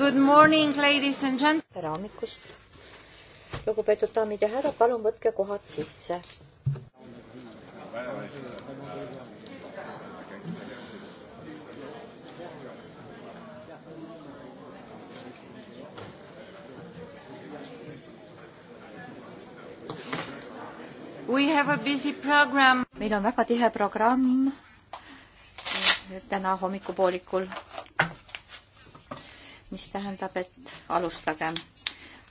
Good morning, ladies and gentlemen. tere hommikust. lugupeetud daamid ja härrad, palun võtke kohad sisse. We have a busy program. meil on väga tihe programm täna hommikupoolikul mis tähendab, et alustagem.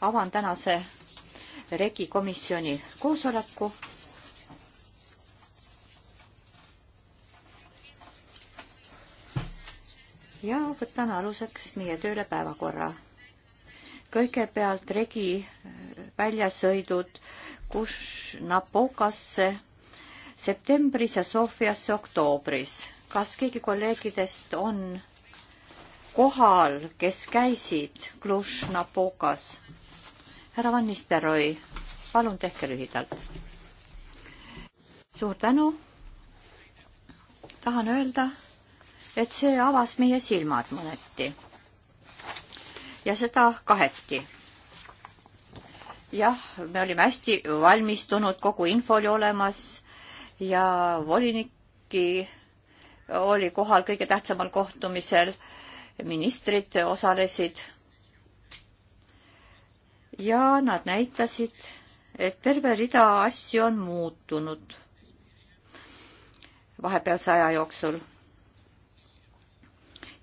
avan tänase regi komisjoni koosoleku. ja võtan aluseks meie tööle päevakorra. kõigepealt regi äh, väljasõidud Kušnapokasse septembris ja Sofiasse oktoobris. kas keegi kolleegidest on kohal, kes käisid Cluj-Napokas. härra Van Nistelrooy, palun tehke lühidalt. suur tänu. tahan öelda, et see avas meie silmad mõneti. ja seda kaheti jah, me olime hästi valmistunud, kogu info oli olemas ja volinikki oli kohal kõige tähtsamal kohtumisel ministrid osalesid ja nad näitasid, et terve rida asju on muutunud vahepealse aja jooksul.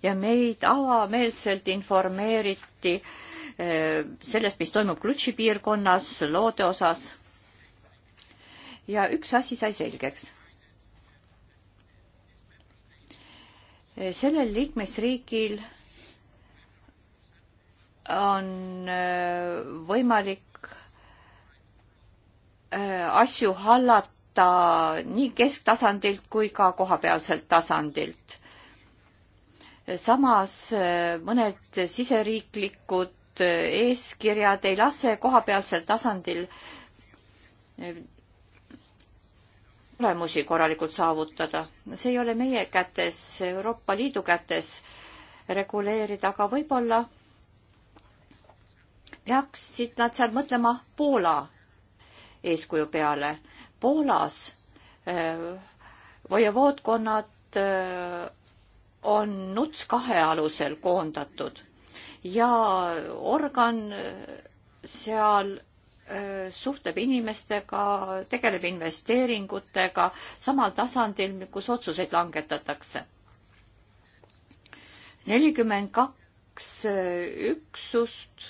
ja meid avameelselt informeeriti eh, sellest, mis toimub Klutši piirkonnas, loode osas. ja üks asi sai selgeks sellel liikmesriigil on äh, võimalik äh, asju hallata nii kesktasandilt kui ka kohapealselt tasandilt. samas äh, mõned siseriiklikud eeskirjad ei lase kohapealsel tasandil tulemusi korralikult saavutada. see ei ole meie kätes, Euroopa Liidu kätes reguleerida, aga võib-olla peaksid nad seal mõtlema Poola eeskuju peale. Poolas äh, vojevoodkonnad äh, on NUTS kahe alusel koondatud ja organ äh, seal Äh, suhtleb inimestega, tegeleb investeeringutega samal tasandil, kus otsuseid langetatakse. nelikümmend kaks äh, üksust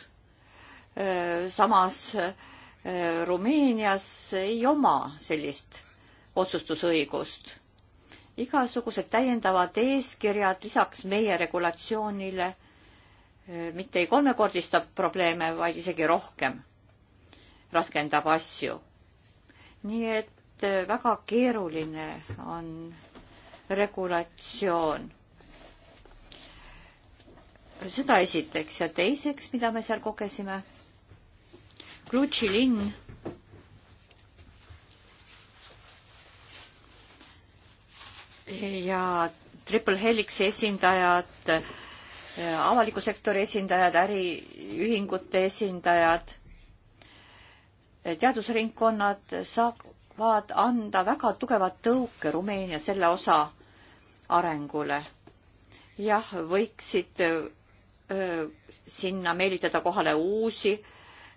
äh, samas Rumeenias ei oma sellist otsustusõigust. igasugused täiendavad eeskirjad lisaks meie regulatsioonile mitte ei kolmekordista probleeme, vaid isegi rohkem raskendab asju. nii et äh, väga keeruline on regulatsioon. seda esiteks ja teiseks, mida me seal kogesime. Klutši linn ja Triple Helixi esindajad, äh, avaliku sektori esindajad, äriühingute esindajad teadusringkonnad saavad anda väga tugevat tõuke Rumeenia selle osa arengule. jah, võiksid öö, sinna meelitada kohale uusi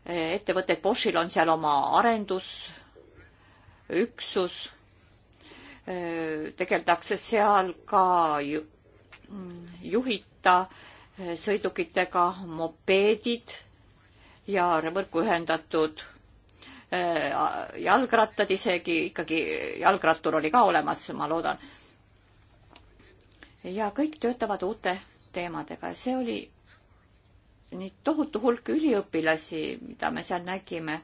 ettevõtteid, Boschil on seal oma arendusüksus, tegeldakse seal ka ju, juhita sõidukitega mopeedid ja võrku ühendatud Äh, jalgrattad isegi, ikkagi jalgrattur oli ka olemas, ma loodan. ja kõik töötavad uute teemadega ja see oli nii tohutu hulk üliõpilasi, mida me seal nägime äh,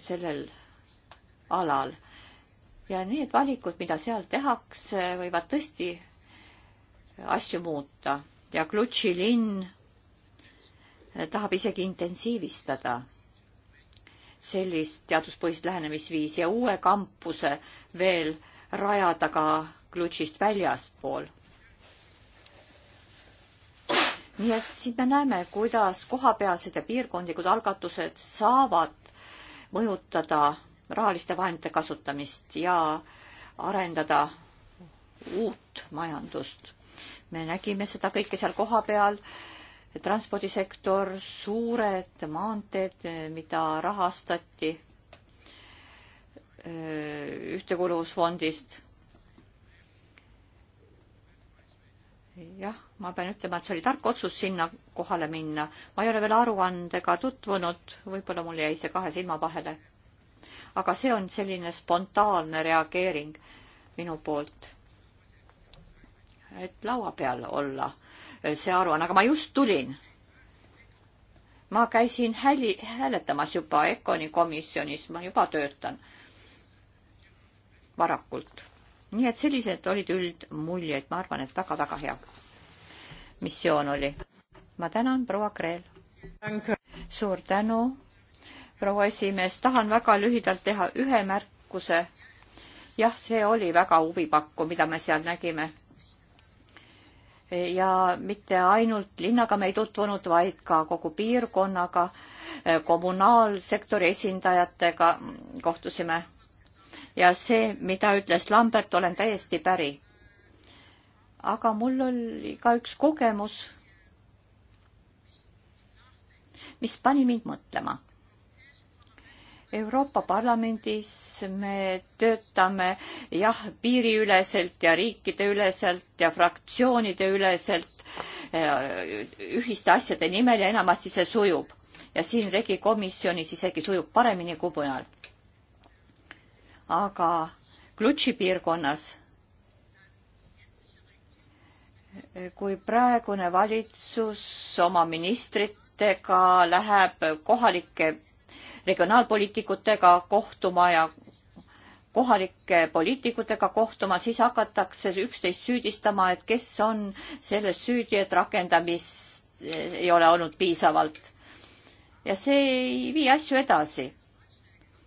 sellel alal. ja need valikud, mida seal tehakse, võivad tõesti asju muuta ja Klutši linn äh, tahab isegi intensiivistada sellist teaduspõhist lähenemisviisi ja uue kampuse veel rajada ka klutšist väljaspool. nii et siin me näeme, kuidas kohapealsed ja piirkondlikud algatused saavad mõjutada rahaliste vahendite kasutamist ja arendada uut majandust. me nägime seda kõike seal kohapeal transpordisektor, suured maanteed, mida rahastati äh, ühtekuuluvusfondist. jah, ma pean ütlema, et see oli tark otsus sinna kohale minna. ma ei ole veel aruandega tutvunud, võib-olla mul jäi see kahe silma vahele. aga see on selline spontaanne reageering minu poolt. et laua peal olla see aruanne, aga ma just tulin. ma käisin häli, hääletamas juba EKONi komisjonis, ma juba töötan varakult. nii et sellised olid üldmuljed, ma arvan, et väga-väga hea missioon oli. ma tänan, proua Kreel. suur tänu, proua esimees, tahan väga lühidalt teha ühe märkuse. jah, see oli väga huvipakku, mida me seal nägime ja mitte ainult linnaga me ei tutvunud, vaid ka kogu piirkonnaga, kommunaalsektori esindajatega kohtusime. ja see, mida ütles Lambert, olen täiesti päri. aga mul oli ka üks kogemus, mis pani mind mõtlema Euroopa Parlamendis me töötame jah, piiriüleselt ja riikideüleselt ja fraktsioonide üleselt äh, ühiste asjade nimel ja enamasti see sujub. ja siin regi komisjonis isegi sujub paremini kui mujal. aga Klutši piirkonnas, kui praegune valitsus oma ministritega läheb kohalike regionaalpoliitikutega kohtuma ja kohalike poliitikutega kohtuma, siis hakatakse üksteist süüdistama, et kes on selles süüdi, et rakendamist eh, ei ole olnud piisavalt. ja see ei vii asju edasi.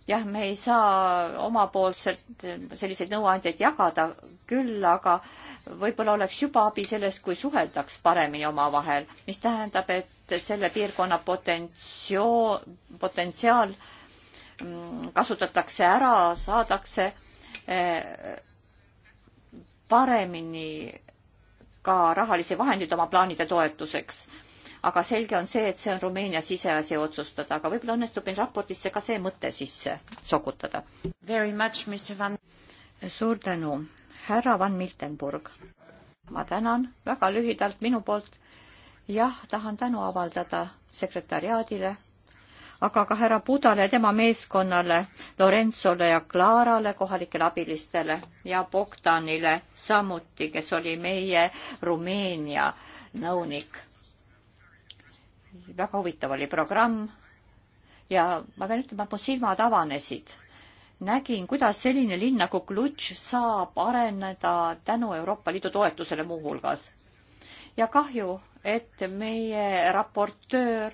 jah, me ei saa omapoolselt selliseid nõuandjaid jagada küll, aga võib-olla oleks juba abi sellest, kui suheldaks paremini omavahel, mis tähendab, et et selle piirkonna potentsioon, potentsiaal mm, kasutatakse ära, saadakse eh, paremini ka rahalisi vahendeid oma plaanide toetuseks. aga selge on see, et see on Rumeenia siseasi otsustada, aga võib-olla õnnestub meil raportisse ka see mõte sisse sokutada. Van... suur tänu, härra Van Miltenburg. ma tänan väga lühidalt minu poolt jah, tahan tänu avaldada sekretäriaadile, aga ka härra Budale ja tema meeskonnale, Lorenzole ja Clarale, kohalikele abilistele ja Bogdanile samuti, kes oli meie Rumeenia nõunik. väga huvitav oli programm ja ma pean ütlema, et mu silmad avanesid nägin, kuidas selline linn nagu Klutš saab areneda tänu Euroopa Liidu toetusele muuhulgas. ja kahju, et meie raportöör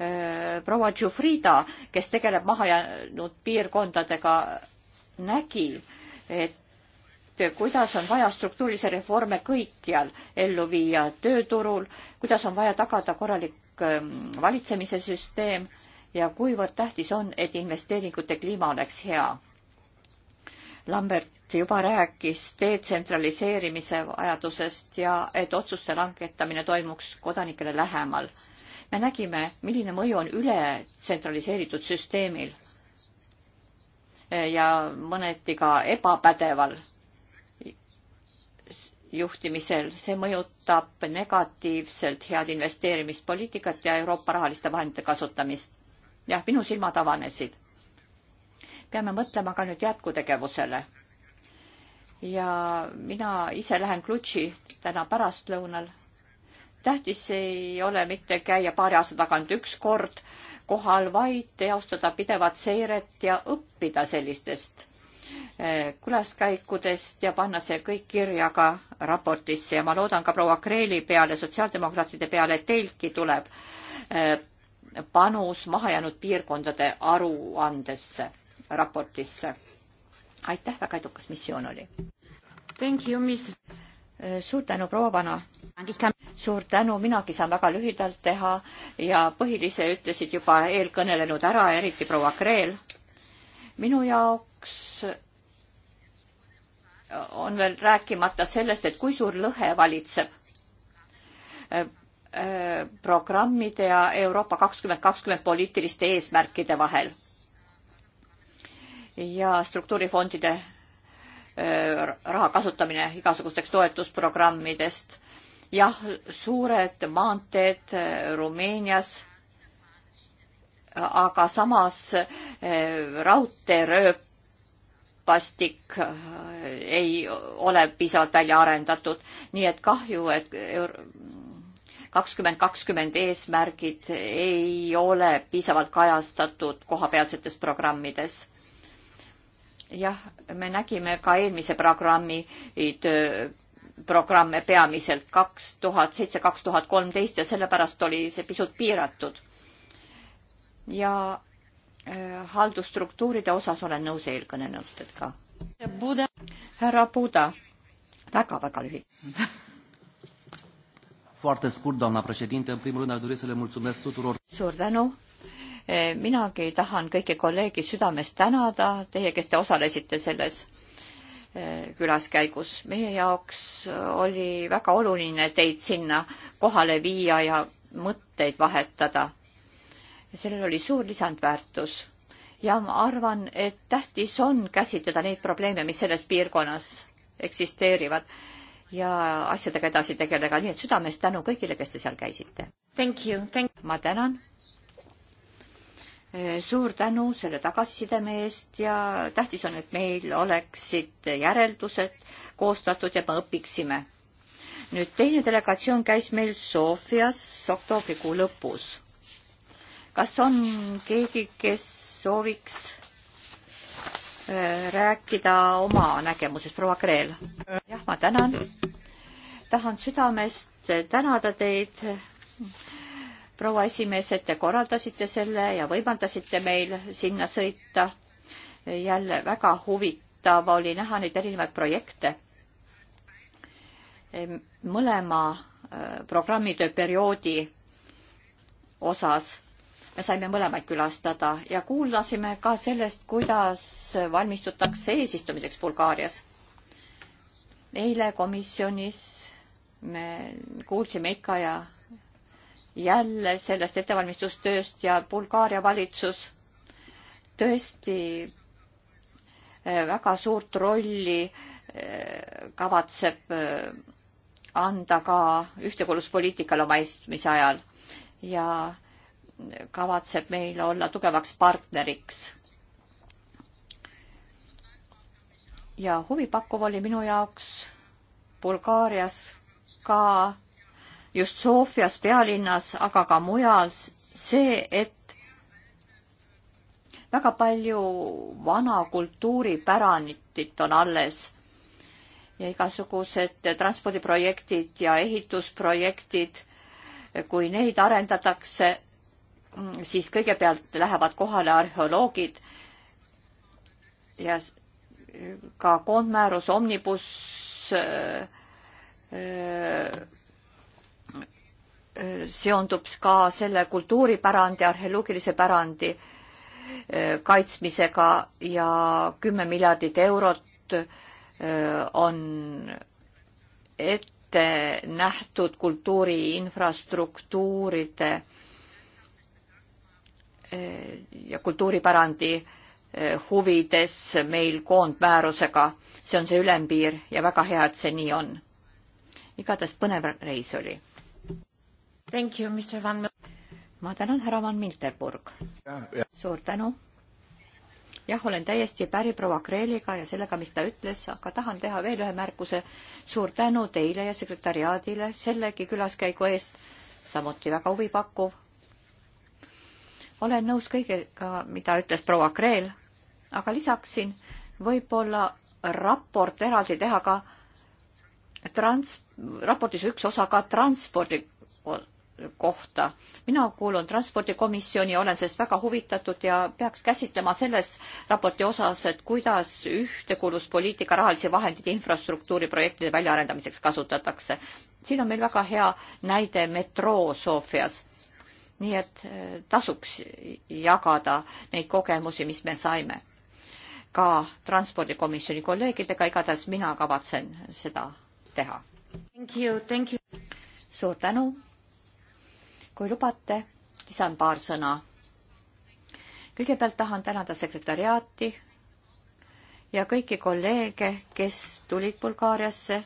äh, proua Jufrida, kes tegeleb mahajäänud piirkondadega, nägi, et kuidas on vaja struktuurilisi reforme kõikjal ellu viia tööturul, kuidas on vaja tagada korralik ähm, valitsemise süsteem ja kuivõrd tähtis on, et investeeringute kliima oleks hea. Lambert juba rääkis detsentraliseerimise vajadusest ja et otsuste langetamine toimuks kodanikele lähemal. me nägime, milline mõju on üle tsentraliseeritud süsteemil ja mõneti ka ebapädeval juhtimisel, see mõjutab negatiivselt head investeerimispoliitikat ja Euroopa rahaliste vahendite kasutamist. jah, minu silmad avanesid. peame mõtlema ka nüüd jätkutegevusele ja mina ise lähen Klutši täna pärastlõunal. tähtis ei ole mitte käia paari aasta tagant üks kord kohal, vaid teostada pidevat seiret ja õppida sellistest eh, külaskäikudest ja panna see kõik kirja ka raportisse ja ma loodan ka proua Kreeli peale, sotsiaaldemokraatide peale, et teiltki tuleb eh, panus mahajäänud piirkondade aruandesse, raportisse aitäh, väga edukas missioon oli. Thank you, miss. Äh, suur tänu, proua Vana. suur tänu, minagi saan väga lühidalt teha ja põhilise ütlesid juba eelkõnelenud ära, eriti proua Kreel. minu jaoks on veel rääkimata sellest, et kui suur lõhe valitseb äh, äh, programmide ja Euroopa kakskümmend kakskümmend poliitiliste eesmärkide vahel ja struktuurifondide äh, raha kasutamine igasugusteks toetusprogrammidest. jah, suured maanteed äh, Rumeenias, aga samas äh, raudteerööpastik ei ole piisavalt välja arendatud, nii et kahju, et kakskümmend kakskümmend eesmärgid ei ole piisavalt kajastatud kohapealsetes programmides jah, me nägime ka eelmise programmi töö äh, programme peamiselt kaks tuhat seitse, kaks tuhat kolmteist ja sellepärast oli see pisut piiratud. ja äh, haldusstruktuuride osas olen nõus eelkõnelejatega. härra Buda, väga-väga lühidalt Foarte scurt, doamna președinte. În primul rând, aș dori să le mulțumesc tuturor. Suur tänu, Eh, minagi tahan kõiki kolleegi südamest tänada, teie, kes te osalesite selles eh, külaskäigus. meie jaoks eh, oli väga oluline teid sinna kohale viia ja mõtteid vahetada. sellel oli suur lisandväärtus ja ma arvan, et tähtis on käsitleda neid probleeme, mis selles piirkonnas eksisteerivad ja asjadega edasi tegeleda, nii et südamest tänu kõigile, kes te seal käisite. ma tänan Eh, suur tänu selle tagasisideme eest ja tähtis on, et meil oleksid järeldused koostatud ja me õpiksime. nüüd teine delegatsioon käis meil Sofias oktoobrikuu lõpus. kas on keegi, kes sooviks eh, rääkida oma nägemusest, proua Kreel? jah, ma tänan. tahan südamest tänada teid proua esimees, et te korraldasite selle ja võimaldasite meil sinna sõita. jälle väga huvitav oli näha neid erinevaid projekte. mõlema äh, programmitöö perioodi osas me saime mõlemaid külastada ja kuulasime ka sellest, kuidas valmistutakse eesistumiseks Bulgaarias. eile komisjonis me kuulsime ikka ja jälle sellest ettevalmistustööst ja Bulgaaria valitsus tõesti eh, väga suurt rolli eh, kavatseb eh, anda ka ühtekuuluvuspoliitikale oma eestmise ajal ja kavatseb meil olla tugevaks partneriks. ja huvipakkuv oli minu jaoks Bulgaarias ka just Sofias pealinnas, aga ka mujal see, et väga palju vana kultuuripäranitit on alles ja igasugused transpordiprojektid ja ehitusprojektid, kui neid arendatakse, siis kõigepealt lähevad kohale arheoloogid ja ka koondmäärus Omnibus öö, äh, öö, äh, seondub ka selle kultuuripärandi, arheoloogilise pärandi eh, kaitsmisega ja kümme miljardit eurot eh, on ette nähtud kultuuri infrastruktuuride eh, ja kultuuripärandi huvides meil koondmäärusega, see on see ülempiir ja väga hea, et see nii on. igatahes põnev reis oli Thank you, Mr Van. ma tänan, härra Van Milterburg. suur tänu. jah, olen täiesti päri proua Kreeliga ja sellega, mis ta ütles, aga tahan teha veel ühe märkuse. suur tänu teile ja sekretäriaadile sellegi külaskäigu eest, samuti väga huvipakkuv. olen nõus kõigega, mida ütles proua Kreel, aga lisaksin võib-olla raport eraldi teha ka trans-, raportis üks osa ka transpordi kohta. mina kuulun transpordikomisjoni, olen sellest väga huvitatud ja peaks käsitlema selles raporti osas, et kuidas ühtekuuluvuspoliitika rahalisi vahendeid infrastruktuuriprojektide väljaarendamiseks kasutatakse. siin on meil väga hea näide metroo Sofias. nii et eh, tasuks jagada neid kogemusi, mis me saime ka transpordikomisjoni kolleegidega, igatahes mina kavatsen seda teha. suur tänu kui lubate, lisan paar sõna. kõigepealt tahan tänada sekretäriaati ja kõiki kolleege, kes tulid Bulgaariasse.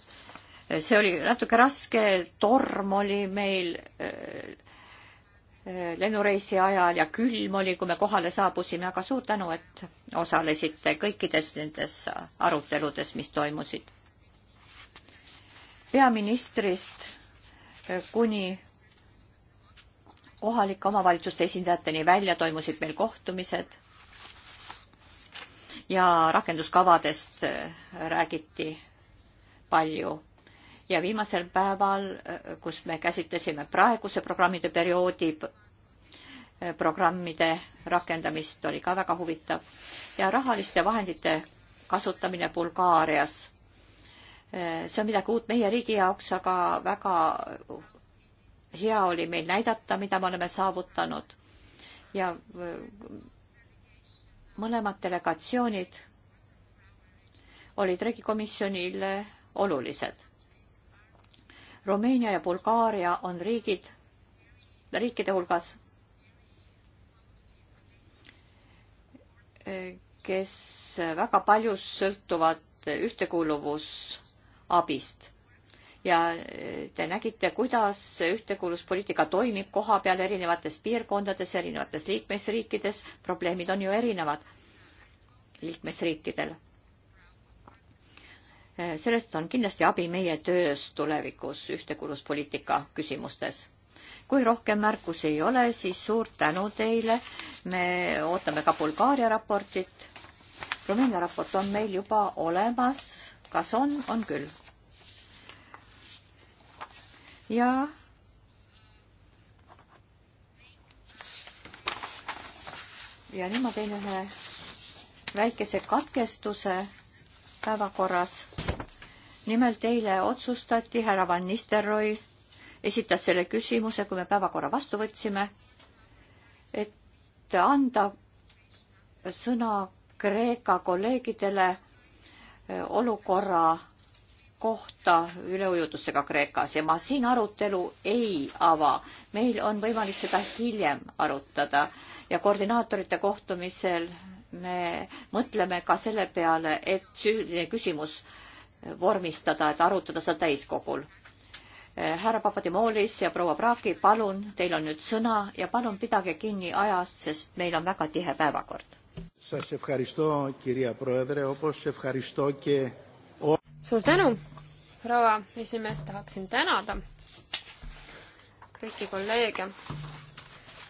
see oli natuke raske, torm oli meil äh, äh, lennureisi ajal ja külm oli, kui me kohale saabusime, aga suur tänu, et osalesite kõikides nendes aruteludes, mis toimusid. peaministrist kuni kohalike omavalitsuste esindajateni välja, toimusid meil kohtumised ja rakenduskavadest äh, räägiti palju. ja viimasel päeval, äh, kus me käsitlesime praeguse programmide perioodi äh, programmide rakendamist, oli ka väga huvitav ja rahaliste vahendite kasutamine Bulgaarias see on midagi uut meie riigi jaoks, aga väga hea oli meil näidata, mida me oleme saavutanud ja äh, mõlemad delegatsioonid olid regikomisjonile olulised. Rumeenia ja Bulgaaria on riigid, riikide hulgas, äh, kes väga palju sõltuvad ühtekuuluvusabist ja eh, te nägite, kuidas ühtekuuluvuspoliitika toimib koha peal erinevates piirkondades, erinevates liikmesriikides. probleemid on ju erinevad liikmesriikidel. Eh, sellest on kindlasti abi meie töös tulevikus ühtekuuluvuspoliitika küsimustes kui rohkem märkusi ei ole, siis suur tänu teile. me ootame ka Bulgaaria raportit. Rumeenia raport on meil juba olemas. kas on? on küll ja ja nüüd ma teen ühe väikese katkestuse päevakorras. nimelt eile otsustati, härra Van Nistelrooy esitas selle küsimuse, kui me päevakorra vastu võtsime, et anda sõna Kreeka kolleegidele olukorra kohta üleujutustega Kreekas ja ma siin arutelu ei ava. meil on võimalik seda hiljem arutada ja koordinaatorite kohtumisel me mõtleme ka selle peale, et süüline küsimus vormistada, et arutada seda täiskogul. Eh, härra Papadimoolis ja proua Praaki, palun, teil on nüüd sõna ja palun pidage kinni ajast, sest meil on väga tihe päevakord. Σας ευχαριστώ κυρία Πρόεδρε, όπως ευχαριστώ και suur tänu, proua esimees, tahaksin tänada kõiki kolleege,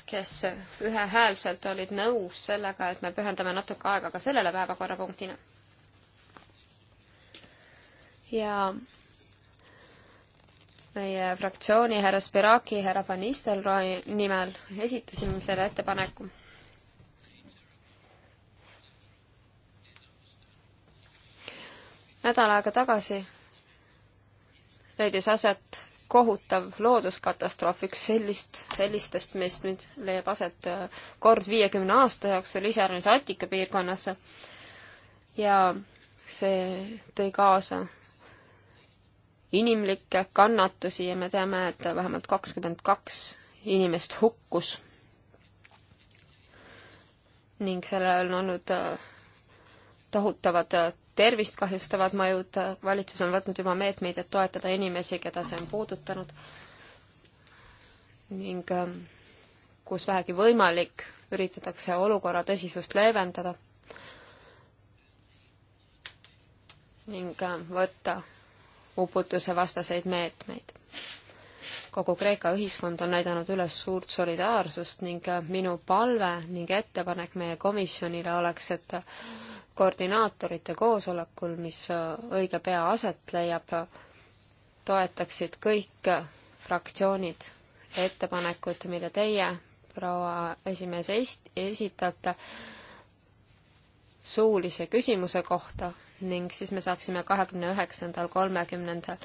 kes ühehäälselt olid nõus sellega, et me pühendame natuke aega ka sellele päevakorrapunktile. ja meie fraktsiooni härra Spiraki, härra Van Nistelrooy nimel esitasime selle ettepaneku nädal aega tagasi leidis aset kohutav looduskatastroof, üks sellist, sellistest, mis nüüd leiab aset äh, kord viiekümne aasta jooksul iseäranis Attika piirkonnas. ja see tõi kaasa inimlikke kannatusi ja me teame, et vähemalt kakskümmend kaks inimest hukkus. ning sellel on olnud äh, tohutavad äh, tervist kahjustavad mõjud, valitsus on võtnud juba meetmeid, et toetada inimesi, keda see on puudutanud ning ähm, kus vähegi võimalik, üritatakse olukorra tõsisust leevendada ning ähm, võtta uputuse vastaseid meetmeid. kogu Kreeka ühiskond on näidanud üles suurt solidaarsust ning äh, minu palve ning ettepanek meie komisjonile oleks, et koordinaatorite koosolekul, mis äh, õige pea aset leiab, toetaksid kõik fraktsioonid ettepanekut, mille teie, proua esimees, esitate suulise küsimuse kohta ning siis me saaksime kahekümne üheksandal, kolmekümnendal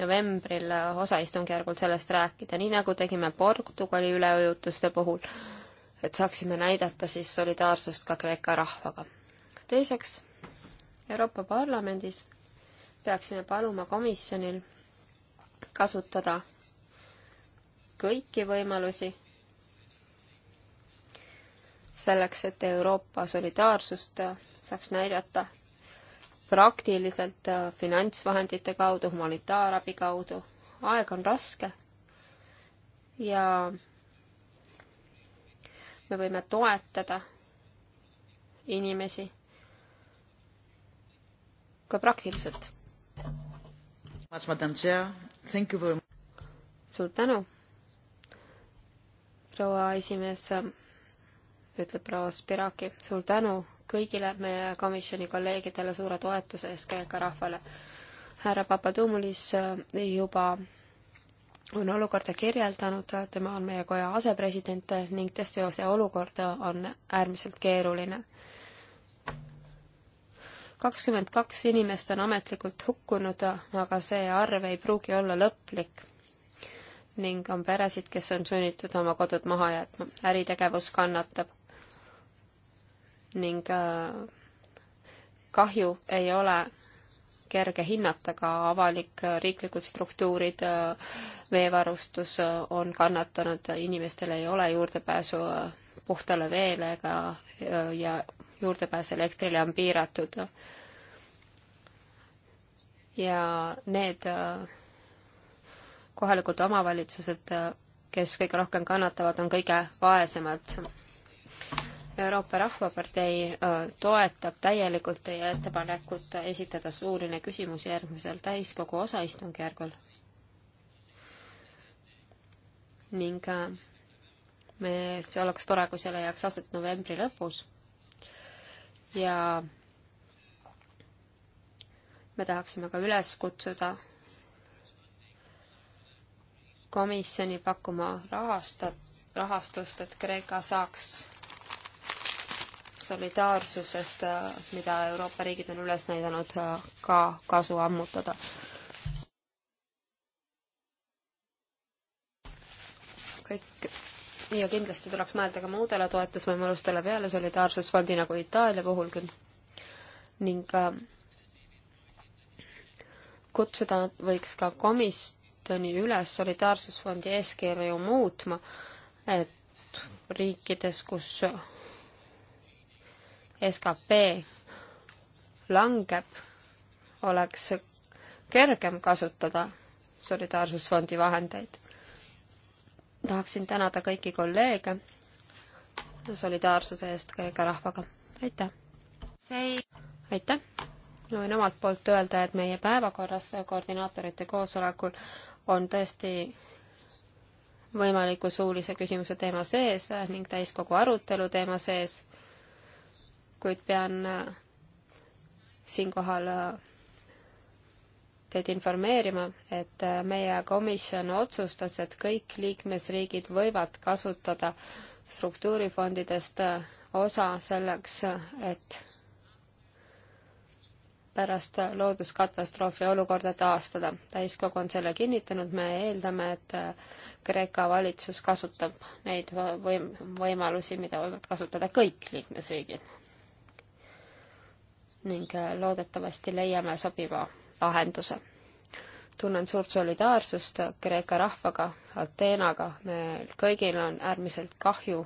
novembril osaistungjärgul sellest rääkida, nii nagu tegime Portugali üleujutuste puhul, et saaksime näidata siis solidaarsust ka Kreeka rahvaga teiseks, Euroopa Parlamendis peaksime paluma komisjonil kasutada kõiki võimalusi selleks, et Euroopa solidaarsust saaks näidata praktiliselt finantsvahendite kaudu, humanitaarabi kaudu. aeg on raske ja me võime toetada inimesi ka praktiliselt. suur tänu, proua esimees, ütleb proua Spiraki, suur tänu kõigile meie komisjoni kolleegidele suure toetuse eest Kreeka rahvale. härra Papadumulis äh, juba on olukorda kirjeldanud, tema on meie koja asepresident ning tõesti see olukord on äärmiselt keeruline kakskümmend kaks inimest on ametlikult hukkunud, aga see arv ei pruugi olla lõplik ning on peresid, kes on sunnitud oma kodud maha jätma. äritegevus kannatab ning äh, kahju ei ole kerge hinnata, ka avalik, äh, riiklikud struktuurid, äh, veevarustus on kannatanud, inimestel ei ole juurdepääsu puhtale veele ega ja juurdepääs elektrile on piiratud. ja need äh, kohalikud omavalitsused, äh, kes kõige rohkem kannatavad, on kõige vaesemad. Euroopa Rahvapartei äh, toetab täielikult teie ettepanekut esitada suuline küsimus järgmisel täiskogu osaistungjärgul. ning me, see oleks tore, kui selle jääks aset novembri lõpus ja me tahaksime ka üles kutsuda komisjoni pakkuma rahastat-, rahastust, et Kreeka saaks solidaarsusest, mida Euroopa riigid on üles näidanud, ka kasu ammutada. kõik ja kindlasti tuleks mõelda ka muudele toetusvõimalustele peale solidaarsusfondi nagu Itaalia puhul küll ning äh, kutsuda võiks ka komisjoni üles solidaarsusfondi eeskirju muutma, et riikides, kus skp langeb, oleks kergem kasutada solidaarsusfondi vahendeid tahaksin tänada kõiki kolleege solidaarsuse eest ka rahvaga. aitäh! aitäh! ma võin omalt poolt öelda, et meie päevakorras koordinaatorite koosolekul on tõesti võimaliku suulise küsimuse teema sees ning täiskogu arutelu teema sees, kuid pean äh, siinkohal äh, teid informeerima, et äh, meie komisjon otsustas, et kõik liikmesriigid võivad kasutada struktuurifondidest äh, osa selleks, äh, et pärast looduskatastroofi olukorda taastada. täiskogu on selle kinnitanud, me eeldame, et Kreeka valitsus kasutab neid võim-, võimalusi, mida võivad kasutada kõik liikmesriigid. ning loodetavasti leiame sobiva lahenduse. tunnen suurt solidaarsust Kreeka rahvaga, Ateenaga, meil kõigil on äärmiselt kahju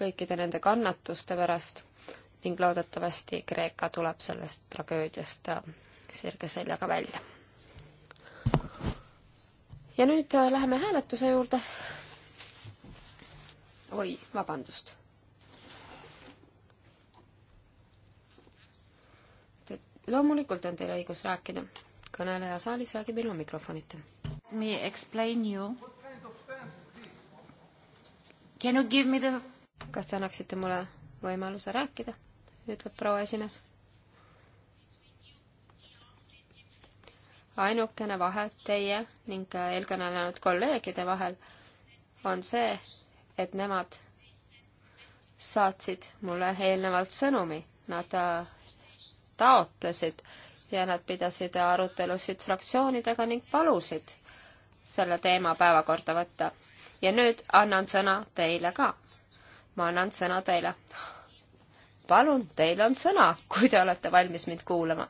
kõikide nende kannatuste pärast ning loodetavasti Kreeka tuleb sellest tragöödiast äh, sirge seljaga välja. ja nüüd äh, läheme hääletuse juurde. oi, vabandust loomulikult on teil õigus rääkida. kõneleja saalis räägib ilma mikrofonita. Me explain you. Can you give me the... kas te annaksite mulle võimaluse rääkida, ütleb proua esimees. ainukene vahe teie ning eelkõnelenud kolleegide vahel on see, et nemad saatsid mulle eelnevalt sõnumi, nad taotlesid ja nad pidasid arutelusid fraktsioonidega ning palusid selle teema päevakorda võtta. ja nüüd annan sõna teile ka. ma annan sõna teile. palun, teil on sõna, kui te olete valmis mind kuulama.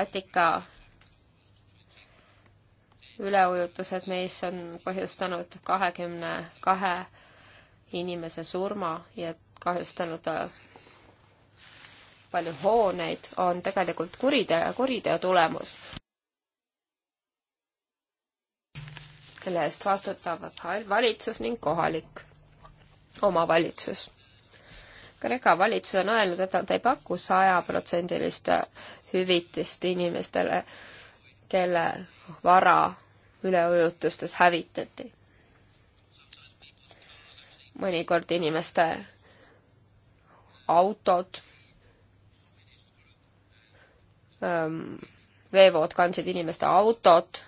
Attika üleujutused, mis on põhjustanud kahekümne kahe inimese surma ja kahjustanud äh, palju hooneid, on tegelikult kuriteo, kuriteo tulemus, kelle eest vastutab valitsus ning kohalik omavalitsus. Kreeka valitsus on öelnud, et nad ei paku sajaprotsendilist hüvitist inimestele, kelle vara üleujutustes hävitati. mõnikord inimeste autod ähm,, veevood kandsid inimeste autod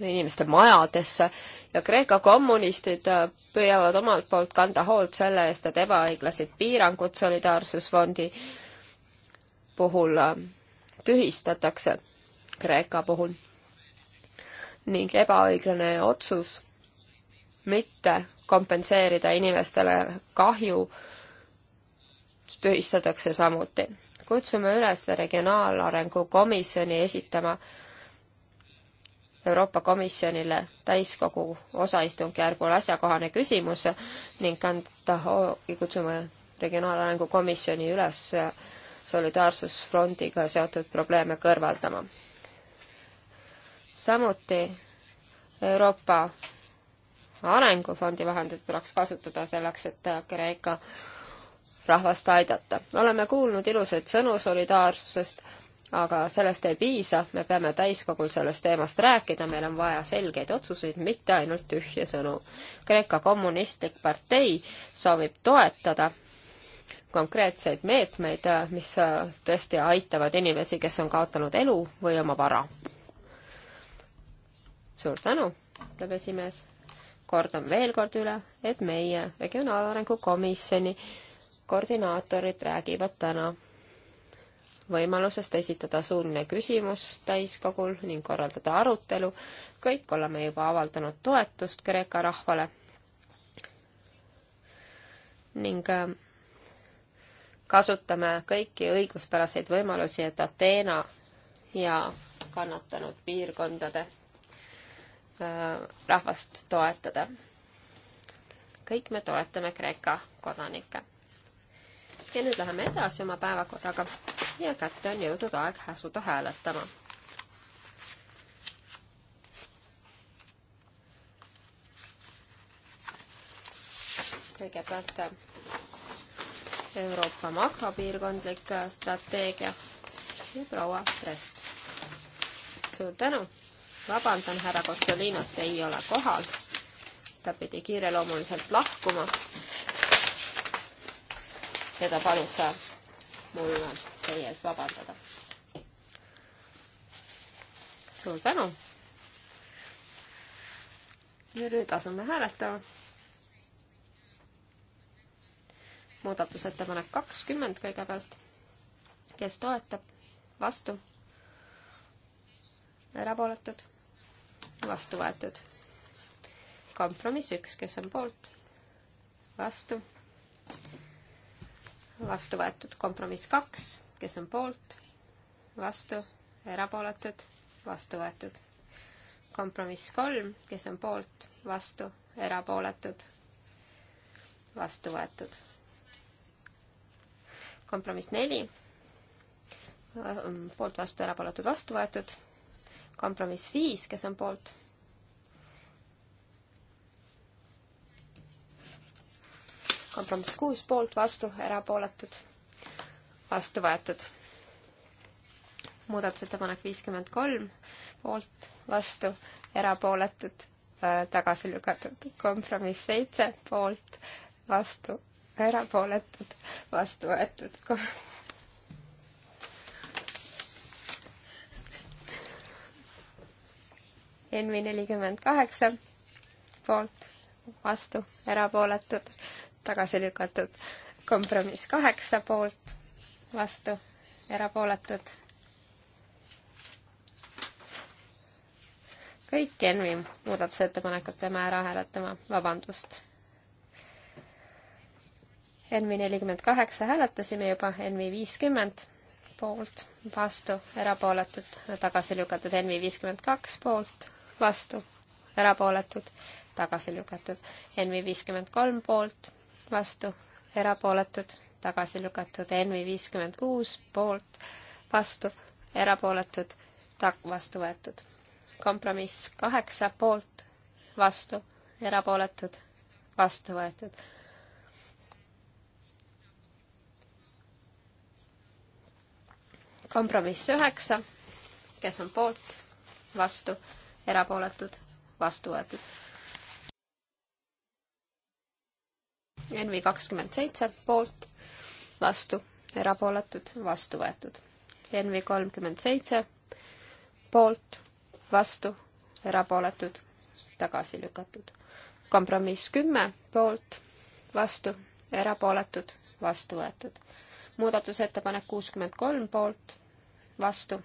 inimeste majadesse ja Kreeka kommunistid äh, püüavad omalt poolt kanda hoolt selle eest, et ebaõiglased piirangud Solidaarsusfondi puhul äh, tühistatakse Kreeka puhul ning ebaõiglane otsus mitte kompenseerida inimestele kahju tühistatakse samuti. kutsume üles Regionaalarengu Komisjoni esitama Euroopa Komisjonile täiskogu osaistungjärgul asjakohane küsimus ning kanda, kutsume Regionaalarengu Komisjoni üles solidaarsusfrondiga seotud probleeme kõrvaldama samuti Euroopa Arengufondi vahendeid tuleks kasutada selleks, et Kreeka rahvast aidata. oleme kuulnud ilusaid sõnu solidaarsusest, aga sellest ei piisa, me peame täiskogul sellest teemast rääkida, meil on vaja selgeid otsuseid, mitte ainult tühje sõnu. Kreeka Kommunistlik Partei soovib toetada konkreetseid meetmeid, mis tõesti aitavad inimesi, kes on kaotanud elu või oma vara suur tänu, ütleb esimees. kordan veel kord üle, et meie Regionaalarengu Komisjoni koordinaatorid räägivad täna võimalusest esitada suuline küsimus täiskogul ning korraldada arutelu. kõik oleme juba avaldanud toetust Kreeka rahvale. ning äh, kasutame kõiki õiguspäraseid võimalusi, et Ateena ja kannatanud piirkondade Äh, rahvast toetada. kõik me toetame Kreeka kodanikke. ja nüüd läheme edasi oma päevakorraga ja kätte on jõudnud aeg asuda hääletama. kõigepealt äh, Euroopa makropiirkondlik äh, strateegia ja proua Prest. suur tänu vabandan, härra Kotsolinot ei ole kohal. ta pidi kiireloomuliselt lahkuma. ja ta palus mul teie ees vabandada. suur tänu. ja nüüd asume hääletama. muudatusettepanek kakskümmend kõigepealt. kes toetab? vastu? erapooletud vastu võetud. kompromiss üks, kes on poolt, vastu, vastu võetud. kompromiss kaks, kes on poolt, vastu, erapooletud, vastu võetud. kompromiss kolm, kes on poolt, vastu, erapooletud, vastu võetud. kompromiss neli, poolt, vastu, erapooletud, vastu võetud kompromiss viis, kes on poolt? kompromiss kuus poolt, vastu, erapooletud, vastu võetud. muudatusettepanek viiskümmend kolm poolt, vastu, erapooletud, äh, tagasi lükatud. kompromiss seitse poolt, vastu, erapooletud, vastu võetud NV nelikümmend kaheksa poolt, vastu, erapooletud, tagasi lükatud. kompromiss kaheksa poolt, vastu, erapooletud. kõik NV muudatusettepanekud peame ära hääletama, vabandust. NV nelikümmend kaheksa hääletasime juba, NV viiskümmend poolt, vastu, erapooletud, tagasi lükatud NV viiskümmend kaks poolt, vastu, erapooletud, tagasi lükatud. NV viiskümmend kolm poolt, vastu, erapooletud, tagasi lükatud. NV viiskümmend kuus poolt, vastu, erapooletud, tak-, vastu võetud. kompromiss kaheksa poolt, vastu, erapooletud, vastu võetud. kompromiss üheksa, kes on poolt, vastu erapooletud, vastu võetud. NV kakskümmend seitse poolt, vastu, erapooletud, vastu võetud. NV kolmkümmend seitse poolt, vastu, erapooletud, tagasi lükatud. kompromiss kümme poolt, vastu, erapooletud, vastu võetud. muudatusettepanek kuuskümmend kolm poolt, vastu,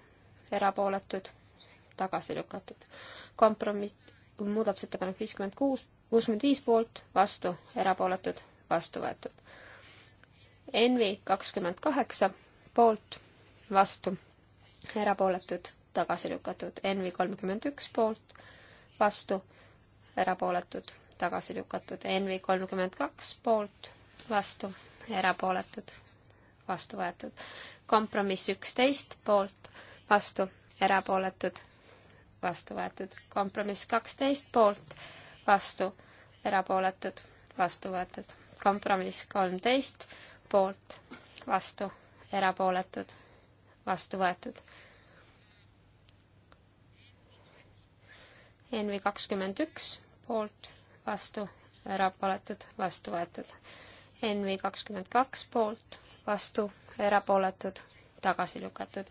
erapooletud, tagasi lükatud. kompromiss, muudatusettepanek viiskümmend kuus, kuuskümmend viis poolt, vastu, erapooletud, vastu võetud. Envi kakskümmend kaheksa poolt, vastu, erapooletud, tagasi lükatud. Envi kolmkümmend üks poolt, vastu, erapooletud, tagasi lükatud. Envi kolmkümmend kaks poolt, vastu, erapooletud, vastu võetud. kompromiss üksteist poolt, vastu, erapooletud, vastu võetud. kompromiss kaksteist poolt, vastu, erapooletud, vastu võetud. kompromiss kolmteist poolt, vastu, erapooletud, vastu võetud. NV kakskümmend üks poolt, vastu, erapooletud, vastu võetud. NV kakskümmend kaks poolt, vastu, erapooletud, tagasi lükatud.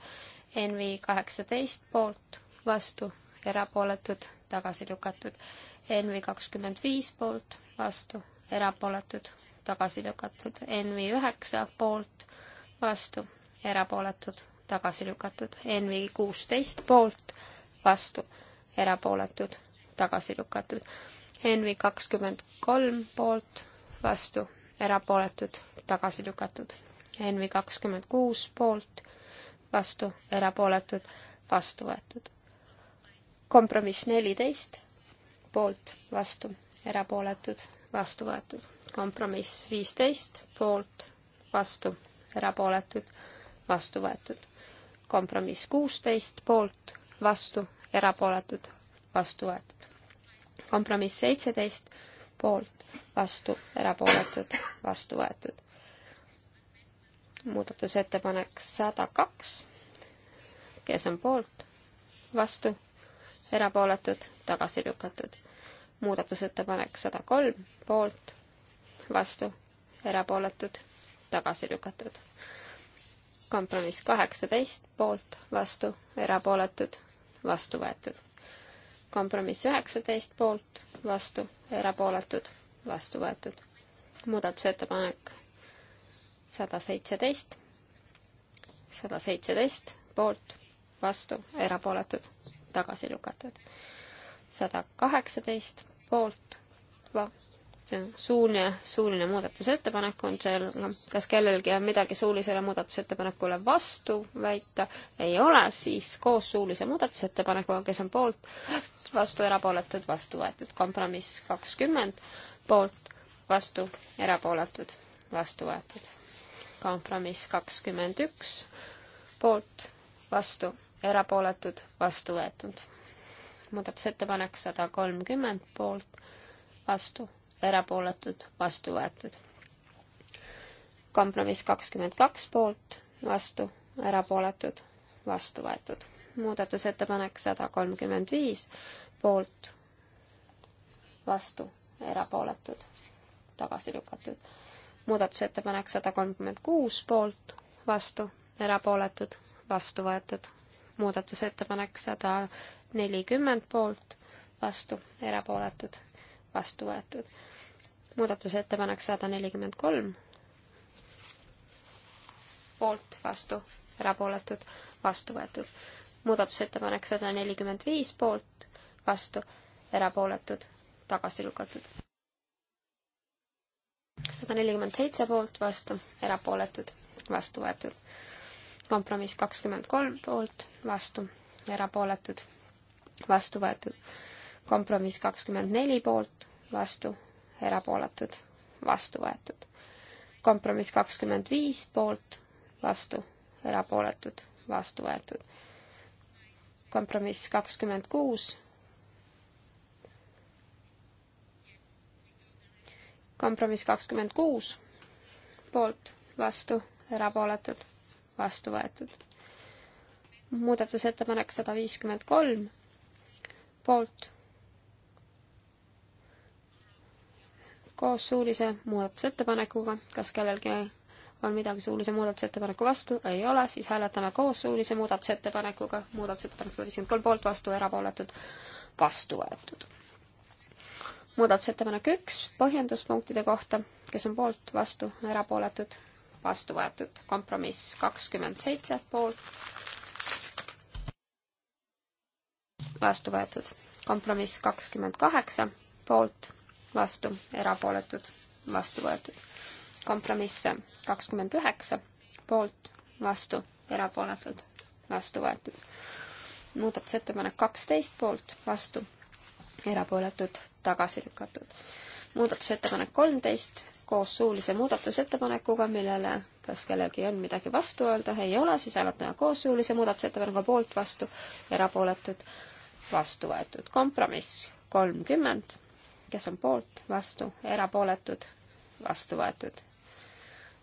NV kaheksateist poolt, vastu, erapooletud, tagasi lükatud. NV kakskümmend viis poolt, vastu, erapooletud, tagasi lükatud. NV üheksa poolt, vastu, erapooletud, tagasi lükatud. NV kuusteist poolt, vastu, erapooletud, tagasi lükatud. NV kakskümmend kolm poolt, vastu, erapooletud, tagasi lükatud. NV kakskümmend kuus poolt, vastu, erapooletud, vastu võetud kompromiss neliteist, poolt, vastu, erapooletud, vastu võetud. kompromiss viisteist, poolt, vastu, erapooletud, vastu võetud. kompromiss kuusteist, poolt, vastu, erapooletud, vastu võetud. kompromiss seitseteist, poolt, vastu, erapooletud, vastu võetud. muudatusettepanek sada kaks, kes on poolt, vastu erapooletud, tagasi lükatud. muudatusettepanek sada kolm, poolt, vastu, erapooletud, tagasi lükatud. kompromiss kaheksateist, poolt, vastu, erapooletud, vastu võetud. kompromiss üheksateist, poolt, vastu, erapooletud, vastu võetud. muudatusettepanek sada seitseteist, sada seitseteist, poolt, vastu, erapooletud tagasi lükatud. sada kaheksateist poolt, see on suuline, suuline muudatusettepanek on seal, noh, kas kellelgi on midagi suulisele muudatusettepanekule vastu väita, ei ole, siis koos suulise muudatusettepanekuga, kes on poolt, vastu, erapooletud, vastu võetud, kompromiss kakskümmend, poolt, vastu, erapooletud, vastu võetud. kompromiss kakskümmend üks, poolt, vastu, erapooletud, vastu võetud. muudatusettepanek sada kolmkümmend poolt, vastu, erapooletud, vastu võetud. kompromiss kakskümmend kaks poolt, vastu, erapooletud, vastu võetud. muudatusettepanek sada kolmkümmend viis poolt, vastu, erapooletud, tagasi lükatud. muudatusettepanek sada kolmkümmend kuus poolt, vastu, erapooletud, vastu võetud muudatusettepanek sada nelikümmend poolt, vastu, erapooletud, vastu võetud. muudatusettepanek sada nelikümmend kolm, poolt, vastu, erapooletud, vastu võetud. muudatusettepanek sada nelikümmend viis poolt, vastu, erapooletud, tagasi lükatud. sada nelikümmend seitse poolt, vastu, erapooletud, vastu võetud kompromiss kakskümmend kolm poolt, vastu, erapooletud, vastu võetud. kompromiss kakskümmend neli poolt, vastu, erapooletud, vastu võetud. kompromiss kakskümmend viis poolt, vastu, erapooletud, vastu võetud. kompromiss kakskümmend kuus kompromiss kakskümmend kuus, poolt, vastu, erapooletud, vastu võetud. muudatusettepanek sada viiskümmend kolm, poolt. koos suulise muudatusettepanekuga, kas kellelgi on midagi suulise muudatusettepaneku vastu, ei ole, siis hääletame koos suulise muudatusettepanekuga, muudatusettepanek sada viiskümmend kolm poolt, vastu, erapooletud, vastu võetud muudatusettepanek üks põhjenduspunktide kohta, kes on poolt, vastu, erapooletud, vastu võetud. kompromiss kakskümmend seitse poolt, vastu võetud. kompromiss kakskümmend kaheksa poolt, vastu, erapooletud, vastu võetud. kompromiss kakskümmend üheksa poolt, vastu, erapooletud, vastu võetud. muudatusettepanek kaksteist poolt, vastu, erapooletud, tagasi lükatud. muudatusettepanek kolmteist koos suulise muudatusettepanekuga, millele kas kellelgi on midagi vastu öelda, ei ole, siis hääletame koos suulise muudatusettepaneku poolt, vastu, erapooletud, vastu võetud. kompromiss kolmkümmend, kes on poolt, vastu, erapooletud, vastu võetud.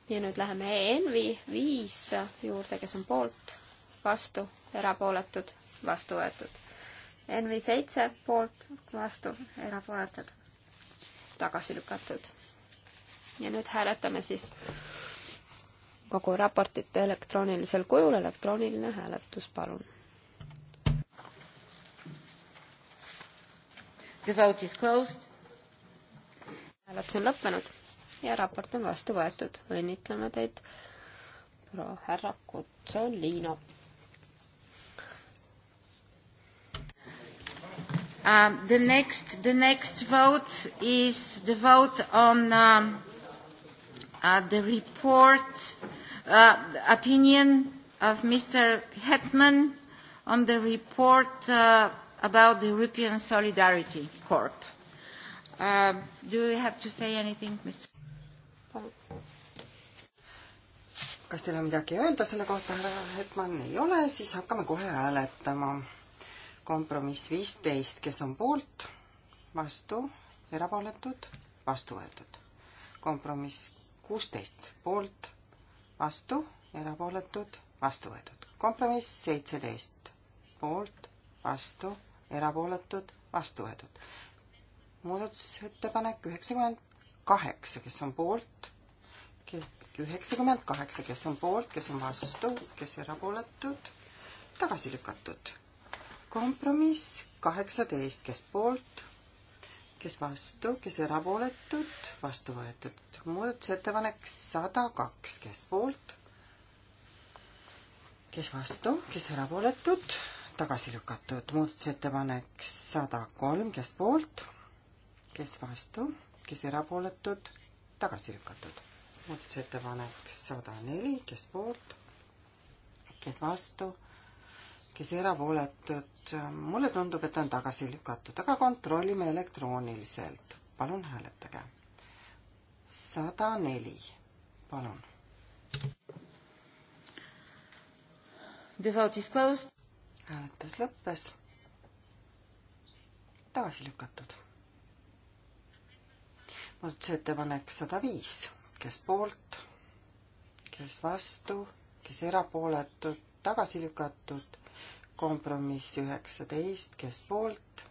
ja nüüd läheme ENV viis juurde, kes on poolt, vastu, erapooletud, vastu võetud. E NV seitse poolt, vastu, erapooletud, tagasi lükatud ja nüüd hääletame siis kogu raportit elektroonilisel kujul, elektrooniline hääletus, palun. The vote is closed. hääletus on lõppenud ja raport on vastu võetud. õnnitleme teid, proua härra Kutsolino. Um, uh, the next, the next vote is the vote on um, uh, the report, uh, opinion of Mr. Hetman on the report uh, about the European Solidarity Corp. Uh, do you have to say anything, Mr.? kas teil on midagi öelda selle kohta, härra Hetman? ei ole, siis hakkame kohe hääletama. kompromiss viisteist, kes on poolt, vastu, erapooletud, vastu võetud. kompromiss kuusteist poolt, vastu, erapooletud, vastu võetud. kompromiss seitseteist poolt, vastu, erapooletud, vastu võetud. muudatusettepanek üheksakümmend kaheksa, kes on poolt, üheksakümmend kaheksa, kes on poolt, kes on vastu, kes erapooletud, tagasi lükatud. kompromiss kaheksateist, kes poolt kes vastu, kes erapooletud, vastu võetud. muudatusettepanek sada kaks, kes poolt, kes vastu, kes erapooletud, tagasi lükatud. muudatusettepanek sada kolm, kes poolt, kes vastu, kes erapooletud, tagasi lükatud. muudatusettepanek sada neli, kes poolt, kes vastu kes erapooletud. mulle tundub, et ta on tagasi lükatud, aga kontrollime elektrooniliselt. palun hääletage. sada neli, palun. The vote is closed. hääletus lõppes. tagasi lükatud. muudatusettepanek sada viis, kes poolt, kes vastu, kes erapooletud, tagasi lükatud kompromiss üheksateist, kes poolt,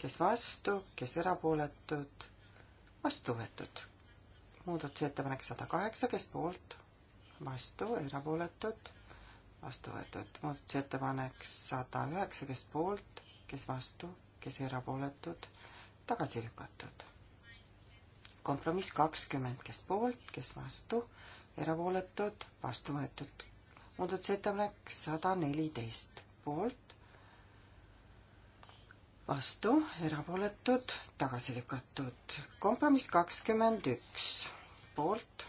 kes vastu, kes erapooletud, vastu võetud. muudatusettepanek sada kaheksa, kes poolt, vastu, erapooletud, vastu võetud. muudatusettepanek sada üheksa, kes poolt, kes vastu, kes erapooletud, tagasi lükatud. kompromiss kakskümmend, kes poolt, kes vastu, erapooletud, vastu võetud. muudatusettepanek sada neliteist poolt, vastu, erapooletud, tagasi lükatud. kompromiss kakskümmend üks, poolt,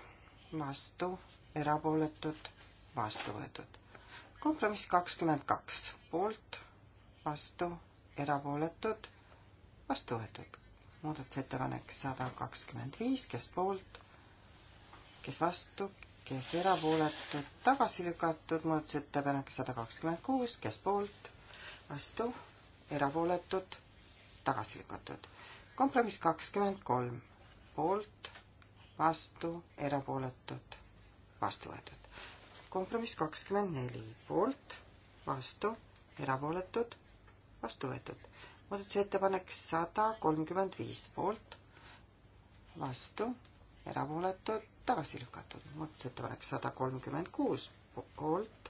vastu, erapooletud, vastu võetud. kompromiss kakskümmend kaks, poolt, vastu, erapooletud, vastu võetud. muudatusettepanek sada kakskümmend viis, kes poolt, kes vastu, kes erapooletud, tagasi lükatud, muudatusettepanek sada kakskümmend kuus, kes poolt, vastu, erapooletud, tagasi lükatud. kompromiss kakskümmend kolm, poolt, vastu, erapooletud, vastu võetud. kompromiss kakskümmend neli, poolt, vastu, erapooletud, vastu võetud. muudatusettepanek sada kolmkümmend viis, poolt, vastu, erapooletud, tagasi lükatud. muudatusettepanek sada kolmkümmend kuus poolt,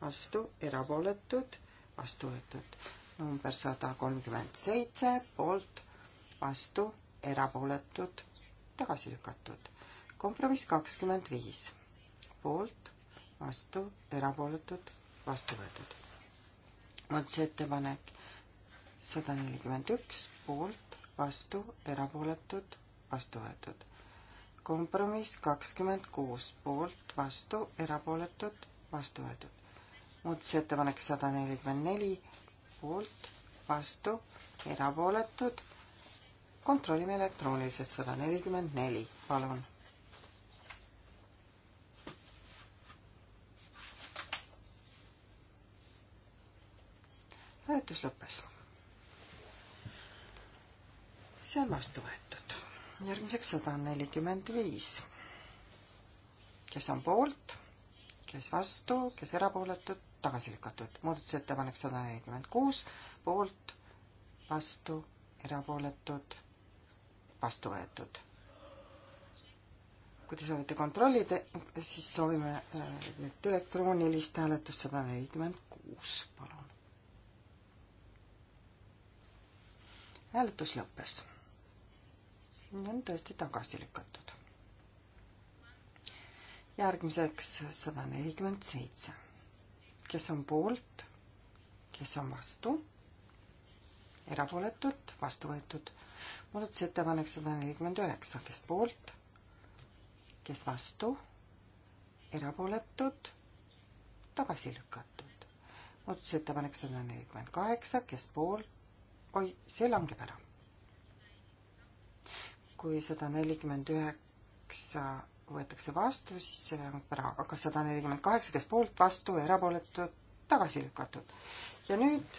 vastu, erapooletud, vastu võetud. number sada kolmkümmend seitse poolt, vastu, erapooletud, tagasi lükatud. kompromiss kakskümmend viis poolt, vastu, erapooletud, vastu võetud. muudatusettepanek sada nelikümmend üks poolt, vastu, erapooletud, vastu võetud kompromiss kakskümmend kuus poolt, vastu, erapooletud, vastu võetud. muudatusettepanek sada nelikümmend neli poolt, vastu, erapooletud. kontrollime elektrooniliselt sada nelikümmend neli, palun. hääletus lõppes. see on vastu võetud järgmiseks sada nelikümmend viis. kes on poolt, kes vastu, kes erapooletud, tagasi lükatud. muudatusettepanek sada nelikümmend kuus, poolt, vastu, erapooletud, vastu võetud. kui te soovite kontrollida, siis soovime äh, nüüd elektroonilist hääletust sada nelikümmend kuus, palun. hääletus lõppes on tõesti tagasi lükatud. järgmiseks sada nelikümmend seitse. kes on poolt, kes on vastu? erapooletud, vastu võetud. muudatusettepanek sada nelikümmend üheksa, kes poolt, kes vastu, erapooletud, tagasi lükatud. muudatusettepanek sada nelikümmend kaheksa, kes poolt, oi, see langeb ära kui sada nelikümmend üheksa võetakse vastu, siis see läheb ära, aga sada nelikümmend kaheksa, kes poolt, vastu, erapooletud, tagasi lükatud. ja nüüd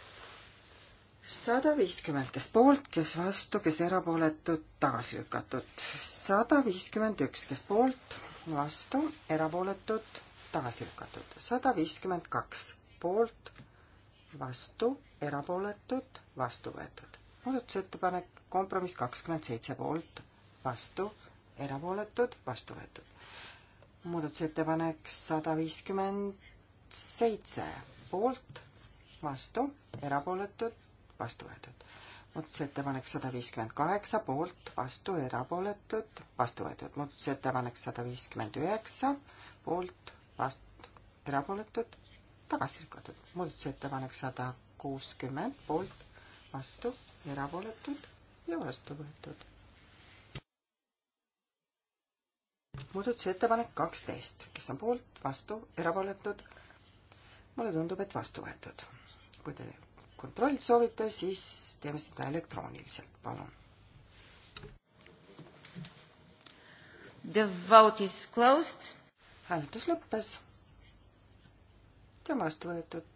sada viiskümmend, kes poolt, kes vastu, kes erapooletud, tagasi lükatud. sada viiskümmend üks, kes poolt, vastu, erapooletud, tagasi lükatud. sada viiskümmend kaks, poolt, vastu, erapooletud, vastu võetud. muudatusettepanek, kompromiss kakskümmend seitse poolt vastu, erapooletud, vastu võetud. muudatusettepanek sada viiskümmend seitse, poolt, vastu, erapooletud, vastu võetud. muudatusettepanek sada viiskümmend kaheksa, poolt, vastu, erapooletud, vastu võetud. muudatusettepanek sada viiskümmend üheksa, poolt, vastu, erapooletud, tagasi lükatud. muudatusettepanek sada kuuskümmend, poolt, vastu, erapooletud ja vastu võetud muudatusettepanek kaksteist, kes on poolt, vastu, erapooletud. mulle tundub, et vastu võetud. kui te kontrollida soovite, siis teeme seda elektrooniliselt, palun. The vote is closed. hääletus lõppes. see on vastu võetud.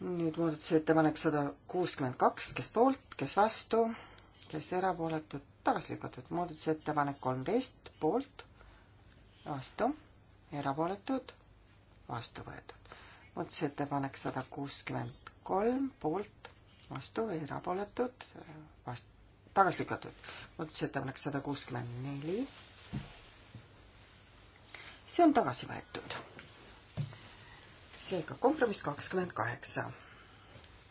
nüüd muudatusettepanek sada kuuskümmend kaks, kes poolt, kes vastu, kes erapooletud, tagasi lükatud. muudatusettepanek kolmteist poolt, vastu, erapooletud, vastu võetud. muudatusettepanek sada kuuskümmend kolm poolt, vastu, erapooletud, vast-, tagasi lükatud. muudatusettepanek sada kuuskümmend neli. see on tagasi võetud. seega kompromiss kakskümmend kaheksa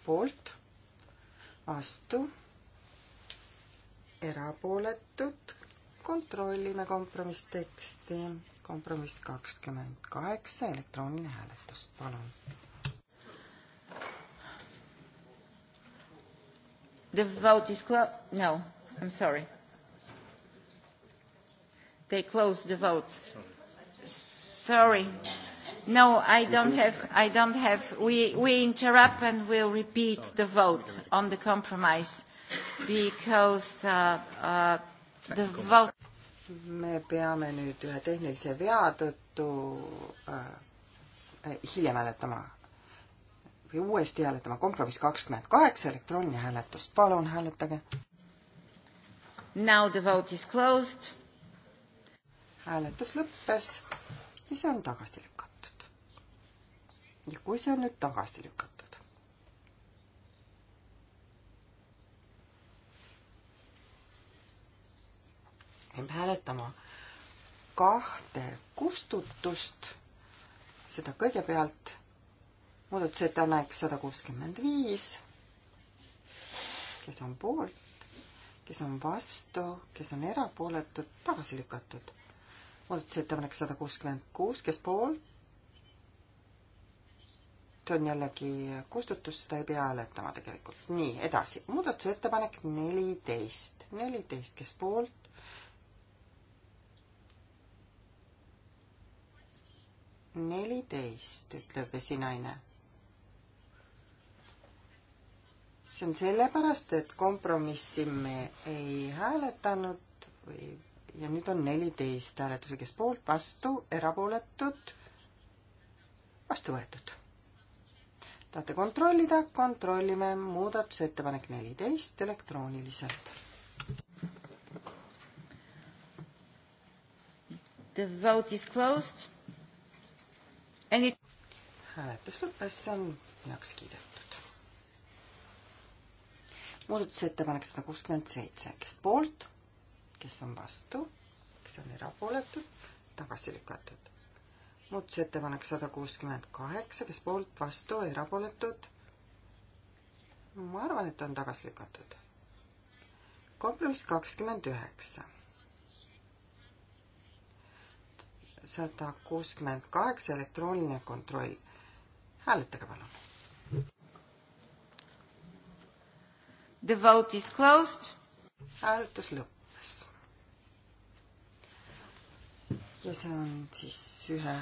poolt, vastu erapooletud, kontrollime kompromissteksti, kompromiss kakskümmend kaheksa, elektrooniline hääletus, palun. The vote is clo-, no, I am sorry. They closed the vote. Sorry. No, I don't have, I don't have, we, we interrupt and we'll repeat the vote on the compromise because uh, uh, the vote me peame nüüd ühe tehnilise vea tõttu äh, hiljem hääletama või uuesti hääletama kompromiss kakskümmend kaheksa elektrooniline hääletus, palun hääletage. Now the vote is closed. hääletus lõppes ja see on tagasi lükatud. ja kui see on nüüd tagasi lükatud, peame hääletama kahte kustutust, seda kõigepealt muudatusettepanek sada kuuskümmend viis, kes on poolt, kes on vastu, kes on erapooletud, tagasi lükatud. muudatusettepanek sada kuuskümmend kuus, kes poolt, on jällegi kustutus, seda ei pea hääletama tegelikult. nii, edasi, muudatusettepanek neliteist, neliteist, kes poolt, neliteist, ütleb esinaine. see on sellepärast, et kompromissi me ei hääletanud või ja nüüd on neliteist hääletuse, kes poolt, vastu, erapooletud, vastu võetud. tahate kontrollida, kontrollime muudatusettepanek neliteist elektrooniliselt. The vote is closed It... hääletus lõppes, see on heaks kiidetud. muudatusettepanek sada kuuskümmend seitse, kes poolt, kes on vastu, kes on erapooletud, tagasi lükatud. muudatusettepanek sada kuuskümmend kaheksa, kes poolt, vastu, erapooletud. ma arvan, et on tagasi lükatud. kompromiss kakskümmend üheksa sada kuuskümmend kaheksa, elektrooniline kontroll. hääletage palun. The vote is closed. hääletus lõppes. ja see on siis ühe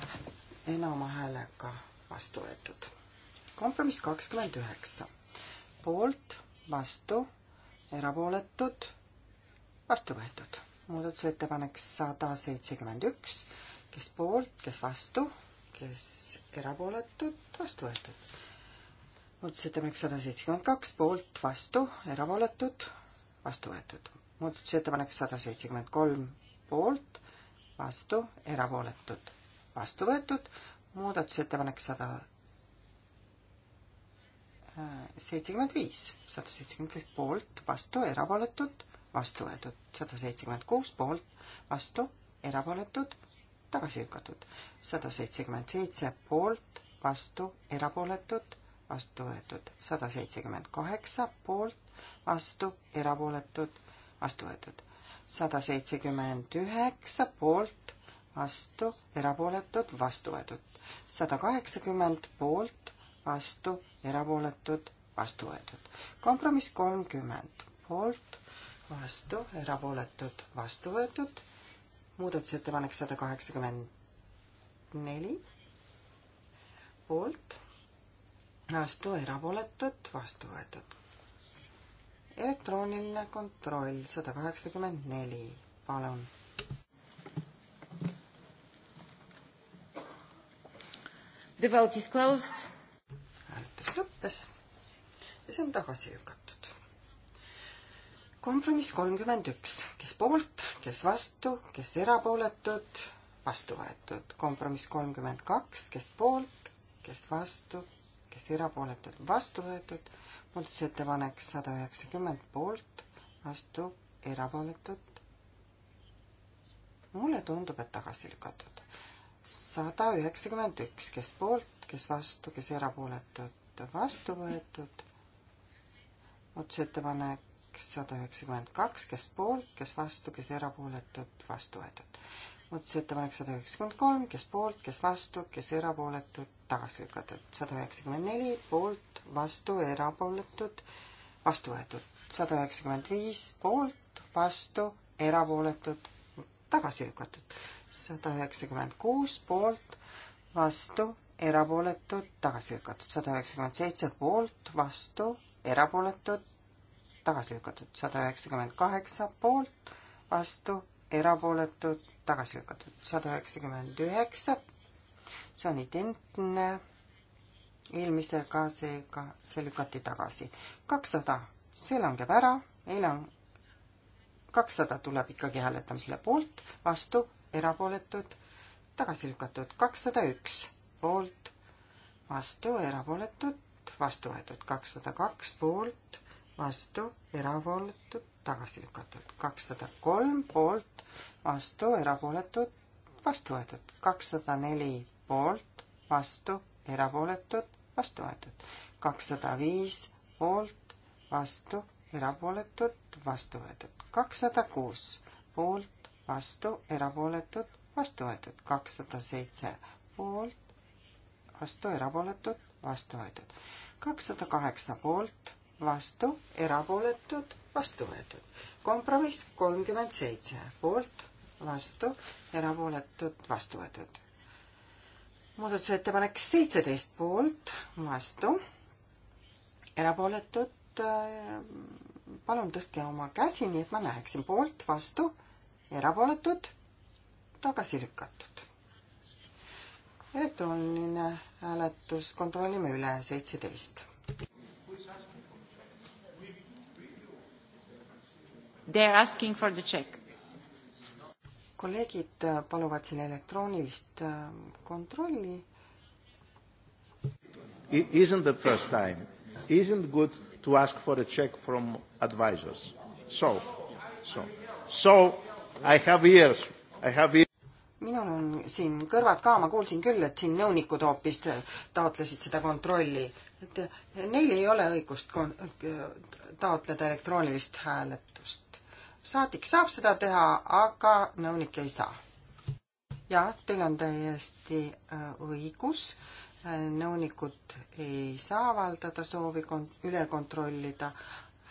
enama häälega vastu võetud. kompromiss kakskümmend üheksa. poolt, vastu, erapooletud, vastu võetud muudatusettepanek sada seitsekümmend üks kes poolt, kes vastu, kes erapooletud, vastu võetud. muudatusettepanek sada seitsekümmend kaks, poolt, vastu, erapooletud, vastu võetud. muudatusettepanek sada seitsekümmend kolm, poolt, vastu, erapooletud, vastu võetud. muudatusettepanek sada äh, seitsekümmend viis, sada seitsekümmend viis poolt, vastu, erapooletud, vastu võetud, sada seitsekümmend kuus poolt, vastu, erapooletud, tagasi lükatud. sada seitsekümmend seitse poolt, vastu, erapooletud, vastu võetud. sada seitsekümmend kaheksa poolt, vastu, erapooletud, vastu võetud. sada seitsekümmend üheksa poolt, vastu, erapooletud, vastu võetud. sada kaheksakümmend poolt, vastu, erapooletud, vastu võetud. kompromiss kolmkümmend poolt, vastu, erapooletud, vastu võetud muudatusettepanek sada kaheksakümmend neli, poolt, vastu, erapooletud, vastu võetud. elektrooniline kontroll sada kaheksakümmend neli, palun The vote is closed. hääletus lõppes ja see on tagasi lükatud kompromiss kolmkümmend üks, kes poolt, kes vastu, kes erapooletud, vastu võetud. kompromiss kolmkümmend kaks, kes poolt, kes vastu, kes erapooletud, vastu võetud. muudatusettepanek sada üheksakümmend poolt, vastu, erapooletud. mulle tundub, et tagasi lükatud. sada üheksakümmend üks, kes poolt, kes vastu, kes erapooletud, vastu võetud. muudatusettepanek sada üheksakümmend kaks, kes poolt, kes vastu, kes erapooletud, vastu võetud. muudatusettepanek sada üheksakümmend kolm, kes poolt, kes vastu, kes erapooletud, tagasi lükatud. sada üheksakümmend neli, poolt, vastu, erapooletud, vastu võetud. sada üheksakümmend viis, poolt, vastu, erapooletud, tagasi lükatud. sada üheksakümmend kuus, poolt, vastu, erapooletud, tagasi lükatud. sada üheksakümmend seitse, poolt, vastu, erapooletud, tagasi lükatud, sada üheksakümmend kaheksa poolt, vastu, erapooletud, tagasi lükatud, sada üheksakümmend üheksa. see on identne eelmisega, seega see lükati tagasi. kakssada, see langeb ära, ei lang-, kakssada tuleb ikkagi hääletamisele poolt, vastu, erapooletud, tagasi lükatud, kakssada üks poolt, vastu, erapooletud, vastu võetud, kakssada kaks poolt vastu, erapooletud, tagasi lükatud. kakssada kolm poolt, vastu, erapooletud, vastu võetud. kakssada neli poolt, vastu, erapooletud, vastu võetud. kakssada viis poolt, vastu, erapooletud, vastu võetud. kakssada kuus poolt, vastu, erapooletud, vastu võetud. kakssada seitse poolt, vastu, erapooletud, vastu võetud. kakssada kaheksa poolt vastu, erapooletud, vastu võetud. kompromiss kolmkümmend seitse, poolt, vastu, erapooletud, vastu võetud. muudatusettepanek seitseteist poolt, vastu, erapooletud, äh, palun tõstke oma käsi, nii et ma näeksin, poolt, vastu, erapooletud, tagasi lükatud. elektrooniline hääletus, kontrollime üle, seitseteist They are asking for the check. kolleegid äh, paluvad siin elektroonilist äh, kontrolli. It isn't the first time, isn't good to ask for a check from advisors. So, so, so I have ears, I have ears minul on siin kõrvad ka, ma kuulsin küll, et siin nõunikud hoopis taotlesid seda kontrolli. et neil ei ole õigust kon-, taotleda elektroonilist hääletust saadik saab seda teha, aga nõunik ei saa. jah, teil on täiesti äh, õigus, äh, nõunikud ei saa avaldada soovi kon-, üle kontrollida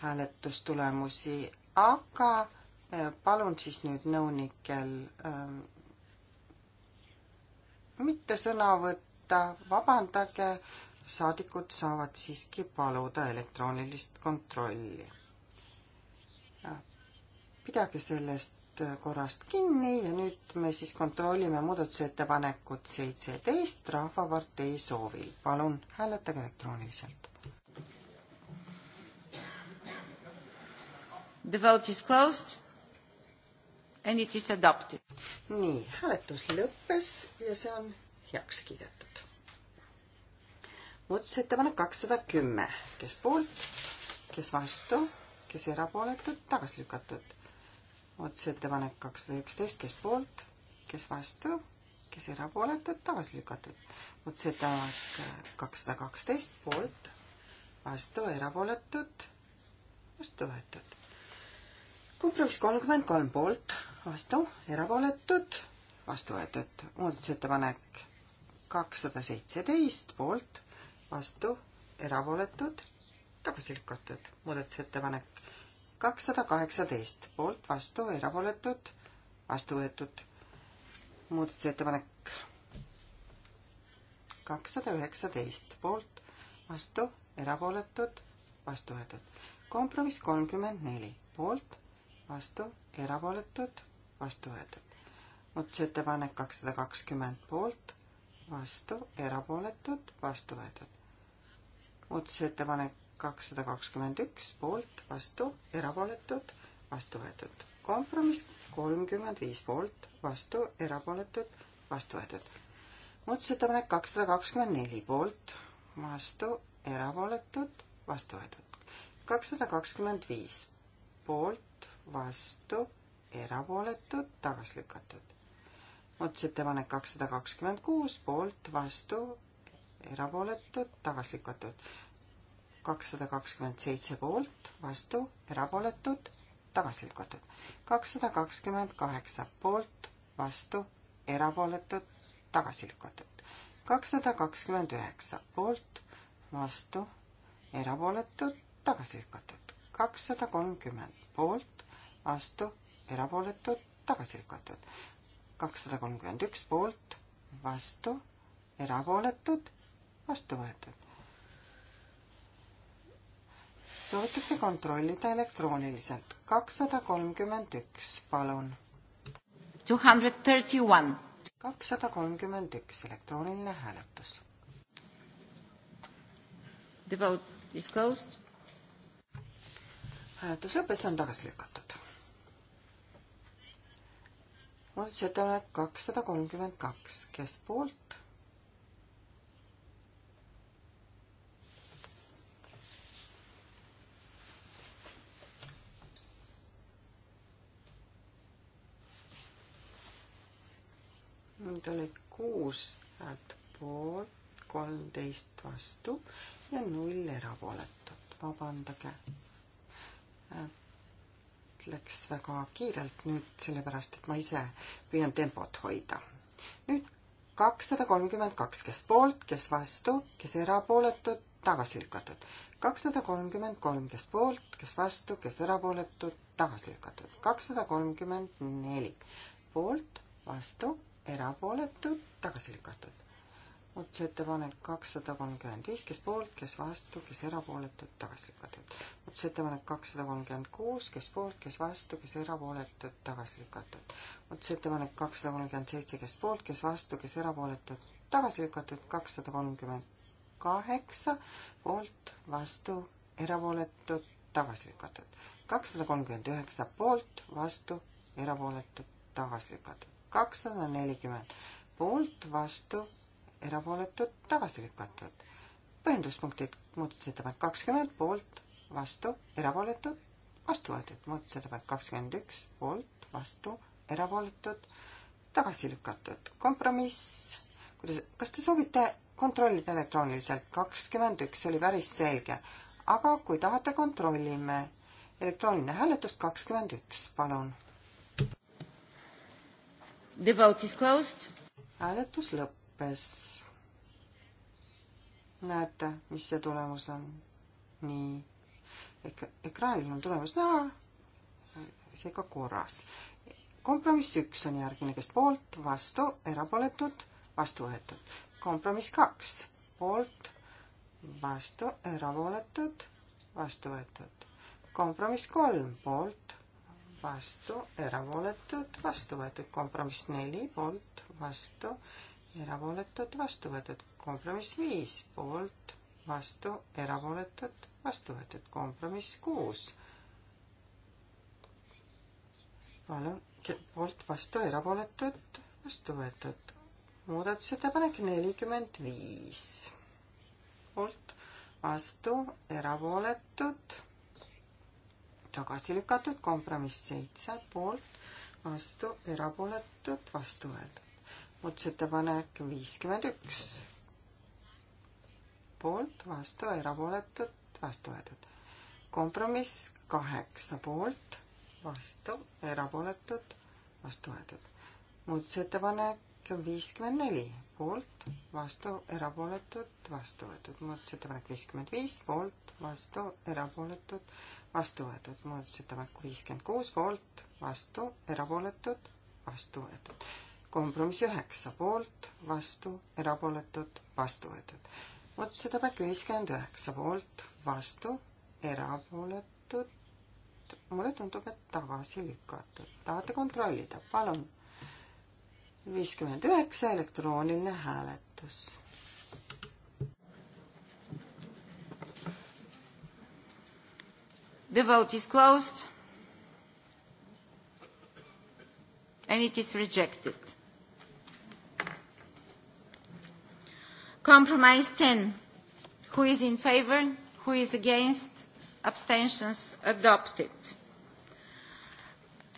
hääletustulemusi, aga äh, palun siis nüüd nõunikel ähm, mitte sõna võtta, vabandage, saadikud saavad siiski paluda elektroonilist kontrolli pidage sellest korrast kinni ja nüüd me siis kontrollime muudatusettepanekut seitseteist Rahvapartei soovil. palun hääletage elektrooniliselt. The vote is closed and it is adopted. nii, hääletus lõppes ja see on heaks kiidetud. muudatusettepanek kakssada kümme, kes poolt, kes vastu, kes erapooletud, tagasi lükatud otsusettepanek kakssada üksteist, kes poolt, kes vastu, kes erapooletud, tagasi lükatud. otsusettepanek kakssada kaksteist poolt, vastu, erapooletud, vastu võetud. kompromiss kolmkümmend kolm poolt, vastu, erapooletud, vastu võetud. muudatusettepanek kakssada seitseteist poolt, vastu, erapooletud, tagasi lükatud. muudatusettepanek kakssada kaheksateist poolt, vastu, erapooletud, vastu võetud. muudatusettepanek kakssada üheksateist poolt, vastu, erapooletud, vastu võetud. kompromiss kolmkümmend neli poolt, vastu, erapooletud, vastu võetud. muudatusettepanek kakssada kakskümmend poolt, vastu, erapooletud, vastu võetud. muudatusettepanek kakssada kakskümmend üks poolt, vastu, erapooletud, vastu võetud. kompromiss kolmkümmend viis poolt, vastu, erapooletud, vastu võetud. muudatusettepanek kakssada kakskümmend neli poolt, vastu, erapooletud, vastu võetud. kakssada kakskümmend viis poolt, vastu, erapooletud, tagasi lükatud. muudatusettepanek kakssada kakskümmend kuus poolt, vastu, erapooletud, tagasi lükatud kakssada kakskümmend seitse poolt, vastu, erapooletud, tagasi lükatud. kakssada kakskümmend kaheksa poolt, vastu, erapooletud, tagasi lükatud. kakssada kakskümmend üheksa poolt, vastu, erapooletud, tagasi lükatud. kakssada kolmkümmend poolt, vastu, erapooletud, tagasi lükatud. kakssada kolmkümmend üks poolt, vastu, erapooletud, vastu võetud soovitakse kontrollida elektrooniliselt. kakssada kolmkümmend üks, palun. kakssada kolmkümmend üks, elektrooniline hääletus. The vote is closed. hääletus lõppes, see on tagasi lükatud. muudatusettepanek kakssada kolmkümmend kaks, kes poolt? Need olid kuus häält poolt, kolmteist vastu ja null erapooletut. vabandage, et äh, läks väga kiirelt nüüd, sellepärast et ma ise püüan tempot hoida. nüüd kakssada kolmkümmend kaks, kes poolt, kes vastu, kes erapooletud, tagasi lükatud. kakssada kolmkümmend kolm, kes poolt, kes vastu, kes erapooletud, tagasi lükatud. kakssada kolmkümmend neli poolt, vastu erapooletud, tagasi lükatud. muudatusettepanek kakssada kolmkümmend viis, kes poolt, kes vastu, kes erapooletud, tagasi lükatud. muudatusettepanek kakssada kolmkümmend kuus, kes poolt, kes vastu, kes erapooletud, tagasi lükatud. muudatusettepanek kakssada kolmkümmend seitse, kes poolt, kes vastu, kes erapooletud, tagasi lükatud. kakssada kolmkümmend kaheksa, poolt, vastu, erapooletud, tagasi lükatud. kakssada kolmkümmend üheksa poolt, vastu, erapooletud, tagasi lükatud kakssada nelikümmend poolt, vastu, erapooletud, tagasi lükatud. põhjenduspunktid, muudatusettepanek kakskümmend poolt, vastu, erapooletud, vastu võetud. muudatusettepanek kakskümmend üks poolt, vastu, erapooletud, tagasi lükatud. kompromiss, kuidas, kas te soovite kontrollida elektrooniliselt? kakskümmend üks oli päris selge, aga kui tahate, kontrollime. elektrooniline hääletus kakskümmend üks, palun The vote is closed. hääletus lõppes. näete, mis see tulemus on? nii Ek. ekraanil on tulemus näha, seega korras. kompromiss üks on järgmine, kes poolt, vastu, erapooletud, vastu võetud. kompromiss kaks, poolt, vastu, erapooletud, vastu võetud. kompromiss kolm, poolt vastu, erapooletud, vastu võetud. kompromiss neli poolt, vastu, erapooletud, vastu võetud. kompromiss viis poolt, vastu, erapooletud, vastu võetud. kompromiss kuus. palun, poolt, vastu, erapooletud, vastu võetud. muudatusettepanek nelikümmend viis poolt, vastu, erapooletud tagasi lükatud, kompromiss seitse poolt, vastu, erapooletud, vastu võetud. muudatusettepanek viiskümmend üks poolt, vastu, erapooletud, vastu võetud. kompromiss kaheksa poolt, vastu, erapooletud, vastu võetud. muudatusettepanek on viiskümmend neli poolt, vastu, erapooletud, vastu võetud. muudatusettepanek viiskümmend viis poolt, vastu, erapooletud, vastu võetud. muudatusettepanek viiskümmend kuus poolt, vastu, erapooletud, vastu võetud. kompromiss üheksa poolt, vastu, erapooletud, vastu võetud. muudatusettepanek viiskümmend üheksa poolt, vastu, erapooletud, mulle tundub, et tagasi lükatud. tahate kontrollida? palun viiskümmend üheksa, elektrooniline hääletus. The vote is closed and it is rejected. Compromise 10. Who is in favor? Who is against? Abstentions adopted.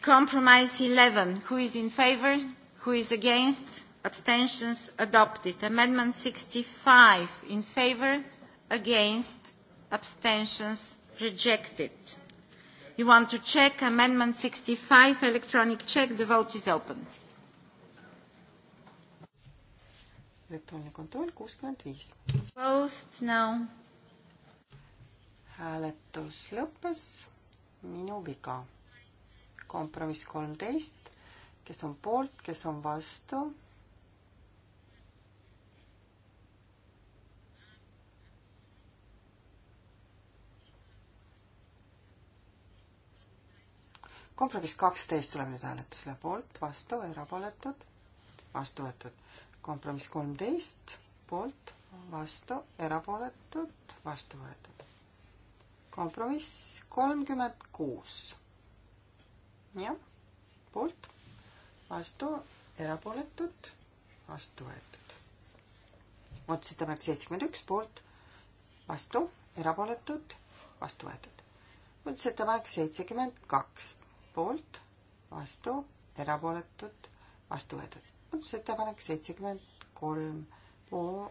Compromise 11. Who is in favor? Who is against? Abstentions adopted. Amendment 65 in favor, against, abstentions rejected. You want to check Amendment 65, electronic check. The vote is open. elektrooniline kontroll kuuskümmend viis. Closed now. hääletus lõppes, minu viga. kompromiss kolmteist kes on poolt, kes on vastu. kompromiss kaksteist tuleb nüüd hääletusele poolt, vastu, erapooletud, vastu võetud. kompromiss kolmteist poolt, vastu, erapooletud, vastu võetud. kompromiss kolmkümmend kuus. jah, poolt vastu, erapooletud, vastu võetud. muudatusettepanek seitsekümmend üks poolt, vastu, erapooletud, vastu võetud. muudatusettepanek seitsekümmend kaks poolt, vastu, erapooletud, vastu võetud. muudatusettepanek seitsekümmend kolm po-,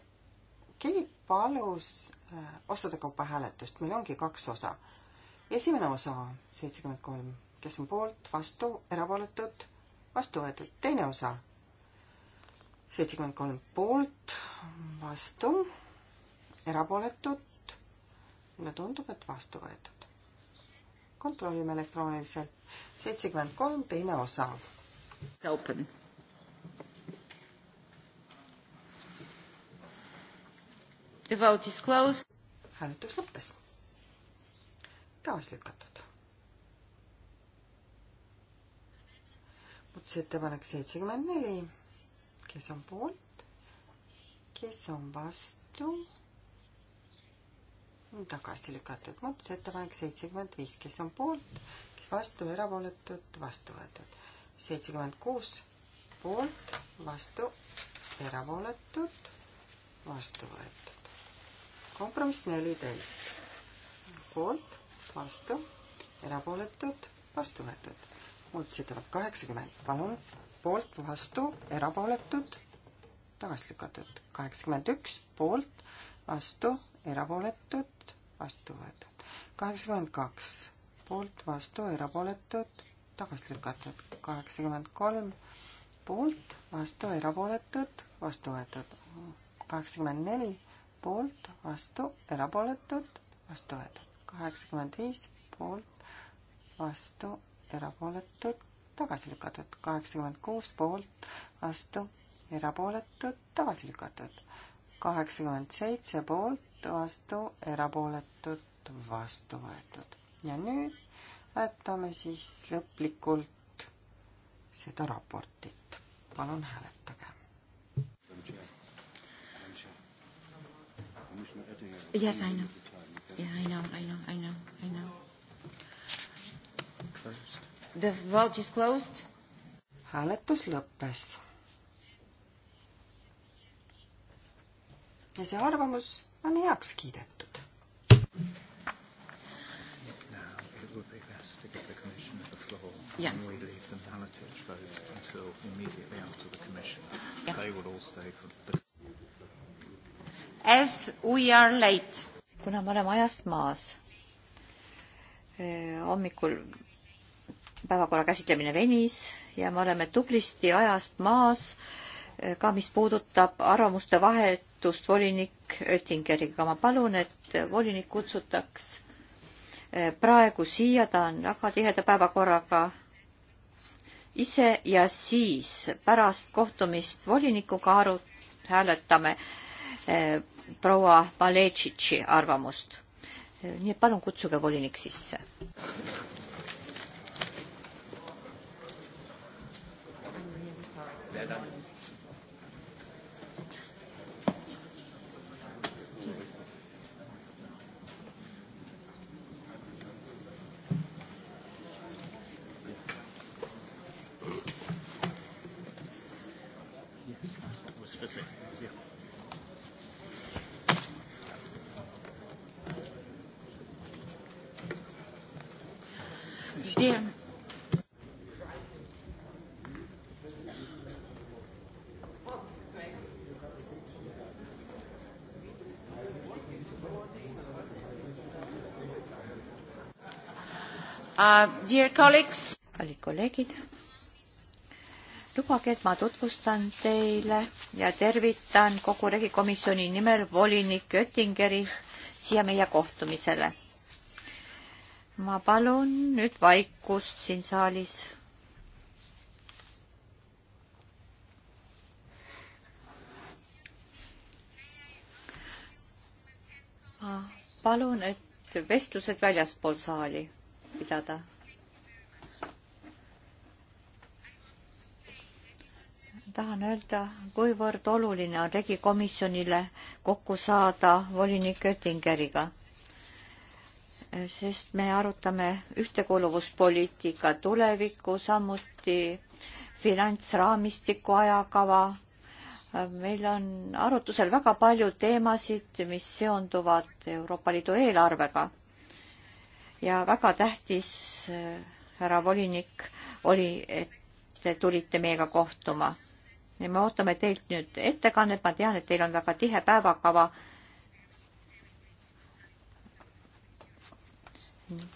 keegi palus äh, osade kaupa hääletust, meil ongi kaks osa. esimene osa, seitsekümmend kolm, kes on poolt, vastu, erapooletud vastu võetud, teine osa seitsekümmend kolm poolt, vastu, erapooletud, mulle tundub, et vastu võetud. kontrollime elektrooniliselt, seitsekümmend kolm, teine osa. Open. The vote is closed. hääletus lõppes. taas lükatud muudatusettepanek seitsekümmend neli, kes on poolt, kes on vastu, tagasi lükatud, muudatusettepanek seitsekümmend viis, kes on poolt, kes vastu, erapooletud, vastu võetud, seitsekümmend kuus poolt, vastu, erapooletud, vastu võetud. kompromiss neliteist, poolt, vastu, erapooletud, vastu võetud muudatusettepanek kaheksakümmend, palun, poolt, vastu, erapooletud, tagasi lükatud. kaheksakümmend üks, poolt, vastu, erapooletud, vastu võetud. kaheksakümmend kaks, poolt, vastu, erapooletud, tagasi lükatud. kaheksakümmend kolm, poolt, vastu, erapooletud, vastu võetud. kaheksakümmend neli, poolt, vastu, erapooletud, vastu võetud. kaheksakümmend viis, poolt, vastu, erapooletud, tagasi lükatud, kaheksakümmend kuus poolt, vastu, erapooletud, tagasi lükatud, kaheksakümmend seitse poolt, vastu, erapooletud, vastu võetud. ja nüüd hääletame siis lõplikult seda raportit. palun hääletage. Yes, I know. Yeah, I know. The vote is closed. hääletus lõppes. ja see arvamus on heaks kiidetud. Yeah. And we leave the Halitage vote until immediately after the Commission. Yeah. They will all stay for the as we are late. kuna me oleme ajast maas, eh, hommikul päevakorra käsitlemine venis ja me oleme tublisti ajast maas eh, ka mis puudutab arvamuste vahetust volinik Oettingeriga. ma palun, et volinik kutsutaks eh, praegu siia, ta on väga tiheda päevakorraga ise ja siis pärast kohtumist volinikuga aru-, hääletame eh, proua Maletšitši arvamust. Eh, nii et palun kutsuge volinik sisse. kallid kolleegid, lubage, et ma tutvustan teile ja tervitan kogu regikomisjoni nimel volinik Oettingeri siia meie kohtumisele. ma palun nüüd vaikust siin saalis palun, et vestlused väljaspool saali pidada. tahan öelda, kuivõrd oluline on regikomisjonile kokku saada volinik Oettingeriga, sest me arutame ühtekuuluvuspoliitika tulevikku, samuti finantsraamistiku ajakava meil on arutusel väga palju teemasid, mis seonduvad Euroopa Liidu eelarvega ja väga tähtis, äh, härra volinik, oli, et te tulite meiega kohtuma. ja me ootame teilt nüüd ettekannet, ma tean, et teil on väga tihe päevakava.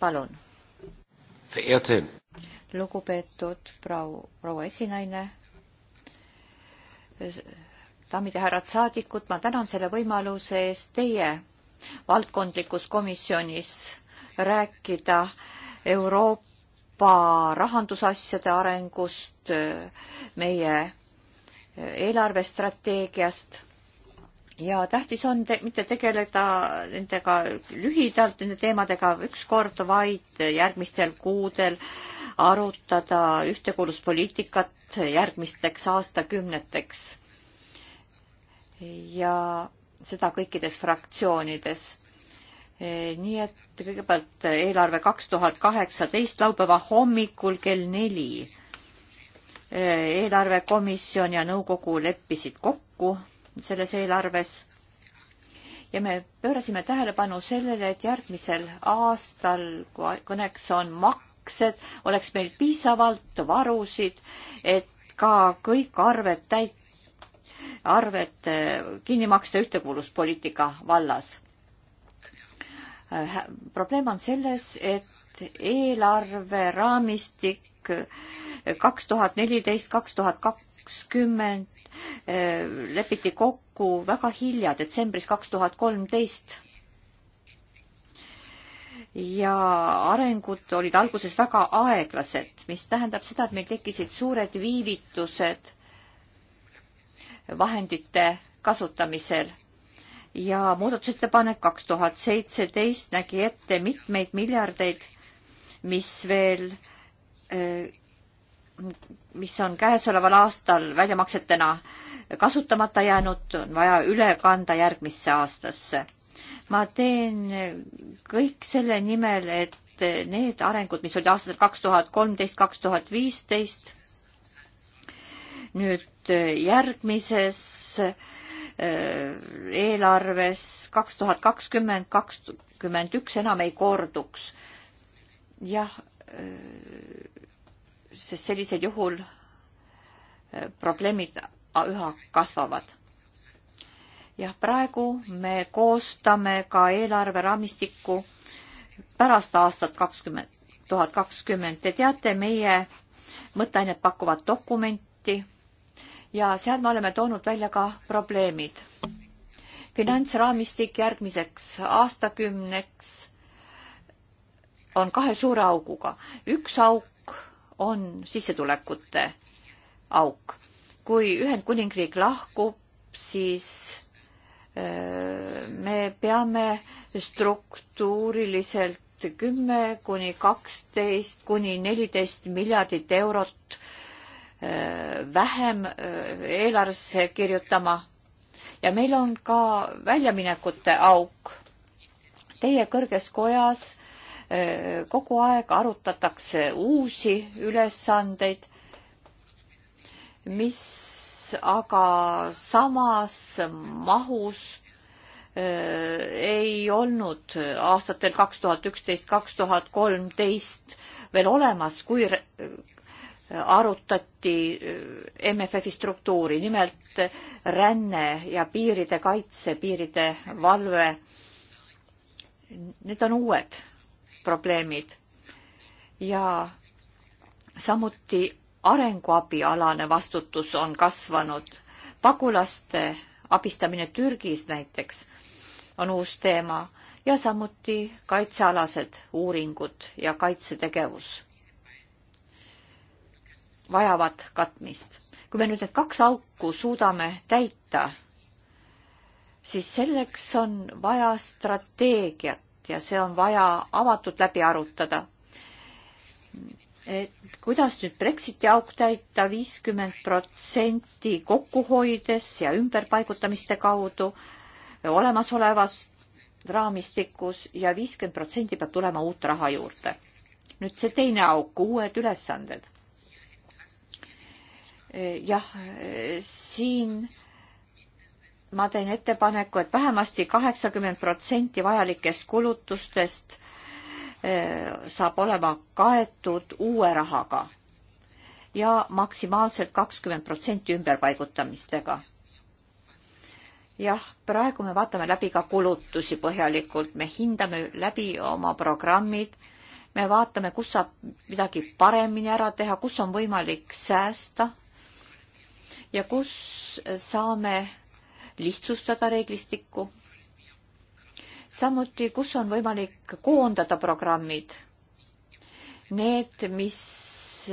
palun. lugupeetud proua, proua esinaine, daamid ja härrad saadikud, ma tänan selle võimaluse eest teie valdkondlikus komisjonis rääkida Euroopa rahandusasjade arengust, meie eelarvestrateegiast ja tähtis on te mitte tegeleda nendega lühidalt, nende teemadega ükskord, vaid järgmistel kuudel arutada ühtekuuluspoliitikat järgmisteks aastakümneteks. ja seda kõikides fraktsioonides. Eh, nii et kõigepealt eh, eelarve kaks tuhat kaheksateist laupäeva hommikul kell neli. Eh, eelarvekomisjon ja nõukogu leppisid kokku selles eelarves ja me pöörasime tähelepanu sellele, et järgmisel aastal, kui kõneks on maksed, oleks meil piisavalt varusid, et ka kõik arved täit-, arved kinni maksta ühtekuuluvuspoliitika vallas Äh, probleem on selles, et eelarveraamistik äh, kaks tuhat neliteist, kaks tuhat kakskümmend äh, lepiti kokku väga hilja, detsembris kaks tuhat kolmteist ja arengud olid alguses väga aeglased, mis tähendab seda, et meil tekkisid suured viivitused vahendite kasutamisel ja muudatusettepanek kaks tuhat seitseteist nägi ette mitmeid miljardeid, mis veel, eh, mis on käesoleval aastal väljamaksetena kasutamata jäänud, on vaja üle kanda järgmisse aastasse. ma teen kõik selle nimel, et need arengud, mis olid aastatel kaks tuhat kolmteist, kaks tuhat viisteist, nüüd järgmises äh, Äh, eelarves kaks tuhat kakskümmend, kakskümmend üks enam ei korduks. jah, äh, sest sellisel juhul äh, probleemid üha kasvavad. jah, praegu me koostame ka eelarveraamistikku pärast aastat kakskümmend, tuhat kakskümmend. Te teate, meie mõtteainet pakuvat dokumenti ja seal me oleme toonud välja ka probleemid. finantsraamistik järgmiseks aastakümneks on kahe suure auguga. üks auk on sissetulekute auk. kui Ühendkuningriik lahkub, siis äh, me peame struktuuriliselt kümme kuni kaksteist kuni neliteist miljardit eurot äh, vähem äh, eelarvesse kirjutama ja meil on ka väljaminekute auk. Teie kõrges kojas äh, kogu aeg arutatakse uusi ülesandeid, mis aga samas mahus äh, ei olnud aastatel kaks tuhat üksteist, kaks tuhat kolmteist veel olemas, kui arutati äh, MFF-i struktuuri, nimelt äh, ränne ja piiride kaitse, piiride valve. Need on uued probleemid ja samuti arenguabialane vastutus on kasvanud. pagulaste abistamine Türgis näiteks on uus teema ja samuti kaitsealased uuringud ja kaitsetegevus vajavad katmist. kui me nüüd need kaks auku suudame täita, siis selleks on vaja strateegiat ja see on vaja avatult läbi arutada. et kuidas nüüd Brexiti auk täita viiskümmend protsenti kokkuhoides ja ümberpaigutamiste kaudu olemasolevast raamistikus ja viiskümmend protsenti peab tulema uut raha juurde. nüüd see teine auk, uued ülesanded jah, siin ma teen ettepaneku, et vähemasti kaheksakümmend protsenti vajalikest kulutustest eh, saab olema kaetud uue rahaga ja maksimaalselt kakskümmend protsenti ümberpaigutamistega. jah, praegu me vaatame läbi ka kulutusi põhjalikult, me hindame läbi oma programmid, me vaatame, kus saab midagi paremini ära teha, kus on võimalik säästa ja kus saame lihtsustada reeglistikku. samuti, kus on võimalik koondada programmid, need, mis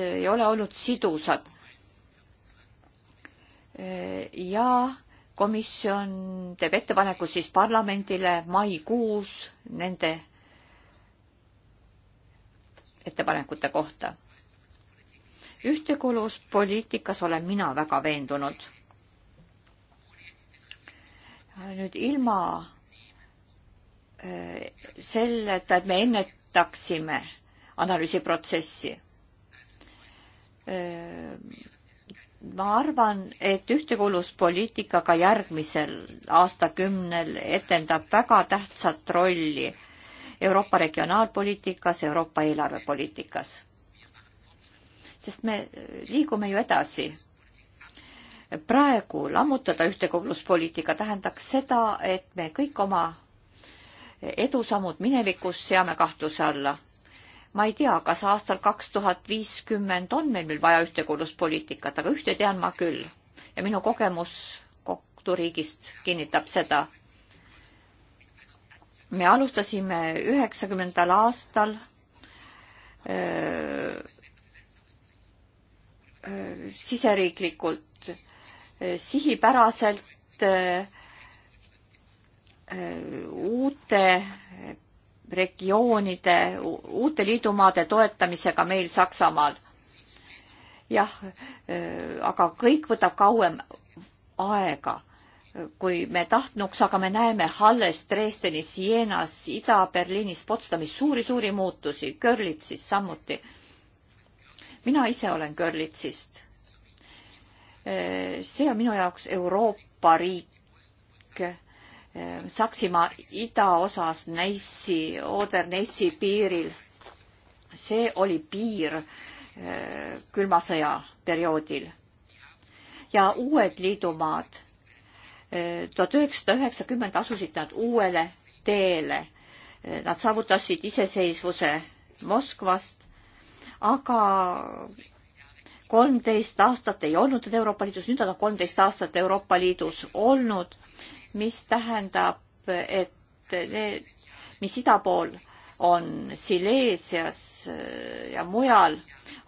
ei ole olnud sidusad. ja komisjon teeb ettepaneku siis parlamendile maikuus nende ettepanekute kohta ühtekuuluvuspoliitikas olen mina väga veendunud. nüüd ilma äh, selleta, et me ennetaksime analüüsiprotsessi. Äh, ma arvan, et ühtekuuluvuspoliitika ka järgmisel aastakümnel etendab väga tähtsat rolli Euroopa regionaalpoliitikas, Euroopa eelarvepoliitikas sest me liigume ju edasi. praegu lammutada ühtekuuluvuspoliitika tähendaks seda, et me kõik oma edusammud minevikus seame kahtluse alla. ma ei tea, kas aastal kaks tuhat viiskümmend on meil veel vaja ühtekuuluvuspoliitikat, aga ühte tean ma küll ja minu kogemus kohturiigist kinnitab seda. me alustasime üheksakümnendal aastal öö, äh, siseriiklikult eh, sihipäraselt eh, eh, uute regioonide, uute liidumaade toetamisega meil Saksamaal. jah, aga kõik võtab kauem aega, kui me tahtnuks, aga me näeme Halles, Dresdenis, Jienas, Ida-Berliinis, Potsdamis suuri-suuri muutusi, Görlitsis samuti. mina ise olen Görlitsist see on minu jaoks Euroopa riik. Saksimaa idaosas Neissi, Oder-Neissi piiril. see oli piir eh, külma sõja perioodil. ja uued liidumaad, eh, tuhat üheksasada üheksakümmend asusid nad uuele teele. Nad saavutasid iseseisvuse Moskvast, aga kolmteist aastat ei olnud teda Euroopa Liidus, nüüd on ta kolmteist aastat Euroopa Liidus olnud, mis tähendab, et need, mis ida pool on Sileesias äh, ja mujal,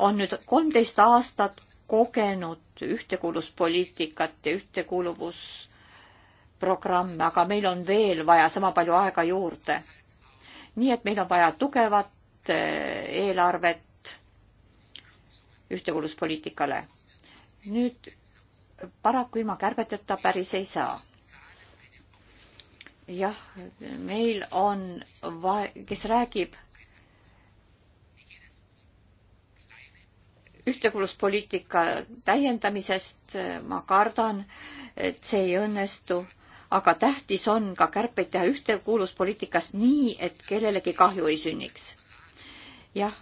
on nüüd kolmteist aastat kogenud ühtekuuluspoliitikat ja ühtekuuluvusprogramme, aga meil on veel vaja sama palju aega juurde. nii et meil on vaja tugevat äh, eelarvet, ühtekuuluspoliitikale. nüüd paraku ilma kärbeteta päris ei saa. jah, meil on, kes räägib ühtekuuluspoliitika täiendamisest, ma kardan, et see ei õnnestu, aga tähtis on ka kärpeid teha ühtekuuluspoliitikas nii, et kellelegi kahju ei sünniks. jah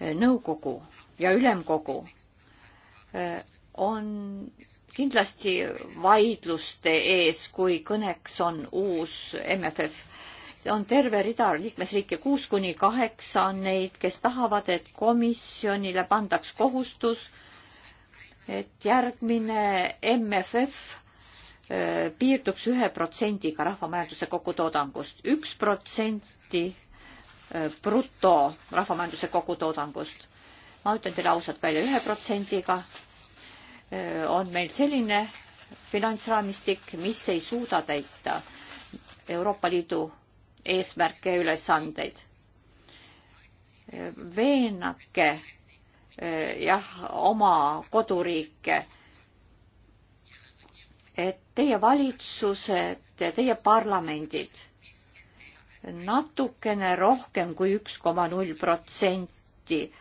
nõukogu ja ülemkogu eh, on kindlasti vaidluste ees, kui kõneks on uus MFF. on terve rida liikmesriike, kuus kuni kaheksa on neid, kes tahavad, et komisjonile pandaks kohustus, et järgmine MFF eh, piirduks ühe protsendiga rahvamajanduse kogutoodangust. üks protsenti Äh, bruto rahvamajanduse kogutoodangust. ma ütlen teile ausalt välja, ühe protsendiga äh, on meil selline finantsraamistik, mis ei suuda täita Euroopa Liidu eesmärke ja ülesandeid. Äh, veenake jah, oma koduriike, et teie valitsused ja teie parlamendid natukene rohkem kui üks koma null protsenti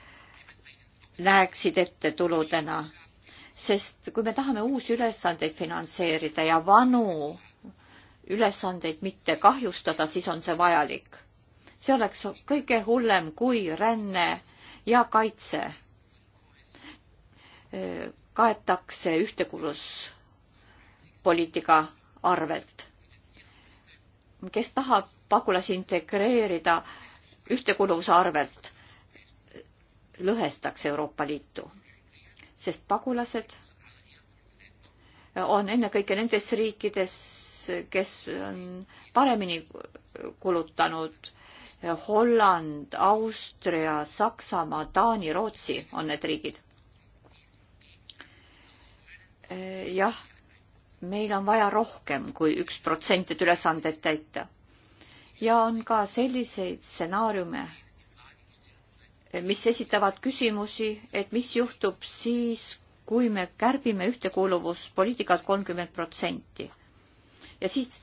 läheksid ette tuludena. sest kui me tahame uusi ülesandeid finantseerida ja vanu ülesandeid mitte kahjustada, siis on see vajalik. see oleks kõige hullem kui ränne ja kaitse kaetakse ühtekuuluvuspoliitika arvelt kes tahab pagulasi integreerida ühtekuluvuse arvelt, lõhestaks Euroopa Liitu, sest pagulased on ennekõike nendes riikides, kes on paremini kulutanud. Holland, Austria, Saksamaa, Taani, Rootsi on need riigid. jah meil on vaja rohkem kui üks protsent, et ülesandeid täita. ja on ka selliseid stsenaariume, mis esitavad küsimusi, et mis juhtub siis, kui me kärbime ühtekuuluvuspoliitikat kolmkümmend protsenti. ja siis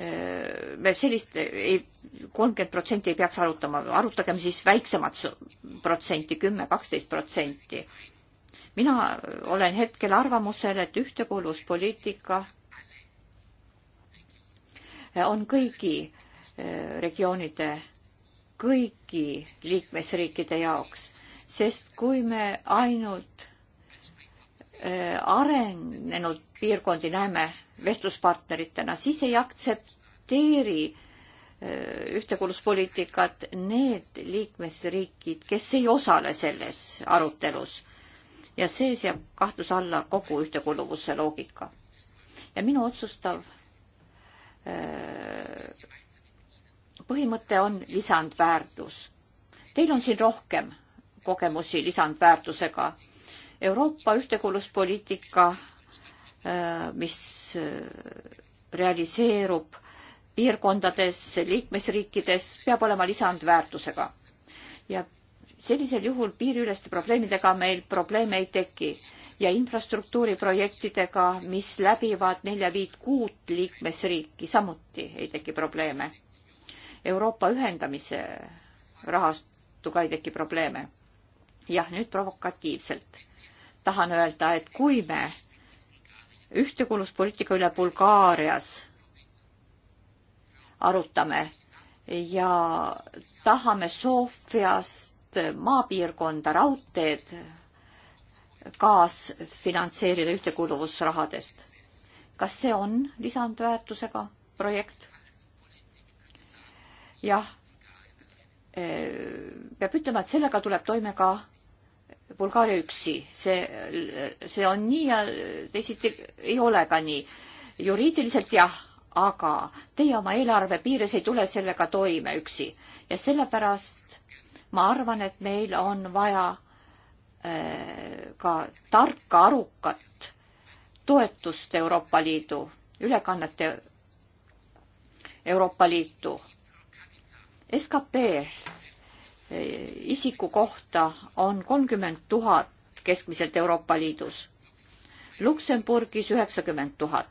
äh, me sellist ei, kolmkümmend protsenti ei peaks arutama, arutagem siis väiksemat protsenti, kümme, kaksteist protsenti mina olen hetkel arvamusel, et ühtekuuluvuspoliitika on kõigi eh, regioonide, kõigi liikmesriikide jaoks, sest kui me ainult eh, arenenud piirkondi näeme vestluspartneritena, siis ei aktsepteeri eh, ühtekuuluvuspoliitikat need liikmesriigid, kes ei osale selles arutelus ja see seab kahtluse alla kogu ühtekuuluvuse loogika. ja minu otsustav äh, põhimõte on lisandväärtus. Teil on siin rohkem kogemusi lisandväärtusega. Euroopa ühtekuuluvuspoliitika, äh, mis äh, realiseerub piirkondades, liikmesriikides, peab olema lisandväärtusega ja sellisel juhul piiriüleste probleemidega meil probleeme ei teki ja infrastruktuuriprojektidega, mis läbivad nelja-viit kuut liikmesriiki, samuti ei teki probleeme. Euroopa ühendamise rahastuga ei teki probleeme. jah, nüüd provokatiivselt tahan öelda, et kui me ühtekuuluvuspoliitika üle Bulgaarias arutame ja tahame Sofiast just maapiirkonda raudteed kaasfinantseerida ühtekuuluvusrahadest. kas see on lisandväärtusega projekt? jah, eh, peab ütlema, et sellega tuleb toime ka Bulgaaria üksi, see, see on nii ja teisiti ei ole ka nii. juriidiliselt jah, aga teie oma eelarve piires ei tule sellega toime üksi ja sellepärast ma arvan, et meil on vaja äh, ka tarka, arukat toetust Euroopa Liidu, ülekannet Euroopa Liitu. skp äh, isiku kohta on kolmkümmend tuhat keskmiselt Euroopa Liidus. Luksemburgis üheksakümmend tuhat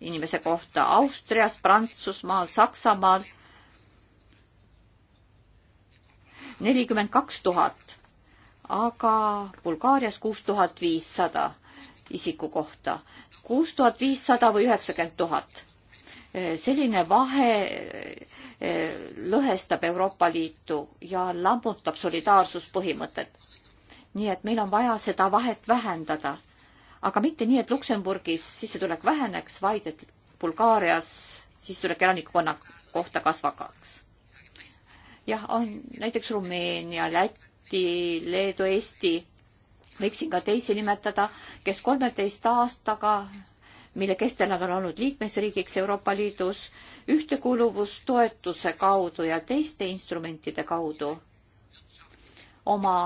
inimese kohta, Austrias, Prantsusmaal, Saksamaal nelikümmend kaks tuhat, aga Bulgaarias kuus tuhat viissada isiku kohta, kuus tuhat viissada või üheksakümmend tuhat. selline vahe eh, lõhestab Euroopa Liitu ja lammutab solidaarsuspõhimõtet. nii et meil on vaja seda vahet vähendada, aga mitte nii, et Luksemburgis sissetulek väheneks, vaid et Bulgaarias sissetulek elanikkonna kohta kasvaks jah, on näiteks Rumeenia, Läti, Leedu, Eesti, võiksin ka teisi nimetada, kes kolmeteist aastaga, mille kestel nad on olnud liikmesriigiks Euroopa Liidus, ühtekuuluvustoetuse kaudu ja teiste instrumentide kaudu oma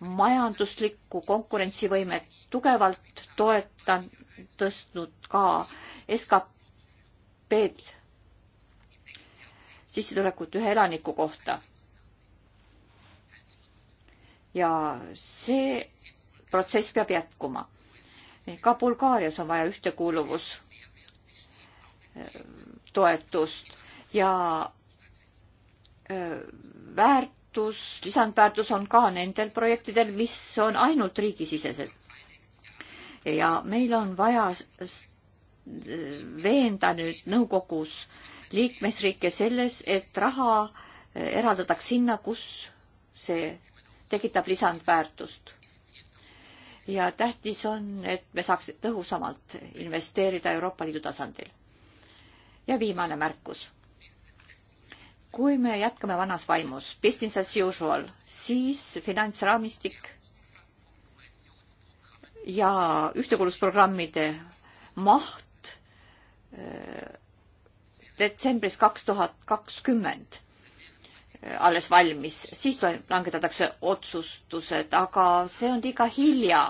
majanduslikku konkurentsivõimet tugevalt toetan, tõstnud ka SKP-d sissetulekut ühe elaniku kohta. ja see protsess peab jätkuma. ka Bulgaarias on vaja ühtekuuluvustoetust äh, ja äh, väärtus, lisandväärtus on ka nendel projektidel, mis on ainult riigisisesed. ja meil on vaja äh, veenda nüüd nõukogus äh, liikmesriike selles, et raha eh, eraldataks sinna, kus see tekitab lisandväärtust. ja tähtis on, et me saaks tõhusamalt investeerida Euroopa Liidu tasandil. ja viimane märkus. kui me jätkame vanas vaimus, business as usual, siis finantsraamistik ja ühtekuuluvusprogrammide maht öö, eh, detsembris kaks tuhat kakskümmend äh, alles valmis, siis langetatakse otsustused, aga see on liiga hilja.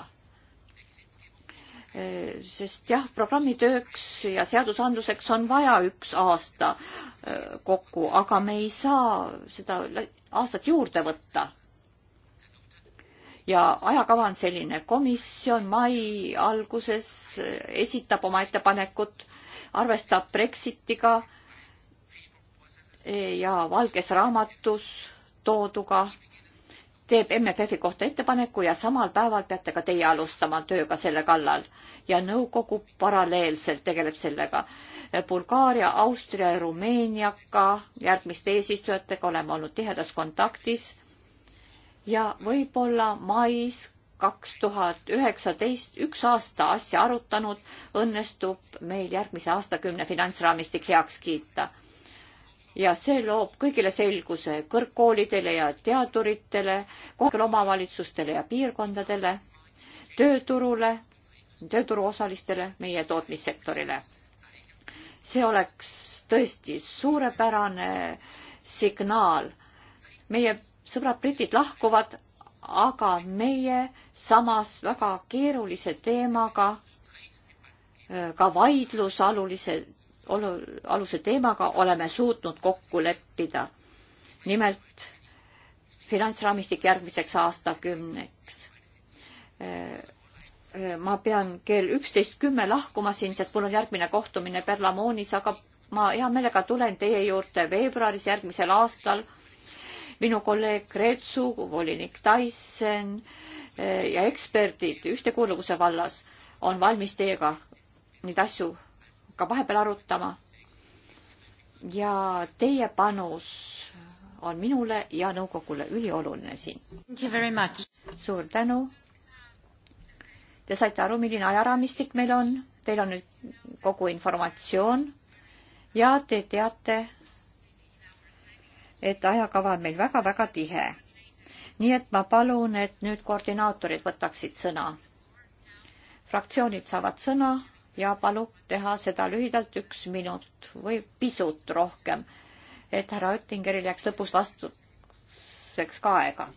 Äh, sest jah, programmi tööks ja seadusandluseks on vaja üks aasta äh, kokku, aga me ei saa seda aastat juurde võtta. ja ajakava on selline, komisjon mai alguses esitab oma ettepanekud arvestab Brexitiga ja Valges Raamatus tooduga, teeb MFF-i kohta ettepaneku ja samal päeval peate ka teie alustama tööga selle kallal ja nõukogu paralleelselt tegeleb sellega. Bulgaaria, Austria ja Rumeeniaga, järgmiste eesistujatega oleme olnud tihedas kontaktis ja võib-olla mais kaks tuhat üheksateist, üks aasta asja arutanud, õnnestub meil järgmise aastakümne finantsraamistik heaks kiita. ja see loob kõigile selguse kõrgkoolidele ja teaduritele, kohalikele omavalitsustele ja piirkondadele, tööturule, tööturuosalistele, meie tootmissektorile. see oleks tõesti suurepärane signaal. meie sõbrad britid lahkuvad aga meie samas väga keerulise teemaga, ka vaidlusalulise, aluse teemaga oleme suutnud kokku leppida. nimelt finantsraamistik järgmiseks aastakümneks. Äh, äh, ma pean kell üksteist kümme lahkuma siin, sest mul on järgmine kohtumine Berlamoonis, aga ma hea meelega tulen teie juurde veebruaris järgmisel aastal minu kolleeg Kreetsu, volinik Tyson eh, ja eksperdid ühtekuuluvuse vallas on valmis teiega neid asju ka vahepeal arutama. ja teie panus on minule ja nõukogule ülioluline siin. suur tänu. Te saite aru, milline ajaraamistik meil on, teil on nüüd kogu informatsioon ja te teate, et ajakava on meil väga-väga tihe. nii et ma palun, et nüüd koordinaatorid võtaksid sõna. fraktsioonid saavad sõna ja palub teha seda lühidalt üks minut või pisut rohkem, et härra Oettingeril jääks lõpus vastuseks ka aega.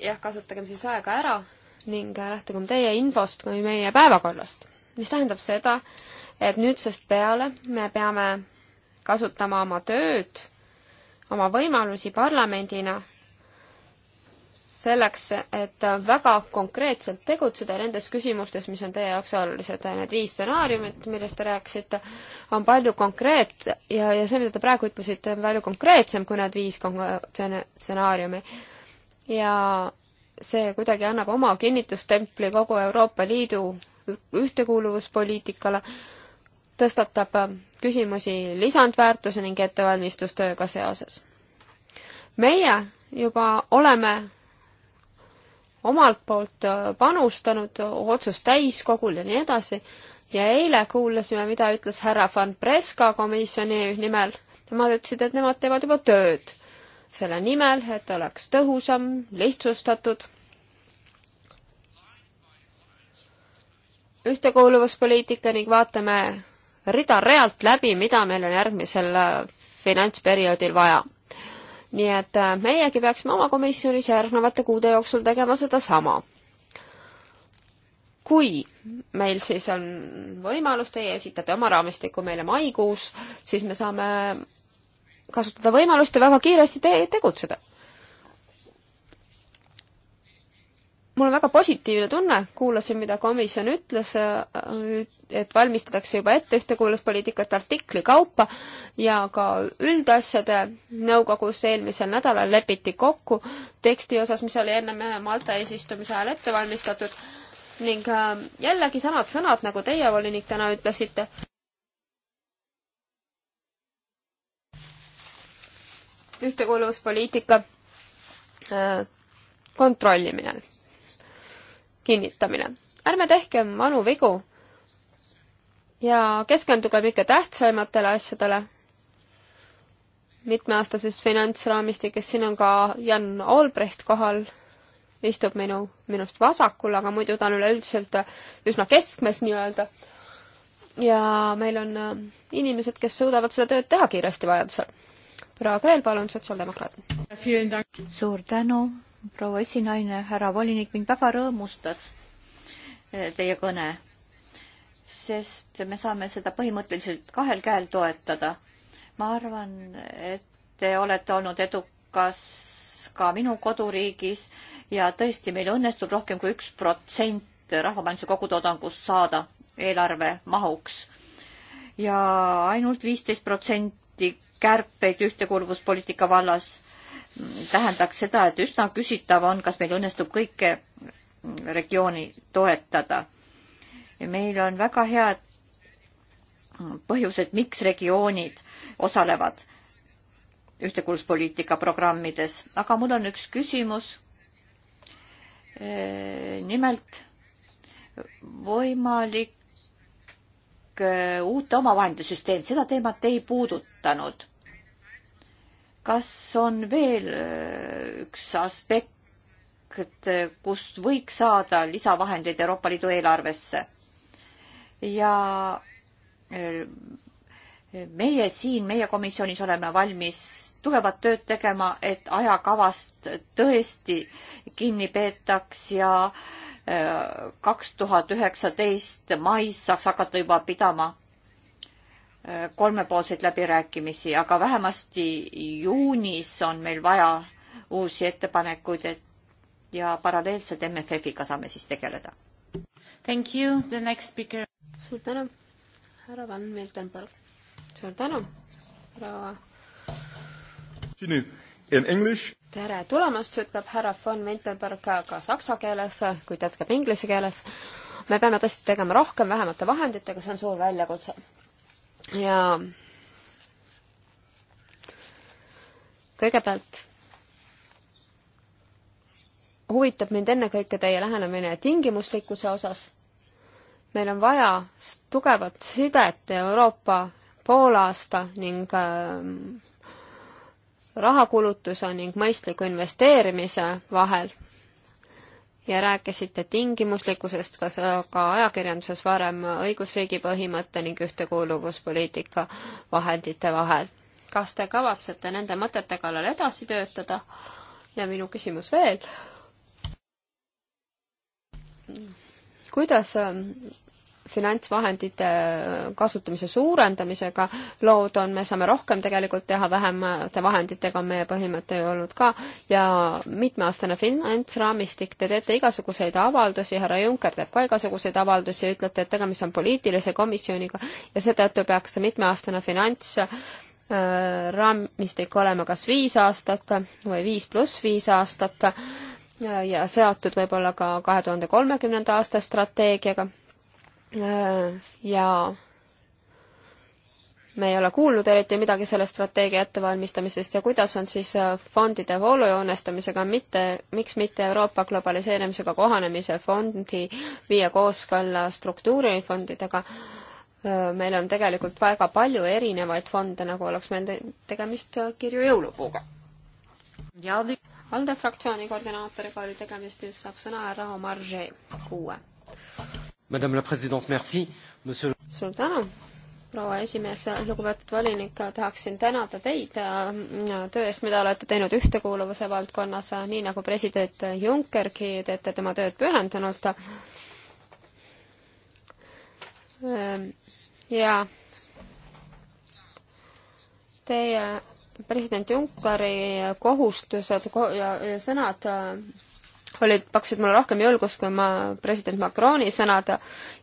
jah, kasutagem siis aega ära ning lähtugem teie infost kui meie päevakorrast mis tähendab seda, et nüüdsest peale me peame kasutama oma tööd, oma võimalusi parlamendina selleks, et väga konkreetselt tegutseda nendes küsimustes, mis on teie jaoks olulised. Need viis stsenaariumit, millest te rääkisite, on palju konkreet- ja, ja see, mida te praegu ütlesite, on palju konkreetsem kui need viis stsenaariumi. ja see kuidagi annab oma kinnitustempli kogu Euroopa Liidu ühtekuuluvuspoliitikale, tõstatab küsimusi lisandväärtuse ning ettevalmistustööga seoses. meie juba oleme omalt poolt panustanud, otsus täiskogul ja nii edasi, ja eile kuulasime, mida ütles härra Van Preska komisjoni nimel. Nemad ütlesid, et nemad teevad juba tööd selle nimel, et oleks tõhusam, lihtsustatud ühtekuuluvuspoliitika ning vaatame rida-realt läbi, mida meil on järgmisel äh, finantsperioodil vaja. nii et äh, meiegi peaksime oma komisjonis järgnevate kuude jooksul tegema sedasama. kui meil siis on võimalus, teie esitate oma raamistiku meile maikuus, siis me saame kasutada võimalust ja väga kiiresti te tegutseda mul on väga positiivne tunne, kuulasin, mida komisjon ütles, äh, et valmistatakse juba ette ühtekuuluvuspoliitikat artikli kaupa ja ka üldasjade nõukogus eelmisel nädalal lepiti kokku teksti osas, mis oli ennem Malta eesistumise ajal ette valmistatud ning äh, jällegi samad sõnad, nagu teie, volinik, täna ütlesite. ühtekuuluvuspoliitika äh, kontrollimine kinnitamine. ärme tehkem vanu vigu ja keskendugem ikka tähtsaimatele asjadele. mitmeaastases finantsraamistikes, siin on ka Jan Olbrecht kohal, istub minu, minust vasakul, aga muidu ta on üleüldiselt üsna keskmes nii-öelda. ja meil on äh, inimesed, kes suudavad seda tööd teha kiiresti vajadusel. proua Kreel, palun, sotsiaaldemokraat. suur tänu proua esinaine, härra volinik, mind väga rõõmustas eh, teie kõne, sest me saame seda põhimõtteliselt kahel käel toetada. ma arvan, et te olete olnud edukas ka minu koduriigis ja tõesti, meil õnnestub rohkem kui üks protsent rahvamajanduse kogutoodangust saada eelarve mahuks ja ainult viisteist protsenti kärpeid ühtekuuluvuspoliitika vallas tähendaks seda, et üsna küsitav on, kas meil õnnestub kõike regiooni toetada. meil on väga head põhjused, miks regioonid osalevad ühtekuuluvuspoliitika programmides, aga mul on üks küsimus. nimelt võimalik uute omavahendite süsteem, seda teemat ei puudutanud kas on veel äh, üks aspekt, äh, kust võiks saada lisavahendeid Euroopa Liidu eelarvesse? ja äh, meie siin, meie komisjonis oleme valmis tugevat tööd tegema, et ajakavast tõesti kinni peetaks ja kaks tuhat üheksateist mais saaks hakata juba pidama kolmepoolseid läbirääkimisi, aga vähemasti juunis on meil vaja uusi ettepanekuid, et ja paralleelselt MFF-iga saame siis tegeleda. Thank you, the next speaker. suur tänu, härra Van Miltenberg. suur tänu, härra. In English. tere tulemast, ütleb härra Van Miltenberg ka, ka saksa keeles, kuid jätkab inglise keeles. me peame tõesti tegema rohkem vähemate vahenditega, see on suur väljakutse ja kõigepealt huvitab mind ennekõike teie lähenemine tingimuslikkuse osas. meil on vaja tugevat sidet Euroopa poolaasta ning äh, rahakulutuse ning mõistliku investeerimise vahel ja rääkisite tingimuslikkusest, kas ka ajakirjanduses varem õigusriigi põhimõtte ning ühtekuuluvuspoliitika vahendite vahel. kas te kavatsete nende mõtete kallal edasi töötada? ja minu küsimus veel. kuidas ähm, finantsvahendite kasutamise suurendamisega lood on, me saame rohkem tegelikult teha, vähemate vahenditega on meie põhimõte ju olnud ka, ja mitmeaastane finantsraamistik, te teete igasuguseid avaldusi, härra Juncker teeb ka igasuguseid avaldusi, ütlete, et tegemist on poliitilise komisjoniga ja seetõttu peaks see mitmeaastane finants äh, raamistik olema kas viis aastat või viis pluss viis aastat ja seotud võib-olla ka kahe tuhande kolmekümnenda aasta strateegiaga ja me ei ole kuulnud eriti midagi selle strateegia ettevalmistamisest ja kuidas on siis äh, fondide voolujoonestamisega, mitte, miks mitte Euroopa globaliseerimisega kohanemise fondi viia kooskõlla struktuurifondidega. Äh, meil on tegelikult väga palju erinevaid fonde, nagu oleks meil te tegemist äh, kirju jõulupuuga. ALDE fraktsiooni koordinaatoriga oli tegemist, nüüd saab sõna härra Omar G, kuue. Madame la President, merci, monsieur. suur tänu, proua esimees, lugupeetud volinik, tahaksin tänada teid äh, töö eest, mida olete teinud ühtekuuluvuse valdkonnas, äh, nii nagu president Junckergi, teete tema tööd pühendunult ähm, jaa. Teie president Junckeri kohustused ja, ja sõnad äh, olid, pakkusid mulle rohkem julgust kui ma president Macroni sõnad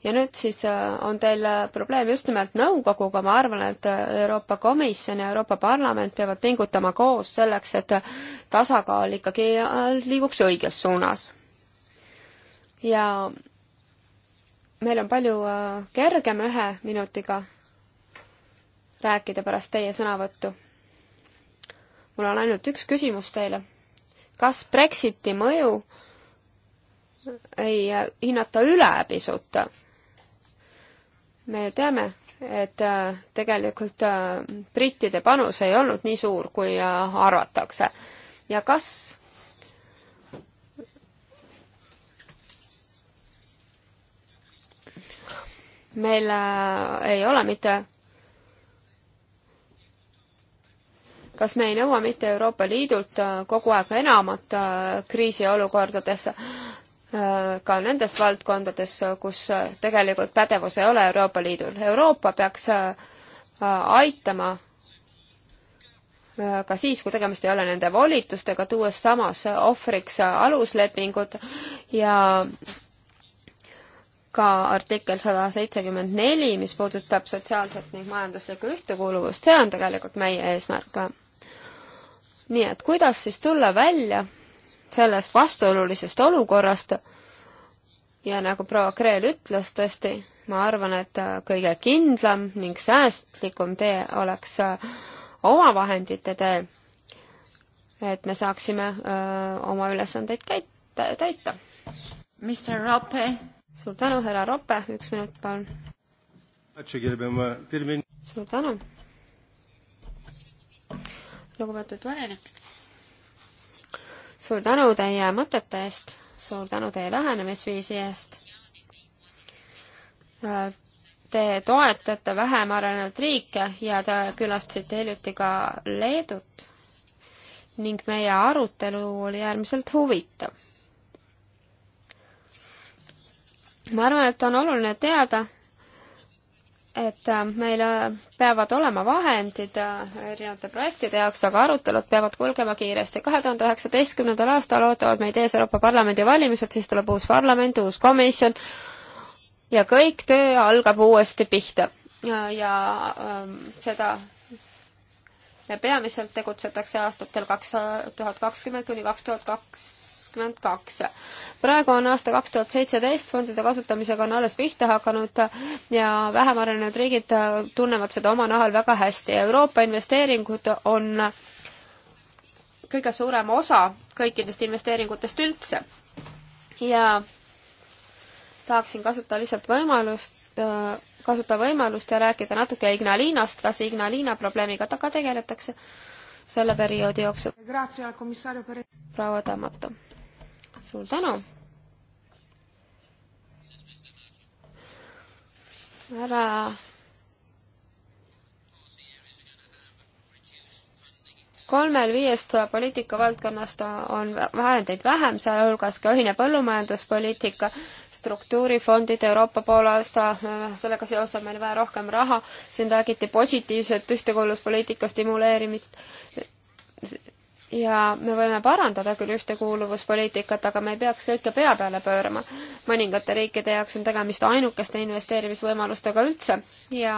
ja nüüd siis äh, on teil äh, probleem just nimelt nõukoguga, ma arvan, et äh, Euroopa Komisjon ja Euroopa Parlament peavad pingutama koos selleks, et tasakaal ikkagi liiguks õiges suunas. ja meil on palju kergem ühe minutiga rääkida pärast teie sõnavõttu. mul on ainult üks küsimus teile kas Brexiti mõju ei hinnata üle pisut? me teame, et äh, tegelikult äh, brittide panus ei olnud nii suur, kui äh, arvatakse. ja kas meil ei ole mitte kas me ei nõua mitte Euroopa Liidult äh, kogu aeg enamat äh, kriisiolukordades, äh, ka nendes valdkondades, kus tegelikult pädevus ei ole Euroopa Liidul. Euroopa peaks aitama ka siis, kui tegemist ei ole nende volitustega, tuues samas ohvriks aluslepingud ja ka artikkel sada seitsekümmend neli, mis puudutab sotsiaalset ning majanduslikku ühtekuuluvust, see on tegelikult meie eesmärk nii et kuidas siis tulla välja sellest vastuolulisest olukorrast ja nagu proua Kreel ütles tõesti, ma arvan, et äh, kõige kindlam ning säästlikum tee oleks äh, omavahendite tee, et me saaksime öö, äh, oma ülesandeid käita, täita. Mr Rope. suur tänu, härra Rope, üks minut palun. suur tänu lugupeetud volinik. suur tänu teie mõtete eest, suur tänu teie lähenemisviisi eest. Äh, te toetate vähem arenenud riike ja te külastasite hiljuti ka Leedut ning meie arutelu oli äärmiselt huvitav. ma arvan, et on oluline teada, et äh, meil äh, peavad olema vahendid äh, erinevate projektide jaoks, aga arutelud peavad kulgema kiiresti. kahe tuhande üheksateistkümnendal aastal ootavad meid ees Euroopa Parlamendi valimised, siis tuleb uus parlament, uus komisjon ja kõik töö algab uuesti pihta. ja, ja ähm, seda ja peamiselt tegutsetakse aastatel kaks tuhat kakskümmend kuni kaks tuhat kaks kakskümmend kaks. praegu on aasta kaks tuhat seitseteist, fondide kasutamisega on alles pihta hakanud ja vähem arenenud riigid tunnevad seda oma nahal väga hästi. Euroopa investeeringud on kõige suurem osa kõikidest investeeringutest üldse. ja tahaksin kasutada lihtsalt võimalust kasuta võimalust ja rääkida natuke Ignalinast, kas Ignalina probleemiga taga tegeletakse selle perioodi jooksul. proua Tammato suur tänu. härra kolmel-viiest poliitikavaldkonnast on vahendeid vähem, sealhulgas ka ühine põllumajanduspoliitika, struktuurifondid Euroopa poolaasta, sellega seoses on meil vaja rohkem raha, siin räägiti positiivset ühtekuuluvuspoliitika stimuleerimist, ja me võime parandada küll ühtekuuluvuspoliitikat, aga me ei peaks kõike pea peale pöörama. mõningate riikide jaoks on tegemist ainukeste investeerimisvõimalustega üldse ja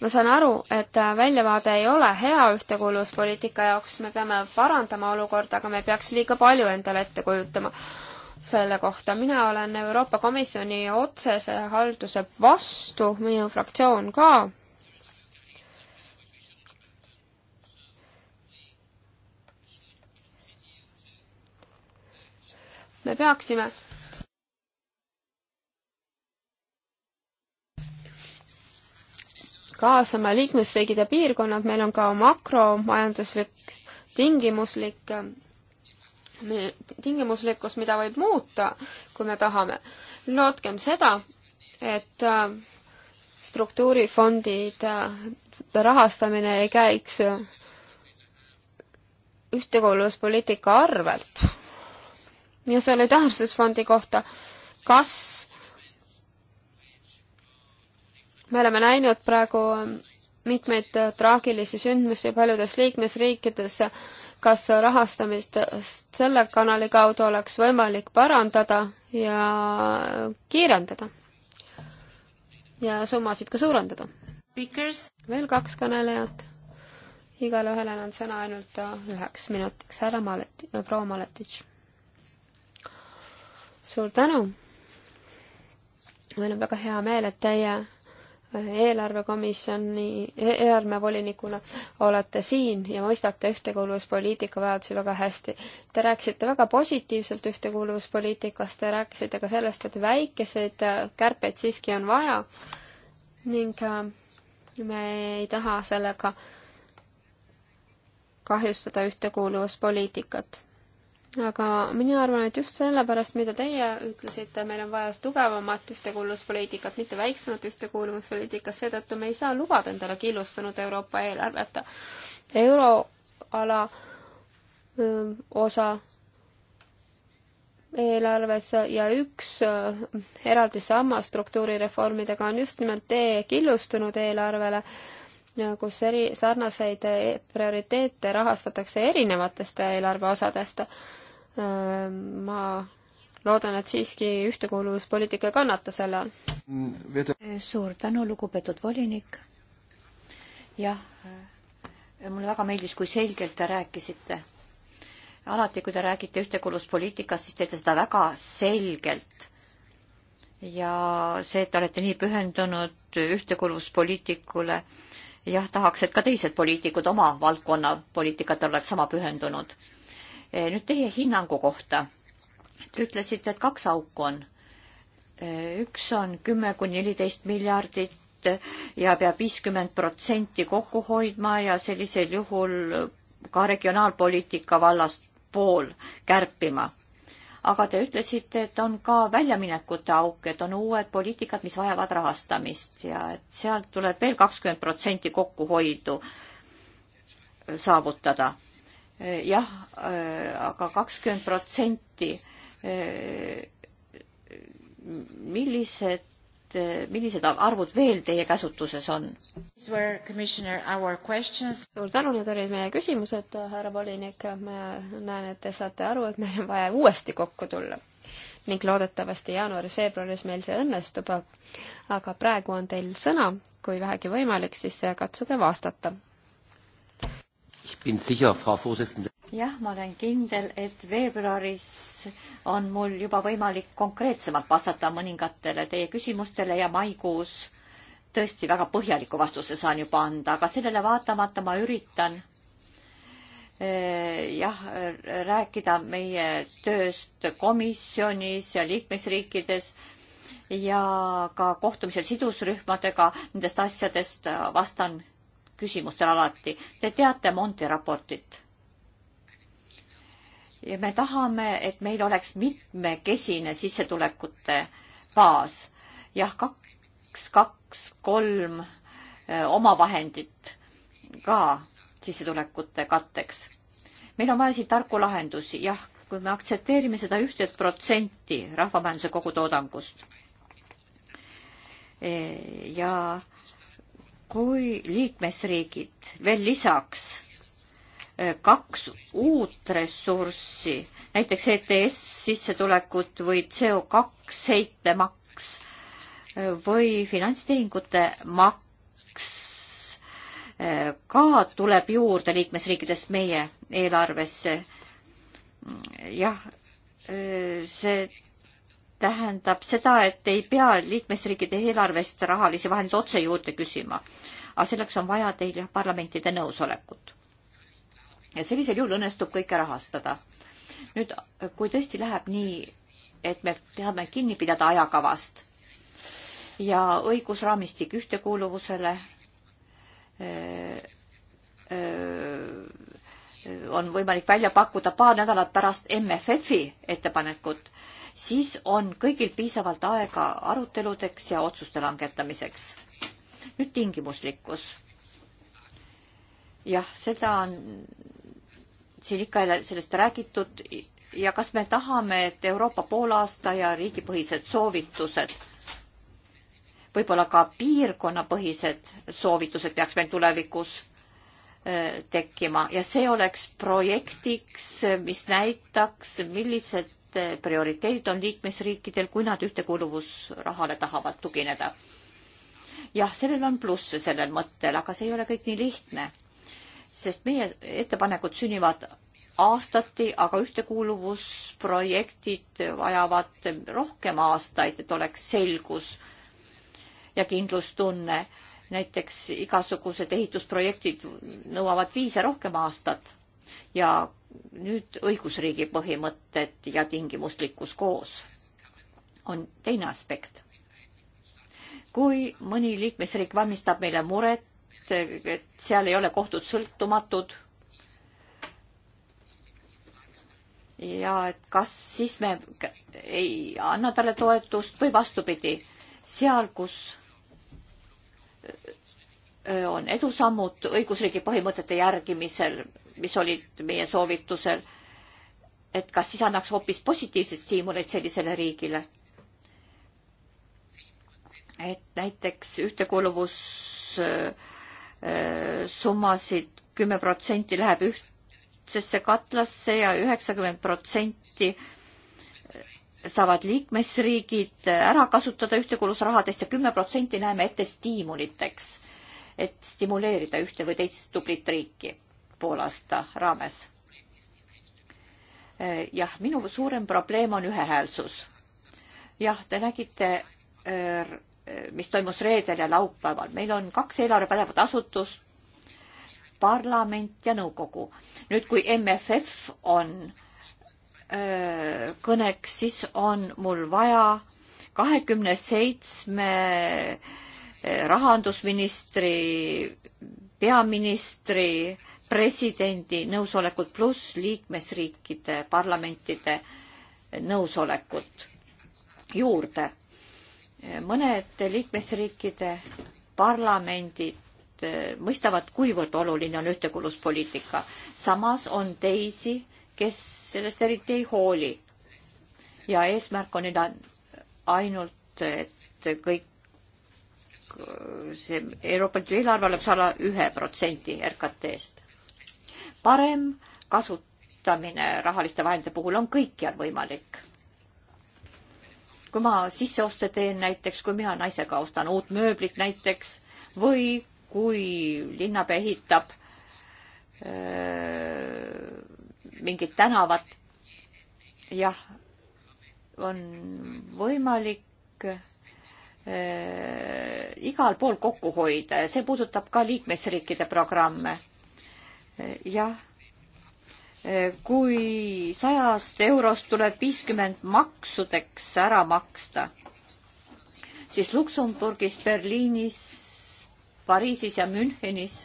ma saan aru, et väljavaade ei ole hea ühtekuuluvuspoliitika jaoks, me peame parandama olukorda, aga me ei peaks liiga palju endale ette kujutama selle kohta. mina olen Euroopa Komisjoni otsese halduse vastu, minu fraktsioon ka me peaksime kaasama liikmesriigid ja piirkonnad, meil on ka makromajanduslik tingimuslik, tingimuslikkus, mida võib muuta, kui me tahame. lootkem seda, et äh, struktuurifondid, äh, rahastamine ei käiks äh, ühtekuuluvuspoliitika arvelt ja solidaarsusfondi kohta, kas me oleme näinud praegu mitmeid traagilisi sündmusi paljudes liikmesriikides, kas rahastamist selle kanali kaudu oleks võimalik parandada ja kiirendada ja summasid ka suurendada. veel kaks kõnelejat. igale ühele annan sõna ainult üheks minutiks, härra Malet-, äh, proua Maletitš suur tänu! meil on väga hea meel, et teie äh, eelarvekomisjoni, e-, eelarvevolinikuna olete siin ja mõistate ühtekuuluvuspoliitika vajadusi väga hästi. Te rääkisite väga positiivselt ühtekuuluvuspoliitikast, te rääkisite ka sellest, et väikeseid äh, kärpeid siiski on vaja ning äh, me ei taha sellega kahjustada ühtekuuluvuspoliitikat aga mina arvan, et just sellepärast, mida teie ütlesite, meil on vaja tugevamat ühtekuuluvuspoliitikat, mitte väiksemat ühtekuuluvuspoliitikat, seetõttu me ei saa lubada endale killustunud Euroopa eelarvet. euroala ähm, osa eelarves ja üks äh, eraldi sammas struktuurireformidega on just nimelt tee killustunud eelarvele kus eri, sarnaseid äh, prioriteete rahastatakse erinevatest eelarveosadest ma loodan, et siiski ühtekuuluvuspoliitika ei kannata selle all. suur tänu, lugupeetud volinik. jah, äh, mulle väga meeldis, kui selgelt te rääkisite. alati, kui te räägite ühtekuuluvuspoliitikast, siis teete seda väga selgelt ja see, et te olete nii pühendunud ühtekuuluvuspoliitikule, jah, tahaks, et ka teised poliitikud oma valdkonna poliitikat oleks sama pühendunud. Eh, nüüd teie hinnangu kohta. Te ütlesite, et kaks auku on. Eh, üks on kümme kuni neliteist miljardit ja peab viiskümmend protsenti kokku hoidma ja sellisel juhul ka regionaalpoliitika vallast pool kärpima. aga te ütlesite, et on ka väljaminekute auk, et on uued poliitikad, mis vajavad rahastamist ja et sealt tuleb veel kakskümmend protsenti kokkuhoidu saavutada jah, äh, aga kakskümmend protsenti. Äh, millised, äh, millised arvud veel teie käsutuses on? suur tänu, need olid meie küsimused, härra volinik. ma näen, et te saate aru, et meil on vaja uuesti kokku tulla ning loodetavasti jaanuaris-veebruaris meil see õnnestub. aga praegu on teil sõna, kui vähegi võimalik, siis katsuge vastata jah, ma olen kindel, et veebruaris on mul juba võimalik konkreetsemalt vastata mõningatele teie küsimustele ja maikuus tõesti väga põhjaliku vastuse saan juba anda, aga sellele vaatamata ma üritan eh, jah, rääkida meie tööst komisjonis ja liikmesriikides ja ka kohtumisel sidusrühmadega nendest asjadest vastan küsimustel alati. Te teate Monti raportit. ja me tahame, et meil oleks mitmekesine sissetulekute baas. jah, kaks, kaks, kolm eh, omavahendit ka sissetulekute katteks. meil on vaja siin tarku lahendusi, jah, kui me aktsepteerime seda ühtet protsenti rahvamajanduse kogutoodangust eh, ja kui liikmesriigid veel lisaks eh, kaks uut ressurssi, näiteks ETS sissetulekut või CO2 heitlemaks eh, või finantstehingute maks eh, ka tuleb juurde liikmesriikidest meie eelarvesse. Mm, jah, see tähendab seda, et ei pea liikmesriikide eelarvest rahalisi vahendeid otse juurde küsima. aga selleks on vaja teil jah, parlamentide nõusolekut. ja sellisel juhul õnnestub kõike rahastada. nüüd, kui tõesti läheb nii, et me peame kinni pidada ajakavast ja õigusraamistik ühtekuuluvusele öö, eh, öö, eh, on võimalik välja pakkuda paar nädalat pärast MFF-i ettepanekut siis on kõigil piisavalt aega aruteludeks ja otsuste langetamiseks. nüüd tingimuslikkus. jah, seda on siin ikka jälle sellest räägitud ja kas me tahame, et Euroopa poolaasta ja riigipõhised soovitused, võib-olla ka piirkonnapõhised soovitused peaks meil tulevikus äh, tekkima ja see oleks projektiks, mis näitaks, millised millised prioriteedid on liikmesriikidel, kui nad ühtekuuluvusrahale tahavad tugineda. jah, sellel on plusse, sellel mõttel, aga see ei ole kõik nii lihtne, sest meie ettepanekud sünnivad aastati, aga ühtekuuluvusprojektid vajavad rohkem aastaid, et oleks selgus ja kindlustunne. näiteks igasugused ehitusprojektid nõuavad viis ja rohkem aastat ja nüüd õigusriigi põhimõtted ja tingimuslikkus koos on teine aspekt. kui mõni liikmesriik valmistab meile muret, et seal ei ole kohtud sõltumatud ja et kas siis me ei anna talle toetust või vastupidi, seal, kus on edusammud õigusriigi põhimõtete järgimisel, mis olid meie soovitusel. et kas siis annaks hoopis positiivseid stiimuleid sellisele riigile? et näiteks ühtekuuluvussummasid kümme protsenti läheb ühtsesse katlasse ja üheksakümmend protsenti saavad liikmesriigid ära kasutada ühtekuulusrahadest ja kümme protsenti näeme ette stiimuliteks et stimuleerida ühte või teist tublit riiki poolaasta raames. Äh, jah, minu suurem probleem on ühehäälsus. jah, te nägite, äh, mis toimus reedel ja laupäeval. meil on kaks eelarvepädevat asutust, parlament ja nõukogu. nüüd, kui MFF on öö, äh, kõneks, siis on mul vaja kahekümne seitsme rahandusministri, peaministri, presidendi nõusolekut pluss liikmesriikide parlamentide nõusolekut juurde. mõned liikmesriikide parlamendid eh, mõistavad, kuivõrd oluline on ühtekuuluvuspoliitika. samas on teisi, kes sellest eriti ei hooli. ja eesmärk on ainult, et kõik see Euroopa Liidu eelarve oleks ala ühe protsendi RKT-st. parem kasutamine rahaliste vahendite puhul on kõikjal võimalik. kui ma sisseoste teen näiteks, kui mina naisega ostan uut mööblit näiteks või kui linnapea ehitab öö, äh, mingit tänavat, jah, on võimalik Äh, igal pool kokku hoida ja see puudutab ka liikmesriikide programme. Äh, jah, äh, kui sajast eurost tuleb viiskümmend maksudeks ära maksta, siis Luksemburgis, Berliinis, Pariisis ja Münchenis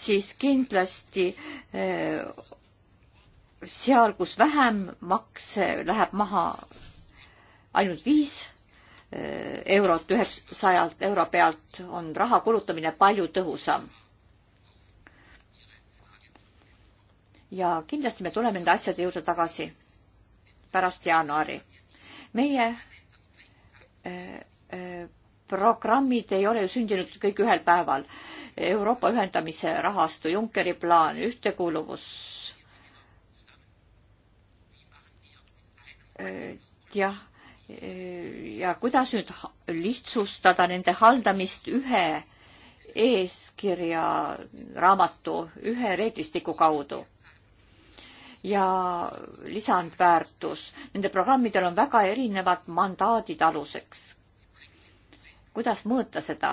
siis kindlasti seal, kus vähem makse läheb maha ainult viis eh, eurot üheksasajalt euro pealt, on raha kulutamine palju tõhusam. ja kindlasti me tuleme nende asjade juurde tagasi pärast jaanuari. meie eh, eh, programmid ei ole ju sündinud kõik ühel päeval. Euroopa ühendamise rahastu, Junckeri plaan, ühtekuuluvus Äh, jah, äh, ja kuidas nüüd lihtsustada nende haldamist ühe eeskirja raamatu, ühe reeglistiku kaudu? ja lisandväärtus, nende programmidel on väga erinevad mandaadid aluseks. kuidas mõõta seda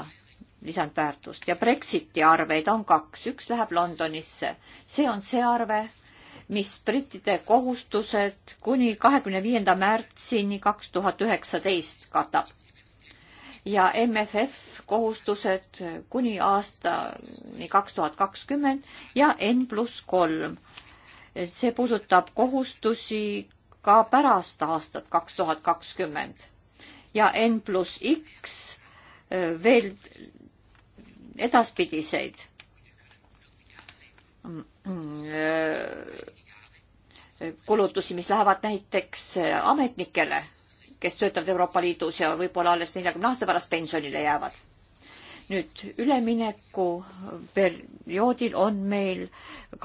lisandväärtust ja Brexiti arveid on kaks, üks läheb Londonisse, see on see arve mis brittide kohustused kuni kahekümne viienda märtsini kaks tuhat üheksateist katab ja MFF kohustused kuni aastani kaks tuhat kakskümmend ja N pluss kolm. see puudutab kohustusi ka pärast aastat kaks tuhat kakskümmend ja N pluss X eh, veel edaspidiseid mm, mm, eh, kulutusi, mis lähevad näiteks ametnikele, kes töötavad Euroopa Liidus ja võib-olla alles neljakümne aasta pärast pensionile jäävad. nüüd üleminekuperioodil on meil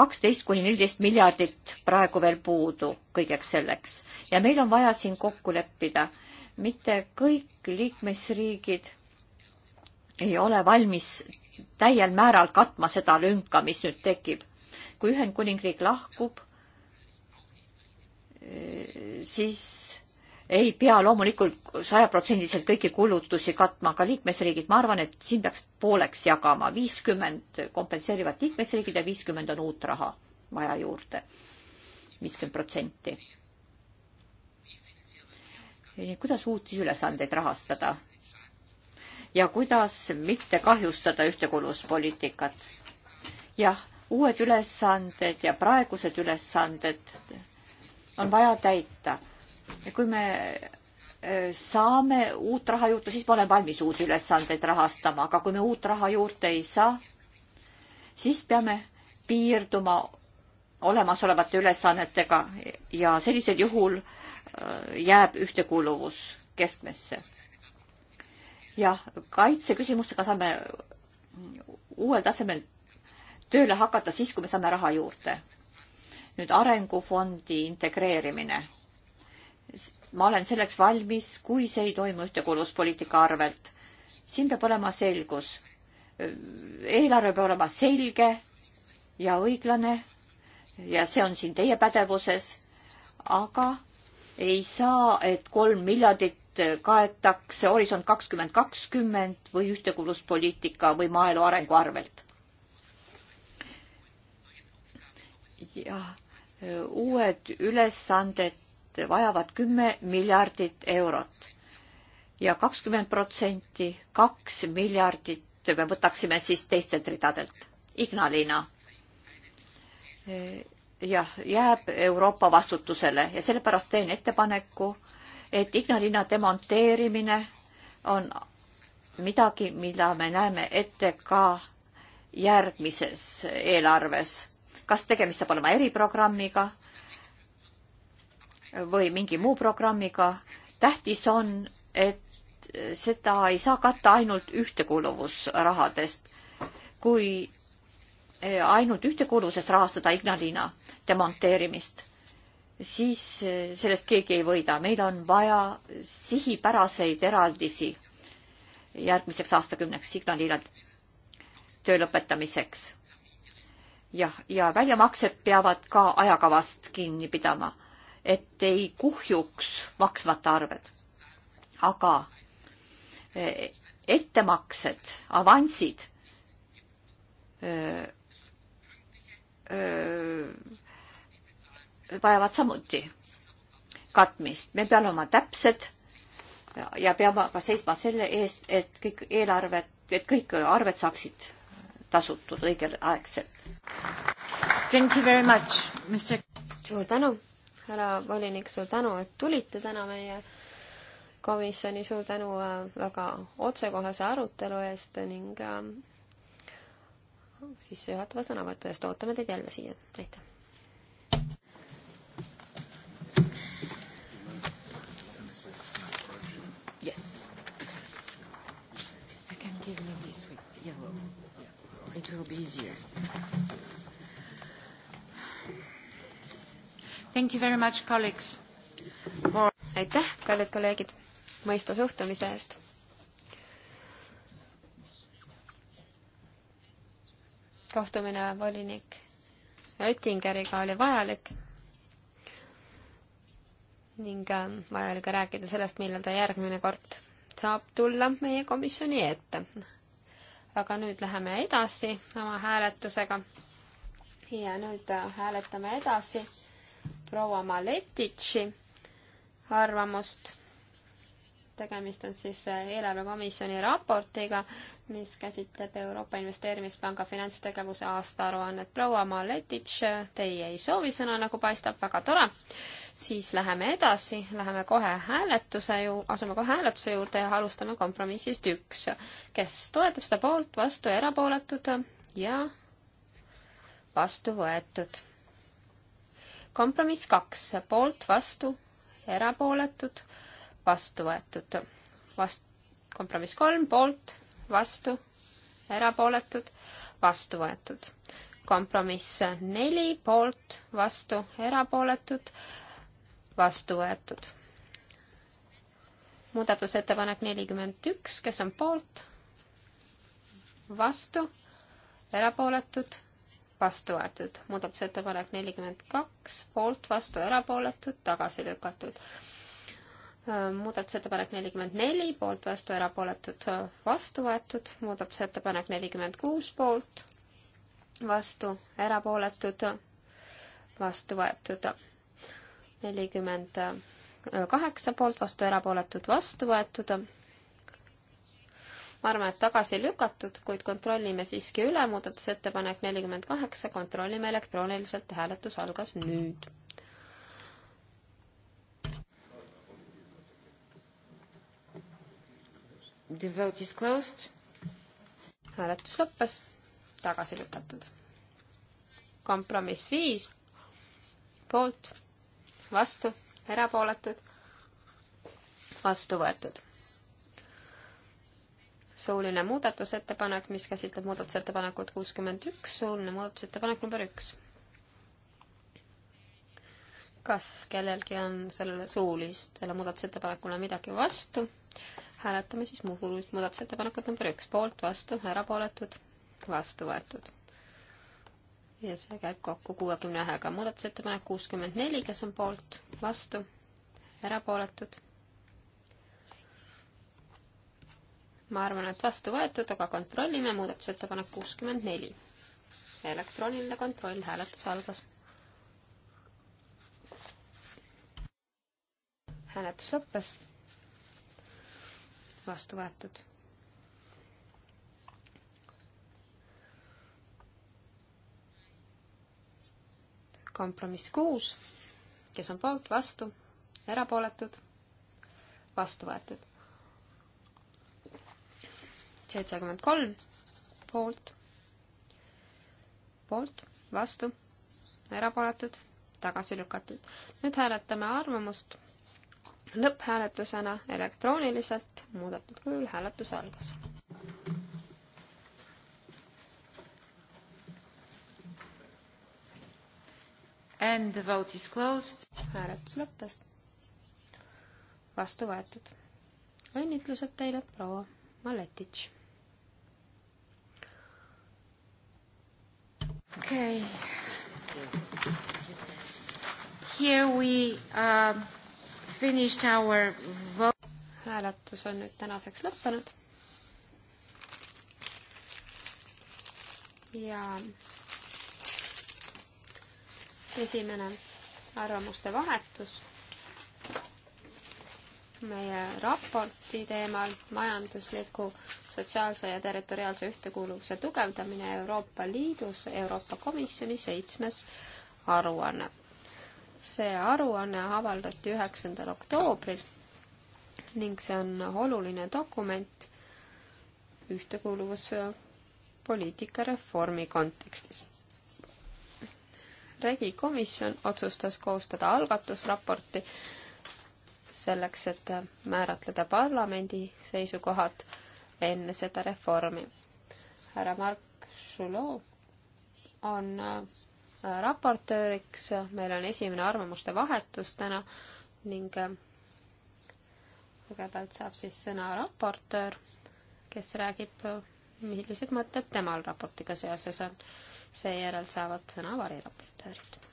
kaksteist kuni neliteist miljardit praegu veel puudu kõigeks selleks ja meil on vaja siin kokku leppida. mitte kõik liikmesriigid ei ole valmis täiel määral katma seda lünka, mis nüüd tekib. kui Ühendkuningriik lahkub siis ei pea loomulikult sajaprotsendiliselt kõiki kulutusi katma ka liikmesriigid, ma arvan, et siin peaks pooleks jagama, viiskümmend kompenseerivad liikmesriigid ja viiskümmend on uut raha vaja juurde, viiskümmend protsenti. nii, kuidas uuti ülesandeid rahastada? ja kuidas mitte kahjustada ühtekuuluvuspoliitikat? jah, uued ülesanded ja praegused ülesanded on vaja täita. ja kui me saame uut raha juurde, siis ma olen valmis uusi ülesandeid rahastama, aga kui me uut raha juurde ei saa, siis peame piirduma olemasolevate ülesannetega ja sellisel juhul jääb ühtekuuluvus keskmesse. jah, kaitseküsimustega saame uuel tasemel tööle hakata siis, kui me saame raha juurde nüüd arengufondi integreerimine. ma olen selleks valmis, kui see ei toimu ühtekuuluvuspoliitika arvelt. siin peab olema selgus. eelarve peab olema selge ja õiglane ja see on siin teie pädevuses, aga ei saa, et kolm miljardit kaetakse Horisont kakskümmend kakskümmend või ühtekuuluvuspoliitika või maaelu arengu arvelt. jah, uued ülesanded vajavad kümme miljardit eurot ja kakskümmend protsenti, kaks miljardit me võtaksime siis teistelt ridadelt. Ignalina jah, jääb Euroopa vastutusele ja sellepärast teen ettepaneku, et Ignalina demonteerimine on midagi, mida me näeme ette ka järgmises eelarves kas tegemist saab olema eriprogrammiga või mingi muu programmiga. tähtis on, et seda ei saa katta ainult ühtekuuluvusrahadest. kui ainult ühtekuuluvusest rahastada Ignalina demonteerimist, siis sellest keegi ei võida. meil on vaja sihipäraseid eraldisi järgmiseks aastakümneks Ignalina töö lõpetamiseks jah, ja väljamaksed peavad ka ajakavast kinni pidama, et ei kuhjuks maksmata arved. aga e, ettemaksed, avansid e, e, vajavad samuti katmist. me peame olema täpsed ja peame ka seisma selle eest, et kõik eelarved, et kõik arved saaksid tasutud õigeaegselt. suur tänu, härra volinik, suur tänu, et tulite täna meie komisjoni, suur tänu äh, väga otsekohase arutelu eest ning äh, sissejuhatava sõnavõtu eest, ootame teid jälle siia, aitäh! It will be easier. Thank you very much, colleagues. For... aitäh, kallid kolleegid, mõistva suhtumise eest. kohtumine volinik Oettingeriga oli vajalik ning ähm, vajalik ka rääkida sellest, millal ta järgmine kord saab tulla meie komisjoni ette aga nüüd läheme edasi oma hääletusega. ja nüüd äh, hääletame edasi proua Maletitši arvamust. tegemist on siis äh, eelarvekomisjoni raportiga, mis käsitleb Euroopa Investeerimispanga finantstegevuse aastaaruannet. proua Maletitš, äh, teie ei soovi sõna, nagu paistab, väga tore siis läheme edasi, läheme kohe hääletuse ju-, asume kohe hääletuse juurde ja alustame kompromissist üks. kes toetab seda poolt, vastu, erapooletud ja vastu võetud. kompromiss kaks, poolt, vastu, erapooletud, vastu võetud. Vast-, kompromiss kolm, poolt, vastu, erapooletud, vastu võetud. kompromiss neli, poolt, vastu, erapooletud, vastu võetud. muudatusettepanek nelikümmend üks, kes on poolt, vastu, erapooletud, vastu võetud. muudatusettepanek nelikümmend kaks, poolt, vastu, erapooletud, tagasi lükatud. muudatusettepanek nelikümmend neli, poolt, vastu, erapooletud, vastu võetud. muudatusettepanek nelikümmend kuus, poolt, vastu, erapooletud, vastu võetud nelikümmend äh, kaheksa poolt, vastu erapooletud, vastu võetud. ma arvan, et tagasi lükatud, kuid kontrollime siiski üle, muudatusettepanek nelikümmend kaheksa, kontrollime elektrooniliselt, hääletus algas nüüd. The vote is closed. hääletus lõppes, tagasi lükatud. kompromiss viis, poolt vastu, erapooletud, vastu võetud. suuline muudatusettepanek, mis käsitleb muudatusettepanekut kuuskümmend üks, suuline muudatusettepanek number üks. kas kellelgi on sellele suulist, selle muudatusettepanekule midagi vastu? hääletame siis muud suulist muudatusettepanekut number üks, poolt, vastu, erapooletud, vastu võetud ja see käib kokku kuuekümne ühega. muudatusettepanek kuuskümmend neli, kes on poolt, vastu, erapooletud. ma arvan, et vastu võetud, aga kontrollime muudatusettepanek kuuskümmend neli. elektrooniline kontroll, hääletus algas. hääletus lõppes. vastu võetud kompromiss kuus, kes on poolt, vastu, erapooletud, vastu võetud. seitsekümmend kolm poolt, poolt, vastu, erapooletud, tagasi lükatud. nüüd hääletame arvamust lõpphääletusena elektrooniliselt muudetud kujul hääletus algas And the vote is closed. hääletus lõppes. vastu võetud. õnnitlused teile, proua Maletitš. okei okay.. Here we uh, finished our vote. hääletus on nüüd tänaseks lõppenud. ja esimene arvamuste vahetus meie raporti teemal majandusliku, sotsiaalse ja territoriaalse ühtekuuluvuse tugevdamine Euroopa Liidus, Euroopa Komisjoni seitsmes aruanne. see aruanne avaldati üheksandal oktoobril ning see on oluline dokument ühtekuuluvuspoliitika reformi kontekstis Regi komisjon otsustas koostada algatusraporti selleks, et määratleda parlamendi seisukohad enne seda reformi. härra Mark Šulov on äh, raportööriks, meil on esimene arvamuste vahetus täna ning äh, kõigepealt saab siis sõna raportöör, kes räägib, äh, millised mõtted temal raportiga seoses on. seejärel saavad sõna variraportöörid raportöörid.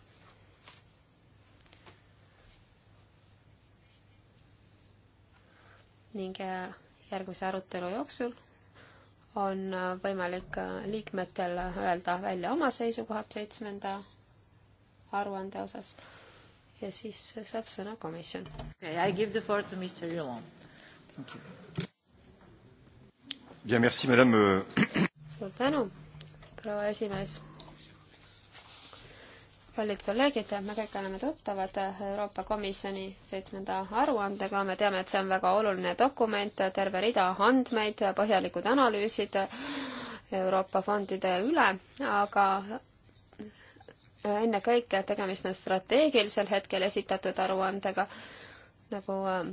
ning äh, järgmise arutelu jooksul on äh, võimalik äh, liikmetel öelda välja oma seisukohad seitsmenda aruande osas ja siis saab sõna komisjon. Okay, I give the floor to Mr Juman. Thank you. Bien, merci madame. Euh, suur tänu, proua esimees kallid kolleegid, me kõik oleme tuttavad Euroopa Komisjoni seitsmenda aruandega, me teame, et see on väga oluline dokument, terve rida andmeid, põhjalikud analüüsid Euroopa fondide üle, aga ennekõike tegemist on strateegilisel hetkel esitatud aruandega, nagu äh,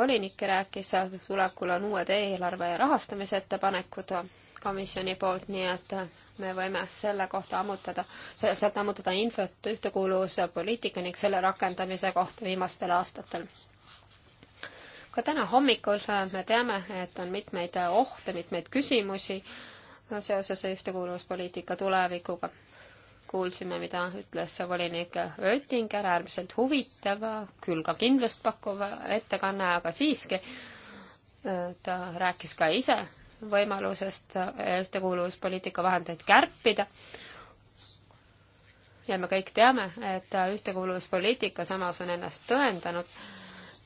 volinikki rääkis, tulekul on uued eelarve ja rahastamisettepanekud komisjoni poolt, nii et me võime selle kohta ammutada, sealt ammutada infot ühtekuuluvuspoliitika ning selle rakendamise kohta viimastel aastatel. ka täna hommikul äh, me teame, et on mitmeid äh, ohte, mitmeid küsimusi äh, seoses ühtekuuluvuspoliitika tulevikuga. kuulsime, mida ütles volinik Oettinger, äärmiselt huvitav, küll ka kindlustpakkuv ettekanne, aga siiski ta rääkis ka ise võimalusest äh, ühtekuuluvuspoliitika vahendeid kärpida. ja me kõik teame, et äh, ühtekuuluvuspoliitika samas on ennast tõendanud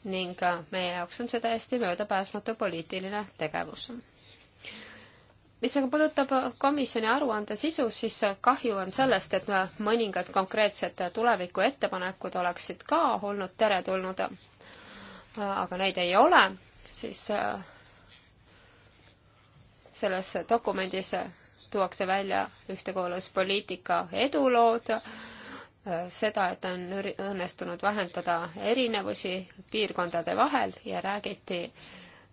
ning äh, meie jaoks on see täiesti möödapääsmatu poliitiline tegevus. mis aga puudutab komisjoni aruande sisu, siis kahju on sellest, et mõningad konkreetsed tulevikuettepanekud oleksid ka olnud teretulnud, aga neid ei ole, siis selles dokumendis tuuakse välja ühtekoolus poliitika edulood, seda, et on õnnestunud vähendada erinevusi piirkondade vahel ja räägiti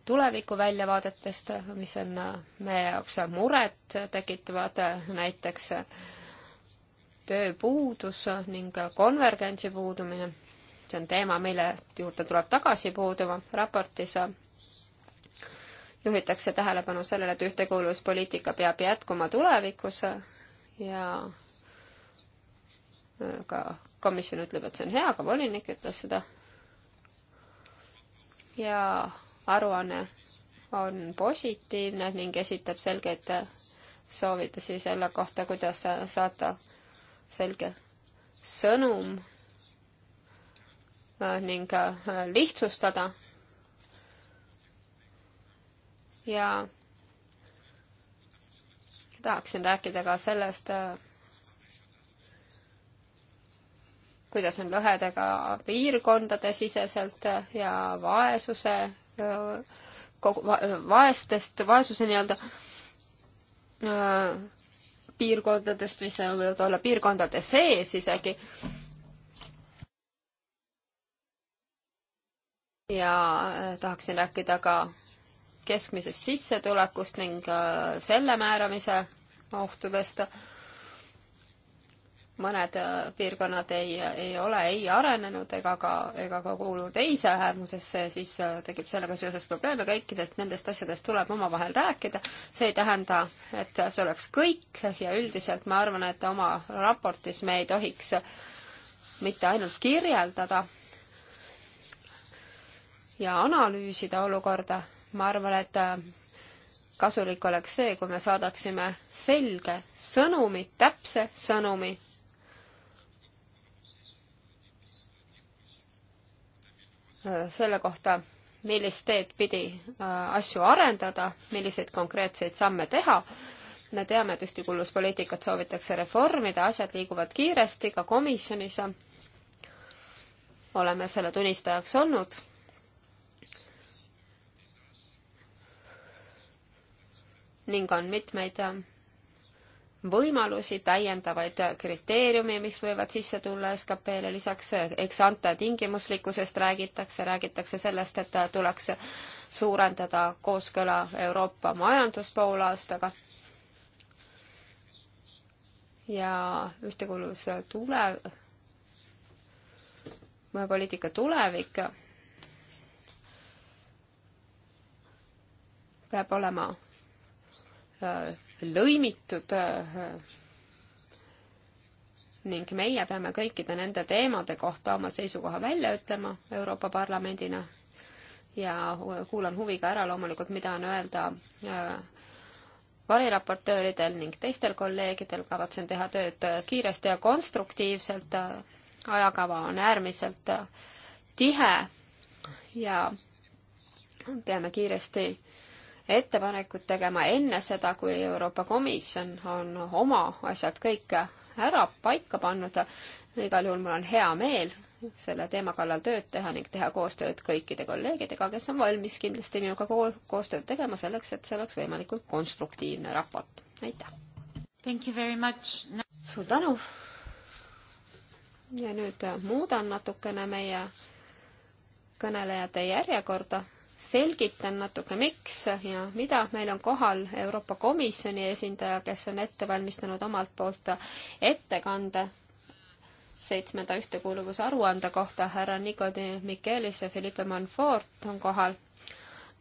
tulevikuväljavaadetest, mis on meie jaoks muret tekitavad, näiteks tööpuudus ning konvergentsi puudumine. see on teema, mille juurde tuleb tagasi puuduma. raportis juhitakse tähelepanu sellele, et ühtekuuluvuspoliitika peab jätkuma tulevikus ja äh, ka komisjon ütleb, et see on hea, ka volinik ütles seda. ja aruanne on positiivne ning esitab selgeid soovitusi selle kohta, kuidas saata selge sõnum äh, ning äh, lihtsustada ja tahaksin rääkida ka sellest, äh, kuidas on lõhedega piirkondade siseselt ja vaesuse, äh, vaestest, vaesuse nii-öelda äh, piirkondadest, mis võivad olla piirkondade sees isegi. ja tahaksin rääkida ka keskmisest sissetulekust ning äh, selle määramise ohtudest. mõned äh, piirkonnad ei, ei ole ei arenenud ega ka, ega ka kuulu teise äärmusesse ja siis äh, tekib sellega seoses probleeme, kõikidest nendest asjadest tuleb omavahel rääkida. see ei tähenda, et see oleks kõik ja üldiselt ma arvan, et oma raportis me ei tohiks mitte ainult kirjeldada ja analüüsida olukorda, ma arvan, et äh, kasulik oleks see, kui me saadaksime selge sõnumi, täpse sõnumi äh, selle kohta, millist teed pidi äh, asju arendada, milliseid konkreetseid samme teha. me teame, et ühtekuuluvuspoliitikat soovitakse reformida, asjad liiguvad kiiresti ka komisjonis. oleme selle tunnistajaks olnud ning on mitmeid äh, võimalusi, täiendavaid kriteeriume, mis võivad sisse tulla SKP-le, lisaks äh, eks ante tingimuslikkusest räägitakse, räägitakse sellest, et äh, tuleks suurendada kooskõla Euroopa majanduspoolaastaga ja ühtekuuluvus tule-, poliitika tulevik peab olema Äh, lõimitud äh, ning meie peame kõikide nende teemade kohta oma seisukoha välja ütlema Euroopa Parlamendina ja kuulan huviga ära loomulikult, mida on öelda äh, variraportööridel ning teistel kolleegidel, kavatsen teha tööd kiiresti ja konstruktiivselt, ajakava on äärmiselt tihe ja peame kiiresti äh, ettepanekut tegema enne seda, kui Euroopa Komisjon on oma asjad kõik ära paika pannud. igal juhul mul on hea meel selle teema kallal tööd teha ning teha koostööd kõikide kolleegidega, kes on valmis kindlasti minuga koostööd tegema selleks, et see oleks võimalikult konstruktiivne raport. aitäh! suur tänu! ja nüüd muudan natukene meie kõnelejate järjekorda selgitan natuke, miks ja mida. meil on kohal Euroopa Komisjoni esindaja, kes on ette valmistanud omalt poolt ettekande seitsmenda ühtekuuluvusaruande kohta. härra Nikodi Mikelis ja Philippe Manfort on kohal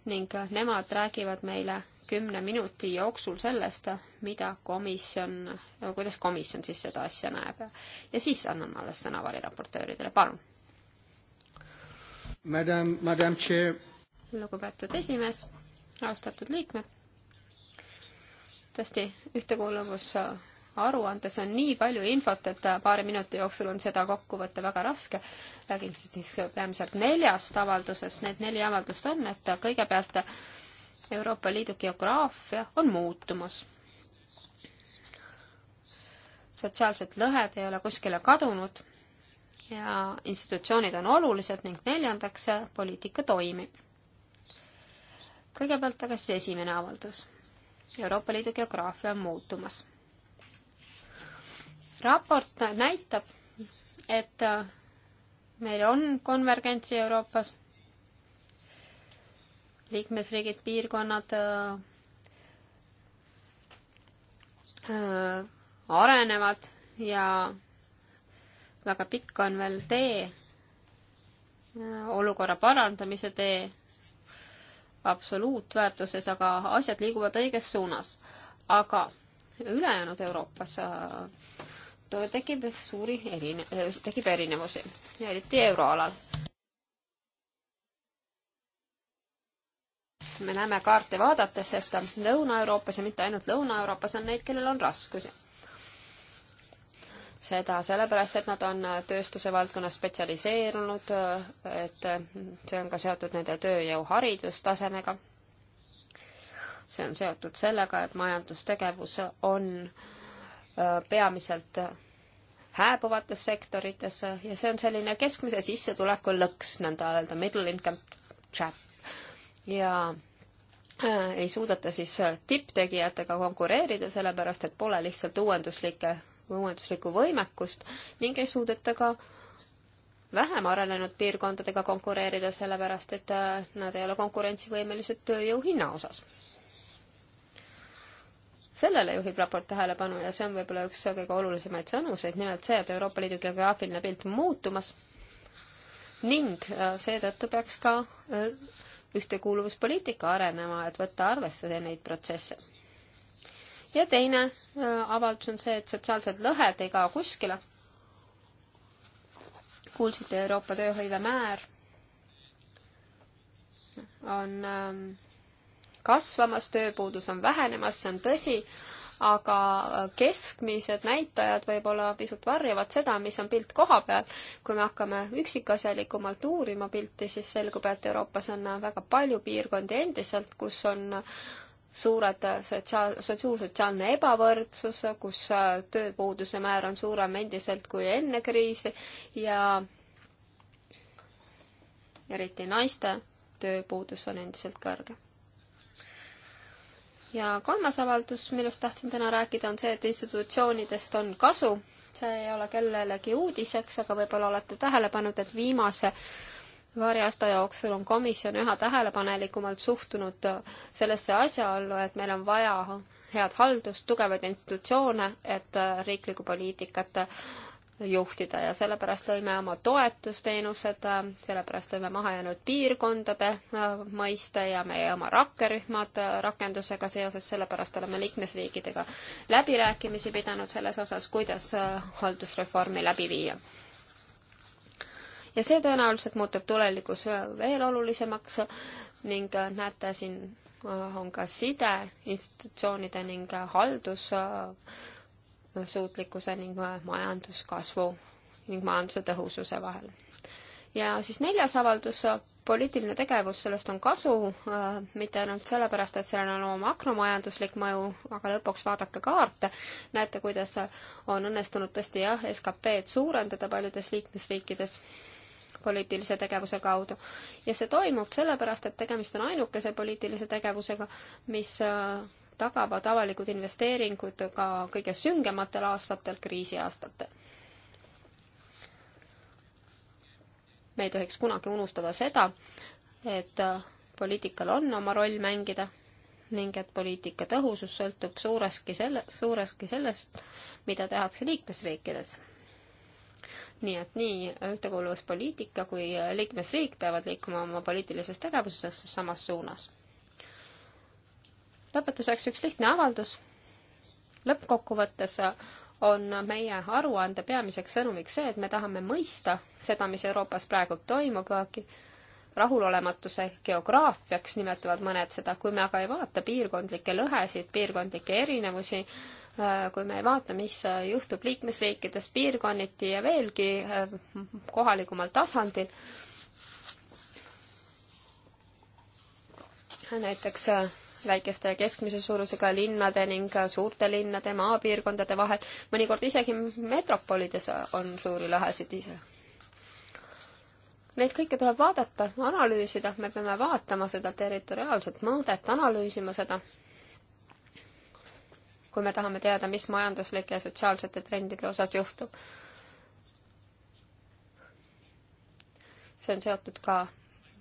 ning nemad räägivad meile kümne minuti jooksul sellest, mida komisjon, kuidas komisjon siis seda asja näeb. ja siis annan alles sõna variraportööridele, palun. Madam, Madam Chair lugupeetud esimees, austatud liikmed. tõesti, ühtekuuluvusaruandes on nii palju infot, et paari minuti jooksul on seda kokku võtta väga raske. räägin siis peamiselt neljast avaldusest, need neli avaldust on, et kõigepealt Euroopa Liidu geograafia on muutumas sotsiaalsed lõhed ei ole kuskile kadunud ja institutsioonid on olulised ning neljandaks, poliitika toimib kõigepealt aga siis esimene avaldus. Euroopa Liidu geograafia on muutumas. raport näitab, et äh, meil on konvergentsi Euroopas, liikmesriigid, piirkonnad äh, äh, arenevad ja väga pikk on veel tee, äh, olukorra parandamise tee absoluutväärtuses, aga asjad liiguvad õiges suunas. aga ülejäänud Euroopas äh, tekib suuri erine-, äh, tekib erinevusi, eriti euroalal. me näeme kaarte vaadates, et Lõuna-Euroopas ja mitte ainult Lõuna-Euroopas on neid, kellel on raskusi seda sellepärast, et nad on tööstuse valdkonnas spetsialiseerunud, et see on ka seotud nende tööjõu haridustasemega. see on seotud sellega, et majandustegevus on äh, peamiselt hääbuvates sektorites ja see on selline keskmise sissetuleku lõks, nõnda öelda middle income trap. ja äh, ei suudeta siis tipptegijatega konkureerida, sellepärast et pole lihtsalt uuenduslikke uuenduslikku võimekust ning ei suudeta ka vähem arenenud piirkondadega konkureerida, sellepärast et äh, nad ei ole konkurentsivõimelised tööjõu hinna osas. sellele juhib raport tähelepanu ja see on võib-olla üks kõige olulisemaid sõnuseid, nimelt see, et Euroopa Liidu geograafiline pilt on muutumas ning äh, seetõttu peaks ka äh, ühtekuuluvuspoliitika arenema, et võtta arvesse neid protsesse ja teine äh, avaldus on see, et sotsiaalsed lõhed ei kao kuskile. kuulsite Euroopa tööhõive määr on ähm, kasvamas, tööpuudus on vähenemas, see on tõsi, aga äh, keskmised näitajad võib-olla pisut varjavad seda, mis on pilt koha peal. kui me hakkame üksikasjalikumalt uurima pilti, siis selgub, et Euroopas on väga palju piirkondi endiselt, kus on suured sotsiaal, sotsiaalne ebavõrdsus, kus äh, tööpuuduse määr on suurem endiselt kui enne kriisi ja eriti naiste tööpuudus on endiselt kõrge. ja kolmas avaldus, millest tahtsin täna rääkida, on see, et institutsioonidest on kasu. see ei ole kellelegi uudiseks, aga võib-olla olete tähele pannud, et viimase paari aasta jooksul on komisjon üha tähelepanelikumalt suhtunud sellesse asjaollu, et meil on vaja head haldust, tugevaid institutsioone, et riiklikku poliitikat juhtida ja sellepärast lõime oma toetusteenused, sellepärast lõime mahajäänud piirkondade mõiste ja meie oma rakkerühmad rakendusega seoses, sellepärast oleme liikmesriikidega läbirääkimisi pidanud selles osas, kuidas haldusreformi läbi viia ja see tõenäoliselt muutub tulevikus veel olulisemaks ning äh, näete, siin äh, on ka side institutsioonide ning äh, haldussuutlikkuse ning majanduskasvu ning majanduse tõhususe vahel. ja siis neljas avaldus, poliitiline tegevus, sellest on kasu, mitte ainult sellepärast, et sellel on oma makromajanduslik mõju, aga lõpuks vaadake kaarte, näete, kuidas on õnnestunud tõesti jah, SKP-d suurendada paljudes liikmesriikides poliitilise tegevuse kaudu. ja see toimub sellepärast, et tegemist on ainukese poliitilise tegevusega, mis äh, tagavad avalikud investeeringud ka kõige süngematel aastatel, kriisiaastatel. me ei tohiks kunagi unustada seda, et äh, poliitikal on oma roll mängida ning et poliitika tõhusus sõltub suureski selle, suureski sellest, mida tehakse liikmesriikides nii et nii ühtekuuluvuspoliitika kui liikmesriik peavad liikuma oma poliitilises tegevuses samas suunas. lõpetuseks üks lihtne avaldus. lõppkokkuvõttes on meie aruande peamiseks sõnumiks see, et me tahame mõista seda, mis Euroopas praegu toimub, rahulolematuse geograafiaks nimetavad mõned seda, kui me aga ei vaata piirkondlikke lõhesid, piirkondlikke erinevusi, Äh, kui me ei vaata, mis äh, juhtub liikmesriikides piirkonniti ja veelgi äh, kohalikumal tasandil, näiteks väikeste ja keskmise suurusega linnade ning suurte linnade, maapiirkondade vahel, mõnikord isegi metropolides on suuri lõhesid ise. Neid kõike tuleb vaadata, analüüsida, me peame vaatama seda territoriaalset mõõdet, analüüsima seda kui me tahame teada, mis majanduslike ja sotsiaalsete trendide osas juhtub. see on seotud ka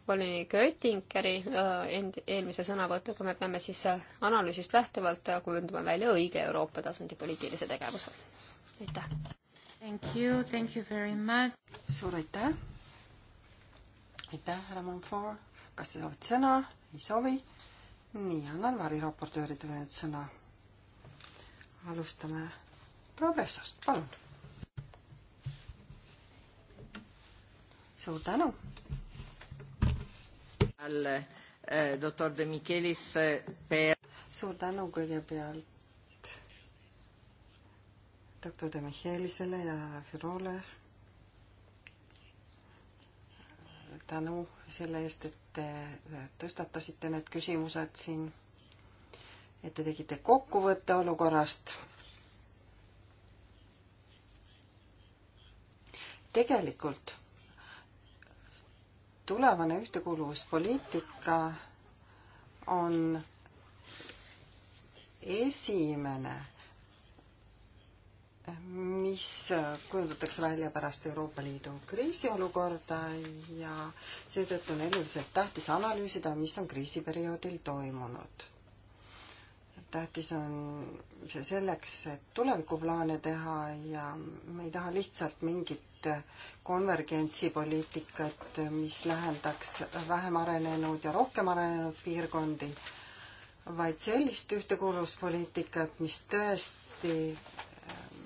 volinik Oettingeri äh, end-, eelmise sõnavõtuga, me peame siis äh, analüüsist lähtuvalt äh, kujundama välja õige Euroopa tasandi poliitilise tegevuse. aitäh! Thank you, thank you very much! suur aitäh! aitäh, härra Monfort! kas te soovite sõna? ei soovi? nii, annan variraportööridele nüüd sõna alustame Progressost, palun. suur tänu. Eh, doktor De Michelis eh, per.... suur tänu kõigepealt doktor De Michelisele ja Firole. tänu selle eest, et te tõstatasite need küsimused siin et te tegite kokkuvõtte olukorrast. tegelikult tulevane ühtekuuluvuspoliitika on esimene, mis kujundatakse välja pärast Euroopa Liidu kriisiolukorda ja seetõttu on eluliselt tähtis analüüsida, mis on kriisiperioodil toimunud tähtis on see selleks, et tulevikuplaane teha ja me ei taha lihtsalt mingit konvergentsipoliitikat, mis lähendaks vähem arenenud ja rohkem arenenud piirkondi, vaid sellist ühtekuuluvuspoliitikat, mis tõesti ähm,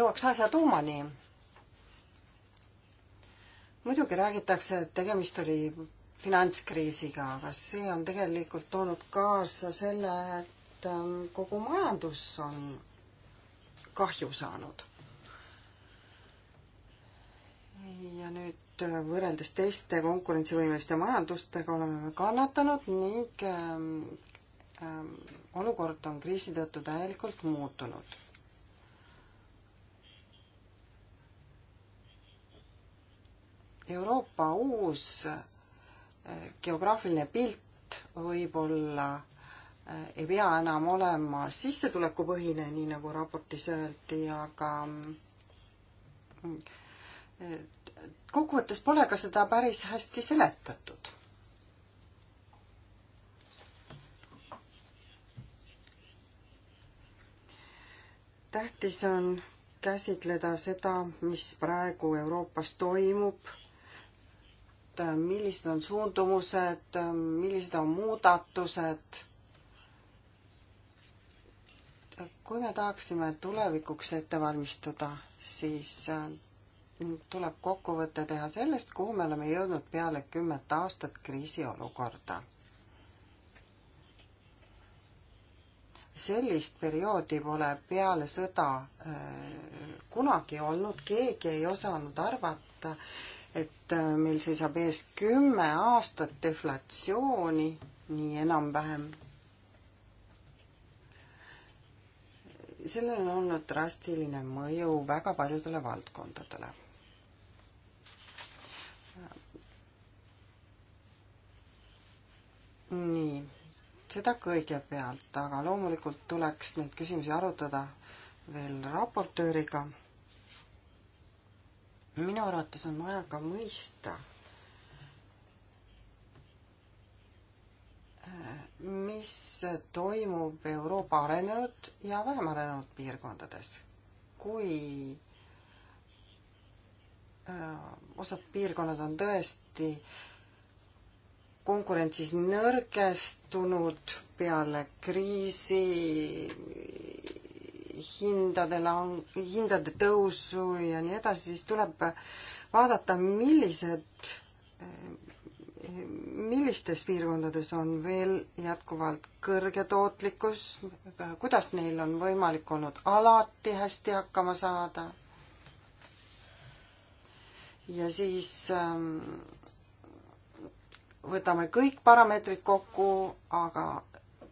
jõuaks asja tuumani muidugi räägitakse, et tegemist oli finantskriisiga, aga see on tegelikult toonud kaasa selle, et ähm, kogu majandus on kahju saanud. ja nüüd äh, võrreldes teiste konkurentsivõimeliste majandustega oleme me kannatanud ning ähm, ähm olukord on kriisi tõttu täielikult muutunud Euroopa uus geograafiline pilt võib-olla eh, ei pea enam olema sissetulekupõhine, nii nagu raportis öeldi, aga eh, kokkuvõttes pole ka seda päris hästi seletatud. tähtis on käsitleda seda, mis praegu Euroopas toimub Äh, millised on suundumused, äh, millised on muudatused. kui me tahaksime tulevikuks ette valmistuda, siis äh, tuleb kokkuvõte teha sellest, kuhu me oleme jõudnud peale kümmet aastat kriisiolukorda. sellist perioodi pole peale sõda äh, kunagi olnud, keegi ei osanud arvata, et äh, meil seisab ees kümme aastat deflatsiooni, nii enam-vähem. sellel on olnud drastiline mõju väga paljudele valdkondadele nii seda kõigepealt, aga loomulikult tuleks neid küsimusi arutada veel raportööriga. minu arvates on vaja ka mõista, mis toimub Euroopa arenenud ja vähem arenenud piirkondades. kui äh, osad piirkonnad on tõesti äh, konkurentsis nõrgestunud peale kriisi, hindade lang-, hindade tõusu ja nii edasi, siis tuleb vaadata, millised, millistes piirkondades on veel jätkuvalt kõrge tootlikkus, kuidas neil on võimalik olnud alati hästi hakkama saada ja siis ähm, võtame kõik parameetrid kokku, aga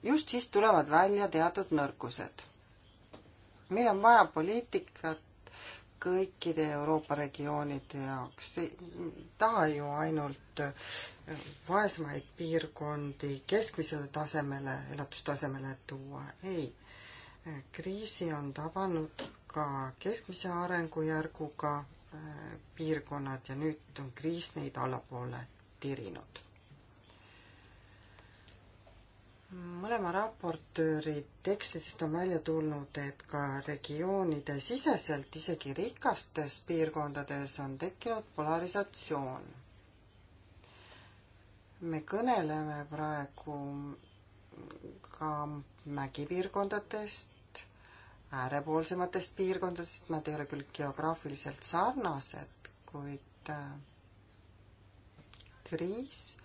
just siis tulevad välja teatud nõrkused. meil on vaja poliitikat kõikide Euroopa regioonide jaoks, ei taha ju ainult vaesemaid piirkondi keskmisele tasemele, elatustasemele tuua, ei. kriisi on tabanud ka keskmise arengujärguga äh, piirkonnad ja nüüd on kriis neid allapoole tirinud. mõlema raportööri tekstidest on välja tulnud, et ka regioonide siseselt, isegi rikastes piirkondades on tekkinud polarisatsioon. me kõneleme praegu ka mägipiirkondadest, äärepoolsematest piirkondadest, nad ei ole küll geograafiliselt sarnased, kuid kriis äh,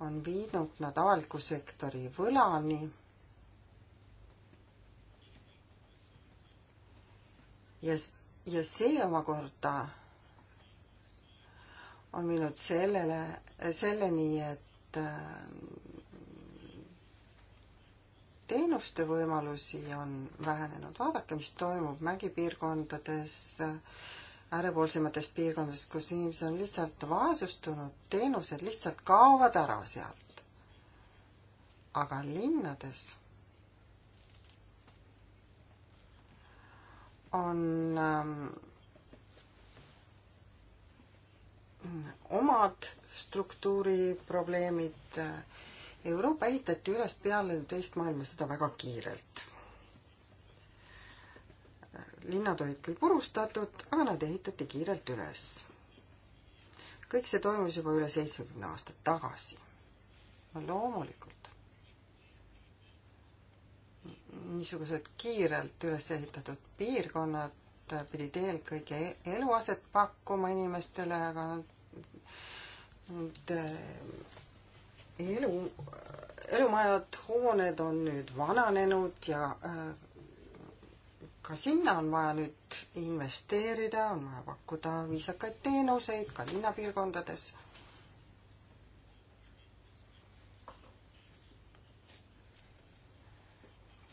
on viinud nad avaliku sektori võlani. ja, ja see omakorda on viinud sellele, selleni, et äh, teenuste võimalusi on vähenenud. vaadake, mis toimub mägipiirkondades äh, äärepoolsematest piirkondadest, kus inimesed on lihtsalt vaesustunud, teenused lihtsalt kaovad ära sealt. aga linnades on ähm, omad struktuuriprobleemid. Äh, Euroopa ehitati üles peale teist maailmasõda väga kiirelt linnad olid küll purustatud, aga nad ehitati kiirelt üles. kõik see toimus juba üle seitsmekümne aasta tagasi. no loomulikult. niisugused kiirelt üles ehitatud piirkonnad pidid eelkõige eluaset pakkuma inimestele, aga need elu, elumajad, hooned on nüüd vananenud ja äh, ka sinna on vaja nüüd investeerida, on vaja pakkuda viisakaid teenuseid ka linnapiirkondades.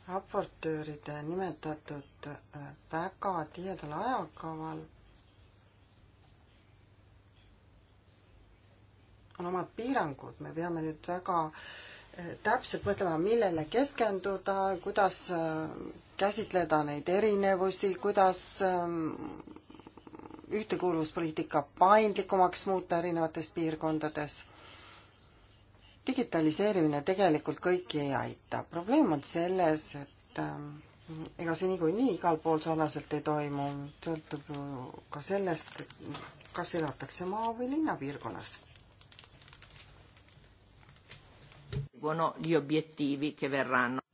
raportööride nimetatud äh, väga tihedal ajakaval on omad piirangud, me peame nüüd väga äh, täpselt mõtlema, millele keskenduda, kuidas äh, käsitleda neid erinevusi, kuidas ähm, ühtekuuluvuspoliitika paindlikumaks muuta erinevates piirkondades. digitaliseerimine tegelikult kõiki ei aita. probleem on selles, et ähm, ega see niikuinii igal pool sarnaselt ei toimu, sõltub ju ka sellest, kas elatakse maa- või linnapiirkonnas. gli obiettivi che verranno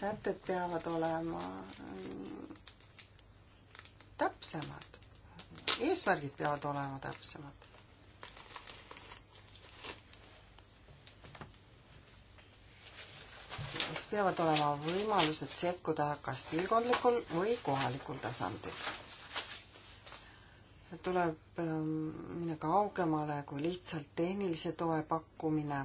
sätted peavad olema mm, täpsemad, eesmärgid peavad olema täpsemad. siis peavad olema võimalused sekkuda kas piirkondlikul või kohalikul tasandil. tuleb mm, minna kaugemale kui lihtsalt tehnilise toe pakkumine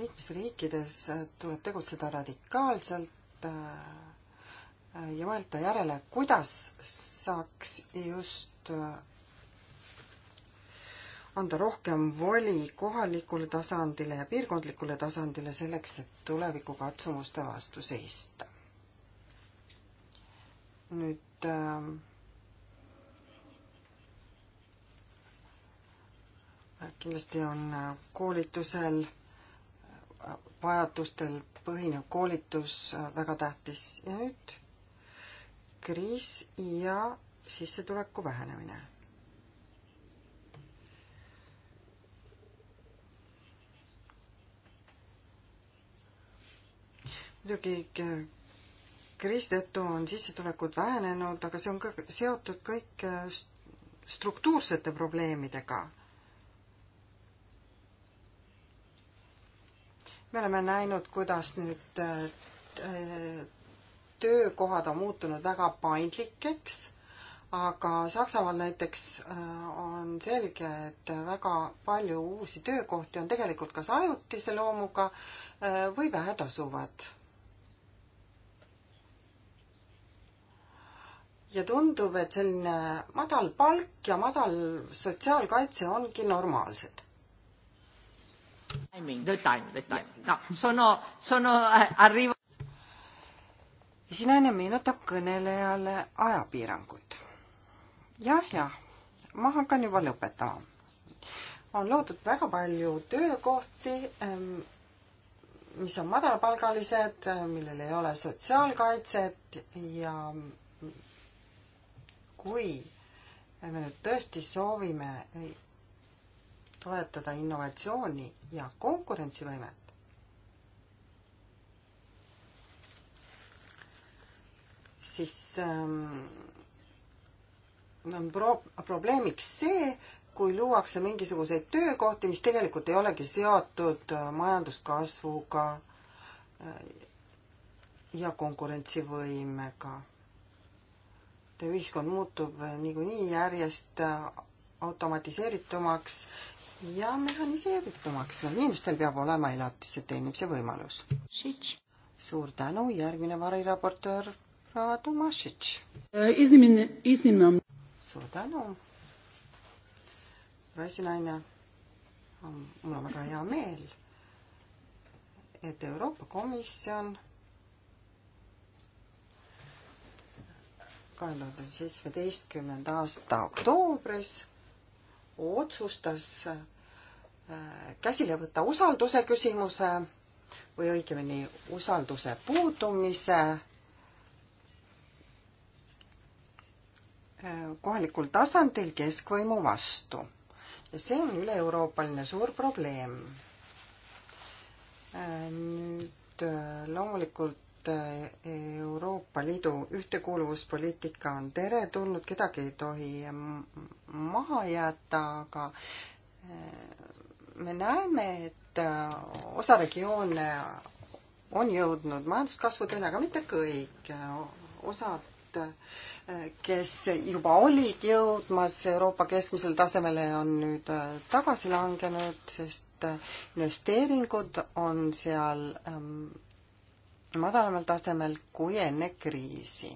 liikmesriikides tuleb tegutseda radikaalselt äh, ja mõelda järele, kuidas saaks just äh, anda rohkem voli kohalikule tasandile ja piirkondlikule tasandile selleks, et tuleviku katsumuste vastu seista. nüüd äh, kindlasti on äh, koolitusel vajadustel põhinev koolitus äh, väga tähtis ja nüüd kriis ja sissetuleku vähenemine. muidugi kriisi tõttu on sissetulekud vähenenud, aga see on ka seotud kõik äh, struktuursete probleemidega me oleme näinud, kuidas nüüd äh, töökohad on muutunud väga paindlikeks, aga Saksamaal näiteks äh, on selge, et väga palju uusi töökohti on tegelikult kas ajutise loomuga äh, või vähetasuvad. ja tundub, et selline madal palk ja madal sotsiaalkaitse ongi normaalsed The time, the time. No, sono, sono eh, arrivo. esinaine meenutab kõnelejale ajapiirangut ja,. jah, jah, ma hakkan juba lõpetama. on loodud väga palju töökohti, mis on madalapalgalised, millel ei ole sotsiaalkaitset ja kui me nüüd tõesti soovime toetada innovatsiooni ja konkurentsivõimet. siis ähm, on pro-, probleemiks see, kui luuakse mingisuguseid töökohti, mis tegelikult ei olegi seotud äh, majanduskasvuga äh, ja konkurentsivõimega. ühiskond muutub äh, niikuinii järjest automatiseeritumaks ja mehhaniseeritumaks ja inimestel peab olema elatise teenimise võimalus. suur tänu, järgmine variraportöör proua Tomašitš. E, suur tänu, raisinaine. mul on väga hea meel, et Euroopa Komisjon kahe tuhande seitsmeteistkümnenda aasta oktoobris otsustas äh, käsile võtta usalduse küsimuse või õigemini usalduse puudumise äh, kohalikul tasandil keskvõimu vastu. ja see on üle-euroopaline suur probleem. Äh, nüüd loomulikult Eh, Euroopa Liidu ühtekuuluvuspoliitika on teretulnud, kedagi ei tohi maha jätta, aga eh, me näeme, et eh, osa regioone on jõudnud majanduskasvudeni, aga mitte kõik. osad, kes juba olid jõudmas Euroopa keskmisele tasemele, on nüüd tagasi langenud, sest investeeringud on seal ähm, madalamal tasemel kui enne kriisi.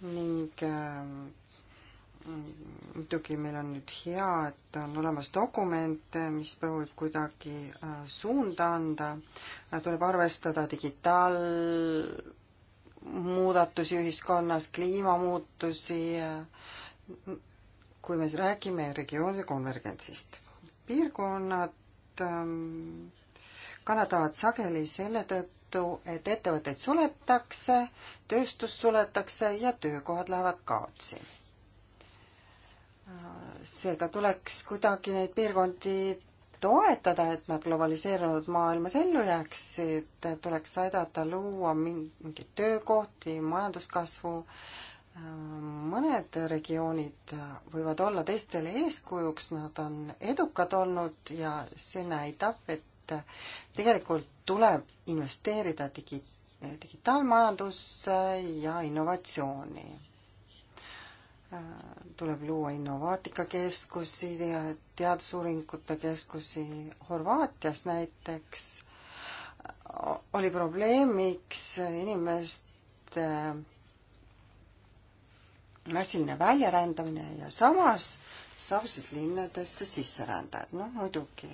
ning äh, muidugi meil on nüüd hea, et on olemas dokument, äh, mis proovib kuidagi äh, suunda anda, tuleb arvestada digitaalmuudatusi ühiskonnas, kliimamuutusi, kui me räägime regioonide konvergentsist. piirkonnad ähm, kannatavad sageli selle tõttu, et ettevõtteid suletakse, tööstus suletakse ja töökohad lähevad kaotsi. seega tuleks kuidagi neid piirkondi toetada, et nad globaliseerunud maailmas ellu jääksid, tuleks aidata luua mingeid töökohti, majanduskasvu. mõned regioonid võivad olla teistele eeskujuks, nad on edukad olnud ja see näitab, et et tegelikult tuleb investeerida digi-, digitaalmajandusse ja innovatsiooni. tuleb luua innovaatikakeskusi ja teadusuuringute keskusi Horvaatias näiteks oli probleemiks inimeste massiline väljarändamine ja samas saabusid linnadesse sisserändajad. noh, muidugi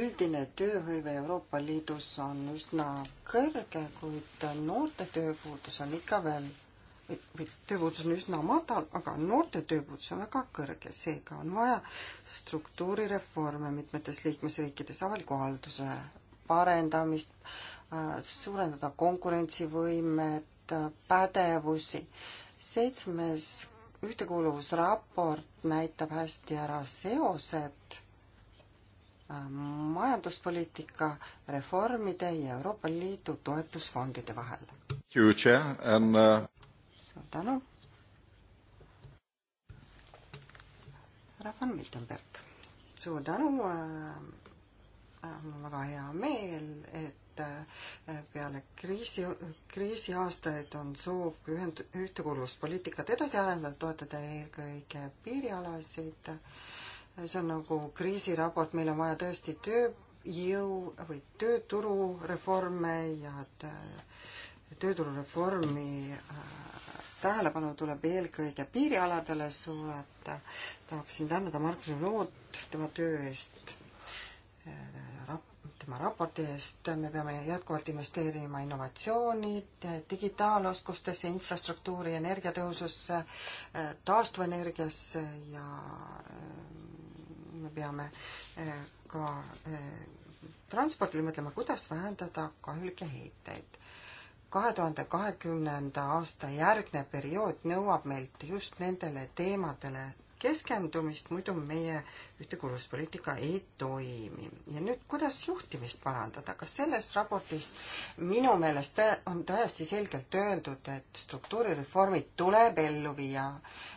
üldine tööhõive Euroopa Liidus on üsna kõrge, kuid noorte tööpuudus on ikka veel või, või tööpuudus on üsna madal, aga noorte tööpuudus on väga kõrge, seega on vaja struktuurireforme mitmetes liikmesriikides, avaliku halduse parendamist, suurendada konkurentsivõimet, pädevusi. seitsmes ühtekuuluvusraport näitab hästi ära seosed äh, majanduspoliitika, reformide ja Euroopa Liidu toetusfondide vahel. Uh, suur tänu. härra von Miltenberg, suur tänu. Äh, äh, mul on väga hea meel, et et äh, peale kriisi, kriisiaastaid on soov ühend-, ühtekuuluvuspoliitikat edasi arendada, toetada eelkõige piirialasid. see on nagu kriisiraport, meil on vaja tõesti tööjõu või tööturureforme ja äh, tööturureformi äh, tähelepanu tuleb eelkõige piirialadele suunata. tahaksin tänada Margus Loot tema töö eest tema raporti eest, me peame jätkuvalt investeerima innovatsiooni, digitaaloskustesse, infrastruktuuri, energiatõhususse, taastuvenergiasse ja eh, me peame eh, ka eh, transpordile mõtlema, kuidas vähendada kahjulikke heiteid. kahe tuhande kahekümnenda aasta järgne periood nõuab meilt just nendele teemadele keskendumist, muidu meie ühtekuuluvuspoliitika ei toimi. ja nüüd, kuidas juhtimist parandada, kas selles raportis minu meelest on täiesti selgelt öeldud, et struktuurireformid tuleb ellu viia.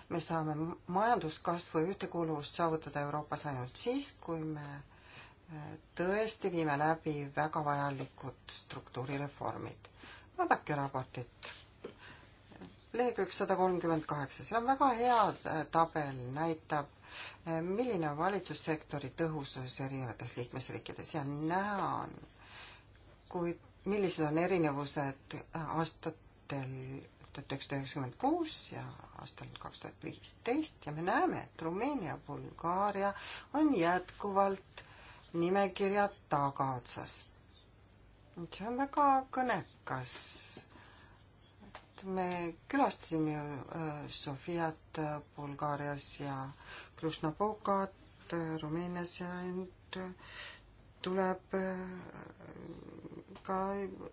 me saame majanduskasvu ja ühtekuuluvust saavutada Euroopas ainult siis, kui me äh, tõesti viime läbi väga vajalikud struktuurireformid. vaadake raportit lehekülg sada kolmkümmend kaheksa, seal on väga hea äh, tabel, näitab, äh, milline on valitsussektori tõhusus erinevates liikmesriikides ja näha on, kui, millised on erinevused äh, aastatel tuhat üheksasada üheksakümmend kuus ja aastal kaks tuhat viisteist ja me näeme, et Rumeenia, Bulgaaria on jätkuvalt nimekirja tagaotsas. see on väga kõnekas me külastasime äh, Sofiat äh, Bulgaarias ja Klužnapokat äh, Rumeenias ja nüüd tuleb ka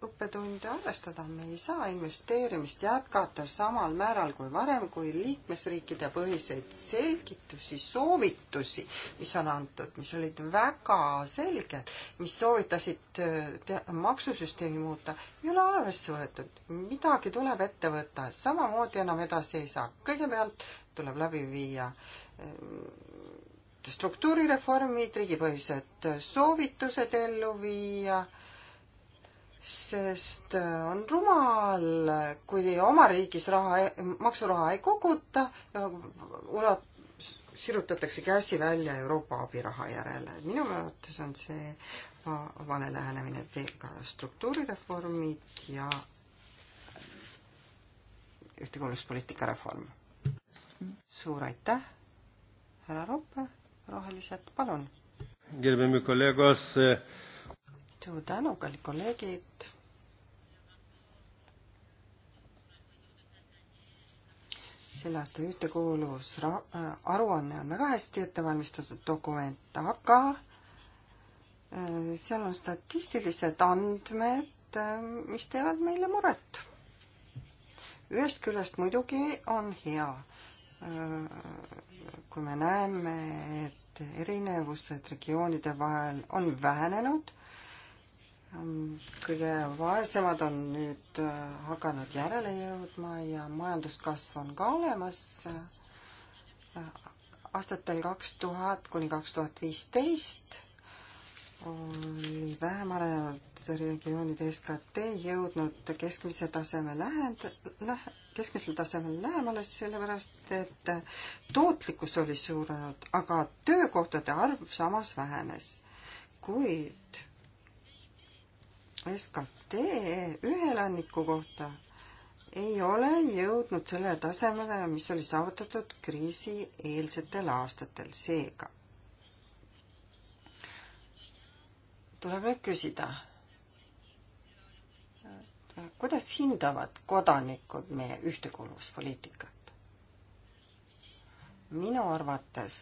õppetunde arvestada, me ei saa investeerimist jätkata samal määral kui varem, kui liikmesriikide põhiseid selgitusi, soovitusi, mis on antud, mis olid väga selged, mis soovitasid äh, maksusüsteemi muuta, ei ole arvesse võetud. midagi tuleb ette võtta, samamoodi enam edasi ei saa. kõigepealt tuleb läbi viia äh, struktuurireformid, riigipõhised soovitused ellu viia sest äh, on rumal, kui oma riigis raha, maksuraha ei koguta, ulat-, sirutatakse käsi välja Euroopa abiraha järele. minu arvates on see vale lähenemine, ka struktuurireformid ja ühtekuuluvuspoliitika reform. suur aitäh, härra Roppe, Rohelised, palun. Gerbiami kolleegos äh, suur tänu, kallid kolleegid. selle aasta ühtekuuluvus äh, aruanne on väga hästi ette valmistatud dokument, aga äh, seal on statistilised andmed, äh, mis teevad meile muret. ühest küljest muidugi on hea, kui me näeme, et erinevused regioonide vahel on vähenenud, kõige vaesemad on nüüd äh, hakanud järele jõudma ja majanduskasv on ka olemas. Äh, aastatel kaks tuhat kuni kaks tuhat viisteist oli vähem arenenud regioonide SKT jõudnud keskmise taseme lähend-, lähe-, keskmisele tasemele lähemale, sellepärast et äh, tootlikkus oli suurenenud, aga töökohtade arv samas vähenes. kuid SKT ühe elaniku kohta ei ole jõudnud selle tasemele, mis oli saavutatud kriisi eelsetel aastatel, seega tuleb nüüd küsida, kuidas hindavad kodanikud meie ühtekuuluvuspoliitikat? minu arvates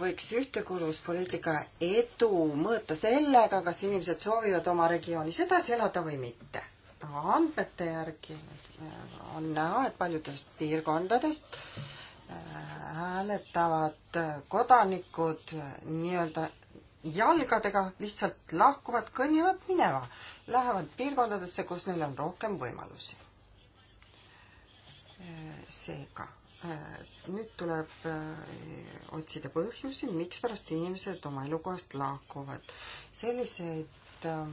võiks ühtekuuluvuspoliitika edu mõõta sellega, kas inimesed soovivad oma regioonis edasi elada või mitte. aga andmete järgi on näha, et paljudest piirkondadest äh, hääletavad äh, kodanikud äh, nii-öelda jalgadega lihtsalt lahkuvad, kõnnivad minema, lähevad piirkondadesse, kus neil on rohkem võimalusi. seega Äh, nüüd tuleb äh, otsida põhjusi, mikspärast inimesed oma elukohast lahkuvad. selliseid ähm,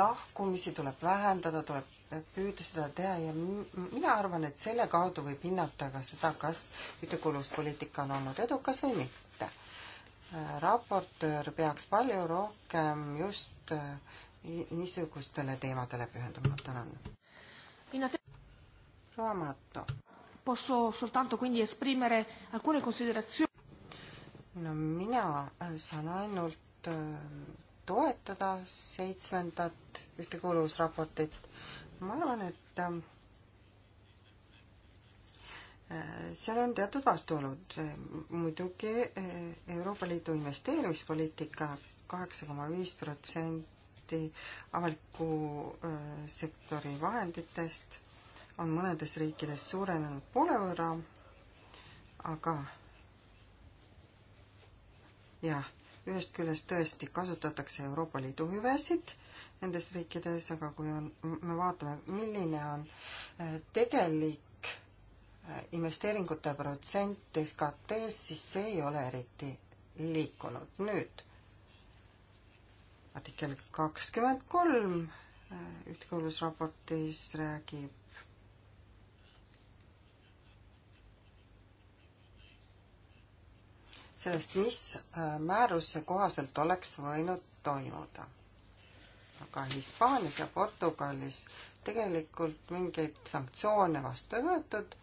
lahkumisi tuleb vähendada, tuleb püüda seda teha ja mina arvan, et selle kaudu võib hinnata ka seda, kas ühtekuuluvuspoliitika on olnud edukas või mitte. Äh, raportöör peaks palju rohkem just niisugustele teemadele pühendama, tänan. proua Mato Posso soltanto quindi esprimere alcune considerazioni. no mina äh, saan ainult äh, toetada seitsmendat ühtekuuluvusraportit. ma arvan, et äh, seal on teatud vastuolud. muidugi Euroopa Liidu investeerimispoliitika kaheksa koma viis protsenti avaliku sektori vahenditest on mõnedes riikides suurenenud poole võrra, aga jah, ühest küljest tõesti kasutatakse Euroopa Liidu hüvesid nendes riikides, aga kui on, me vaatame, milline on äh, tegelik äh, investeeringute protsent SKT-s, siis see ei ole eriti liikunud. nüüd artikkel kakskümmend kolm äh, ühtekuuluvusraportis räägib sellest, mis äh, määruse kohaselt oleks võinud toimuda. aga Hispaanias ja Portugalis tegelikult mingeid sanktsioone vastu ei võetud.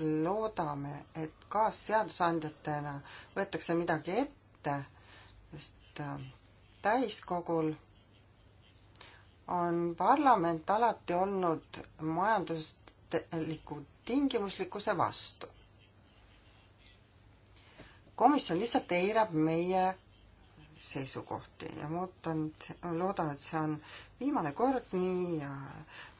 loodame, et ka seadusandjatena võetakse midagi ette, sest äh, täiskogul on parlament alati olnud majandust nõudliku tingimuslikkuse vastu. komisjon lihtsalt eirab meie seisukohti ja ma ootan, loodan, et see on viimane kord nii ja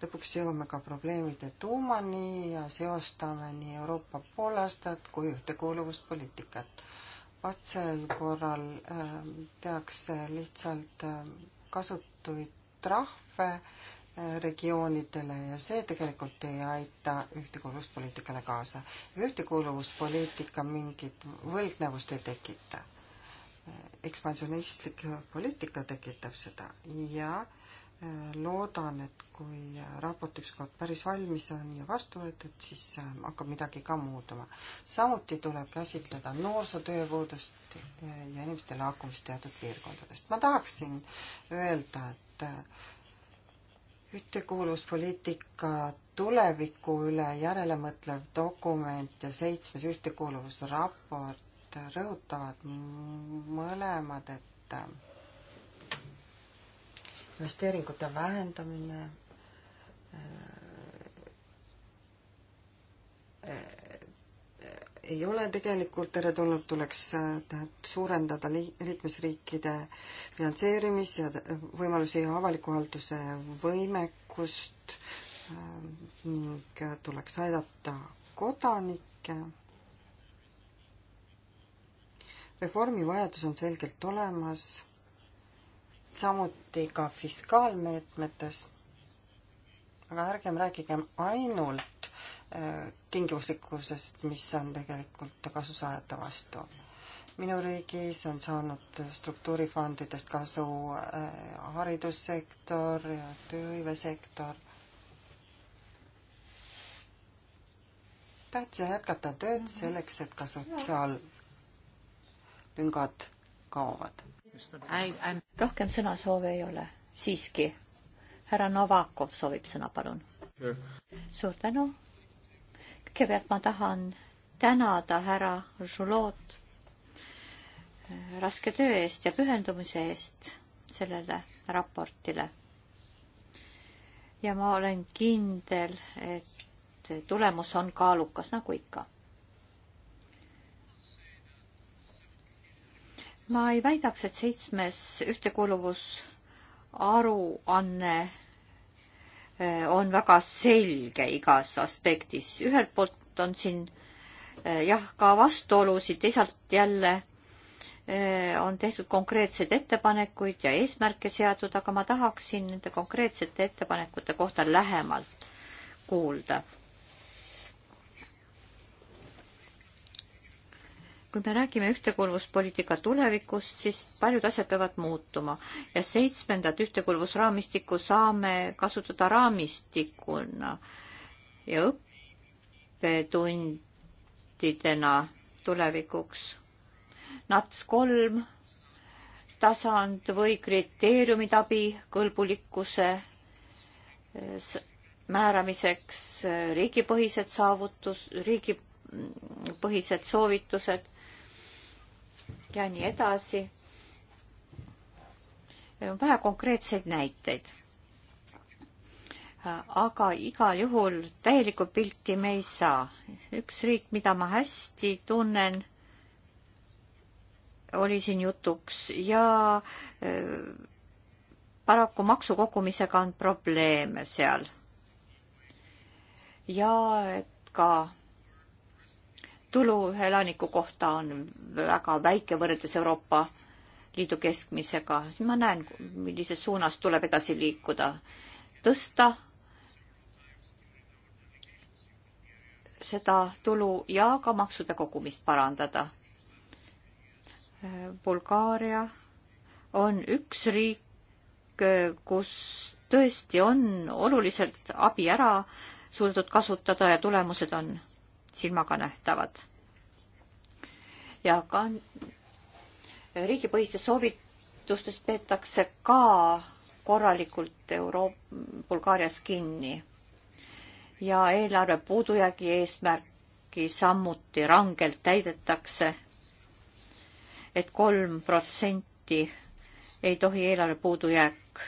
lõpuks jõuame ka probleemide tuumani ja seostame nii Euroopa poolaastat kui ühtekuuluvuspoliitikat. vatsel korral äh, tehakse lihtsalt äh, kasutuid trahve äh, regioonidele ja see tegelikult ei aita ühtekuuluvuspoliitikale kaasa. ühtekuuluvuspoliitika mingit võlgnevust ei tekita. ekspansionistlik poliitika tekitab seda ja äh, loodan, et kui raport ükskord päris valmis on ja vastu võetud, siis äh, hakkab midagi ka muutuma. samuti tuleb käsitleda noorsootööpuudust äh, ja inimeste laakumist teatud piirkondadest. ma tahaksin öelda, et ühtekuuluvuspoliitika tuleviku üle järelemõtlev dokument ja seitsmes ühtekuuluvusraport rõhutavad mõlemad, et investeeringute vähendamine ei ole tegelikult teretulnud, tuleks äh, suurendada liikmesriikide finantseerimis- ja võimalusi ja avaliku halduse võimekust ähm, ning tuleks aidata kodanikke. reformi vajadus on selgelt olemas, samuti ka fiskaalmeetmetes, aga ärgem rääkigem ainult tingimuslikkusest, mis on tegelikult kasusaajate vastu. minu riigis on saanud struktuurifondidest kasu äh, haridussektor ja tööhõivesektor. tähtis on jätkata tööd selleks, et ka sotsiaallüngad kaovad. rohkem sõnasoove ei ole, siiski. härra Novakov soovib sõna, palun. suur tänu kõigepealt ma tahan tänada härra Žulot äh, raske töö eest ja pühendumise eest sellele raportile. ja ma olen kindel, et tulemus on kaalukas, nagu ikka. ma ei väidaks, et seitsmes ühtekuuluvus aruanne Äh, on väga selge igas aspektis. ühelt poolt on siin äh, jah, ka vastuolusid, teisalt jälle äh, on tehtud konkreetseid ettepanekuid ja eesmärke seatud, aga ma tahaksin nende konkreetsete ettepanekute kohta lähemalt kuulda kui me räägime ühtekuuluvuspoliitika tulevikust, siis paljud asjad peavad muutuma ja seitsmendat ühtekuuluvusraamistikku saame kasutada raamistikuna ja õppetundidena tulevikuks. NATS kolm tasand või kriteeriumid abi kõlbulikkuse eh, määramiseks, eh, riigipõhised saavutus, riigi põhised soovitused ja nii edasi. on vähe konkreetseid näiteid. aga igal juhul täielikku pilti me ei saa. üks riik, mida ma hästi tunnen, oli siin jutuks ja äh, paraku maksukogumisega on probleeme seal. ja et ka tulu elaniku kohta on väga väike võrreldes Euroopa Liidu keskmisega, siis ma näen, millises suunas tuleb edasi liikuda. tõsta seda tulu ja ka maksude kogumist parandada. Bulgaaria on üks riik, kus tõesti on oluliselt abi ära suudetud kasutada ja tulemused on silmaga nähtavad. ja ka riigipõhistes soovitustes peetakse ka korralikult Euro-, Bulgaarias kinni. ja eelarve puudujäägi eesmärki samuti rangelt täidetakse et, et kolm protsenti ei tohi eelarve puudujääk,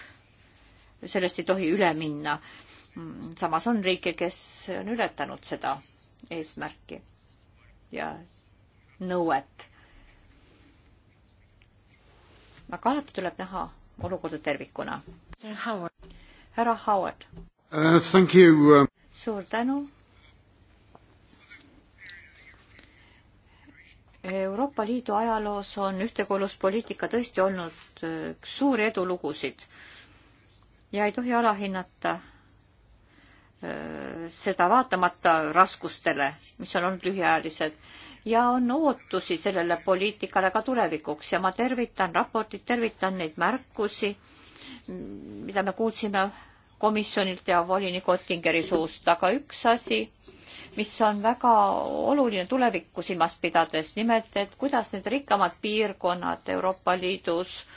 sellest ei tohi üle minna. Mm, samas on riike, kes on ületanud seda eesmärki ja nõuet. aga alati tuleb näha olukorda tervikuna. härra Howard uh, uh,. suur tänu. Euroopa Liidu ajaloos on ühtekuuluvuspoliitika tõesti olnud üks uh, suuri edulugusid ja ei tohi alahinnata Äh, seda vaatamata raskustele, mis on olnud lühiajalised ja on ootusi sellele poliitikale ka tulevikuks ja ma tervitan raportit, tervitan neid märkusi, mida me kuulsime komisjonilt ja volinik Ottingeri suust, aga üks asi, mis on väga oluline tulevikku silmas pidades, nimelt et kuidas need rikkamad piirkonnad Euroopa Liidus äh,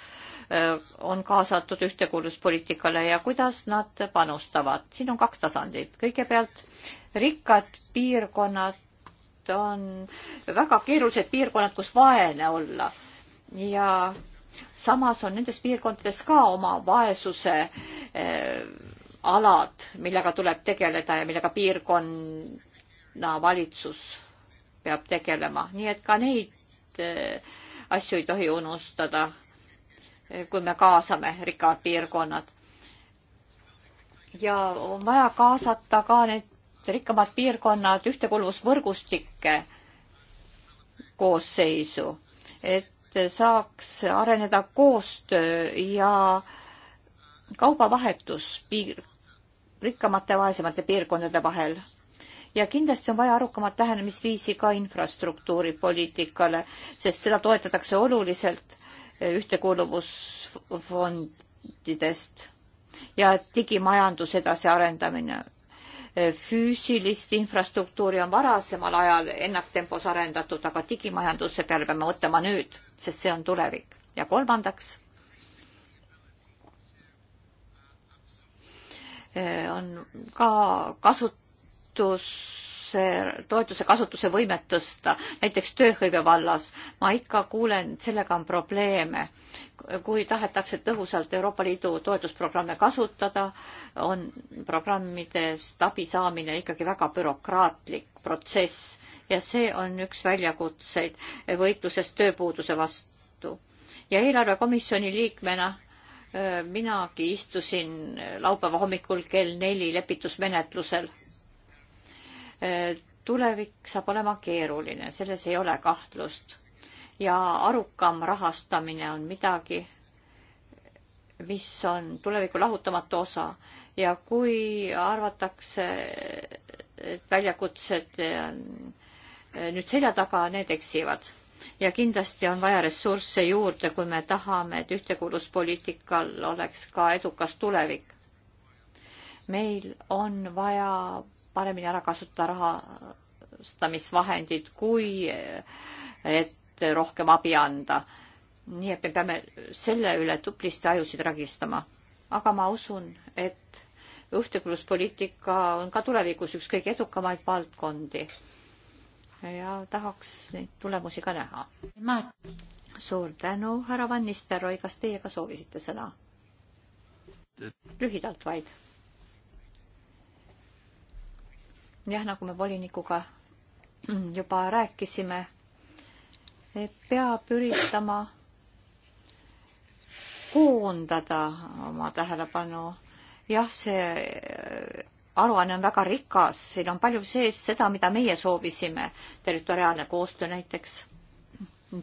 on kaasatud ühtekuuluvuspoliitikale ja kuidas nad panustavad. siin on kaks tasandit. kõigepealt rikkad piirkonnad on väga keerulised piirkonnad, kus vaene olla ja samas on nendes piirkondades ka oma vaesuse äh, alad, millega tuleb tegeleda ja millega piirkonna valitsus peab tegelema, nii et ka neid äh, asju ei tohi unustada kui me kaasame rikkad piirkonnad. ja on vaja kaasata ka need rikkamad piirkonnad ühtekuuluvusvõrgustike koosseisu, et saaks areneda koostöö ja kaubavahetus piir, rikkamate ja vaesemate piirkondade vahel. ja kindlasti on vaja arukamat lähenemisviisi ka infrastruktuuripoliitikale, sest seda toetatakse oluliselt ühtekuuluvusfondidest ja digimajanduse edasiarendamine. füüsilist infrastruktuuri on varasemal ajal ennaktempos arendatud, aga digimajanduse peale peame mõtlema nüüd, sest see on tulevik. ja kolmandaks eh, on ka kasutus toetuse, toetuse kasutuse võimet tõsta, näiteks tööhõive vallas. ma ikka kuulen, sellega on probleeme. kui tahetakse tõhusalt Euroopa Liidu toetusprogramme kasutada, on programmidest abi saamine ikkagi väga bürokraatlik protsess ja see on üks väljakutseid võitluses tööpuuduse vastu. ja eelarvekomisjoni liikmena äh, minagi istusin laupäeva hommikul kell neli lepitusmenetlusel tulevik saab olema keeruline, selles ei ole kahtlust. ja arukam rahastamine on midagi, mis on tuleviku lahutamatu osa ja kui arvatakse, et väljakutsed eh, nüüd selja taga, need eksivad. ja kindlasti on vaja ressursse juurde, kui me tahame, et ühtekuuluvuspoliitikal oleks ka edukas tulevik meil on vaja paremini ära kasutada rahastamisvahendid, kui et rohkem abi anda. nii et me peame selle üle tublisti ajusid ragistama. aga ma usun, et ühtekuuluvuspoliitika on ka tulevikus üks kõige edukamaid valdkondi. ja tahaks neid tulemusi ka näha. suur tänu, härra Van Nistelrooy, kas teie ka soovisite sõna? lühidalt vaid jah, nagu me volinikuga juba rääkisime, peab üritama koondada oma tähelepanu. jah, see äh, aruanne on väga rikas, siin on palju sees seda, mida meie soovisime, territoriaalne koostöö näiteks,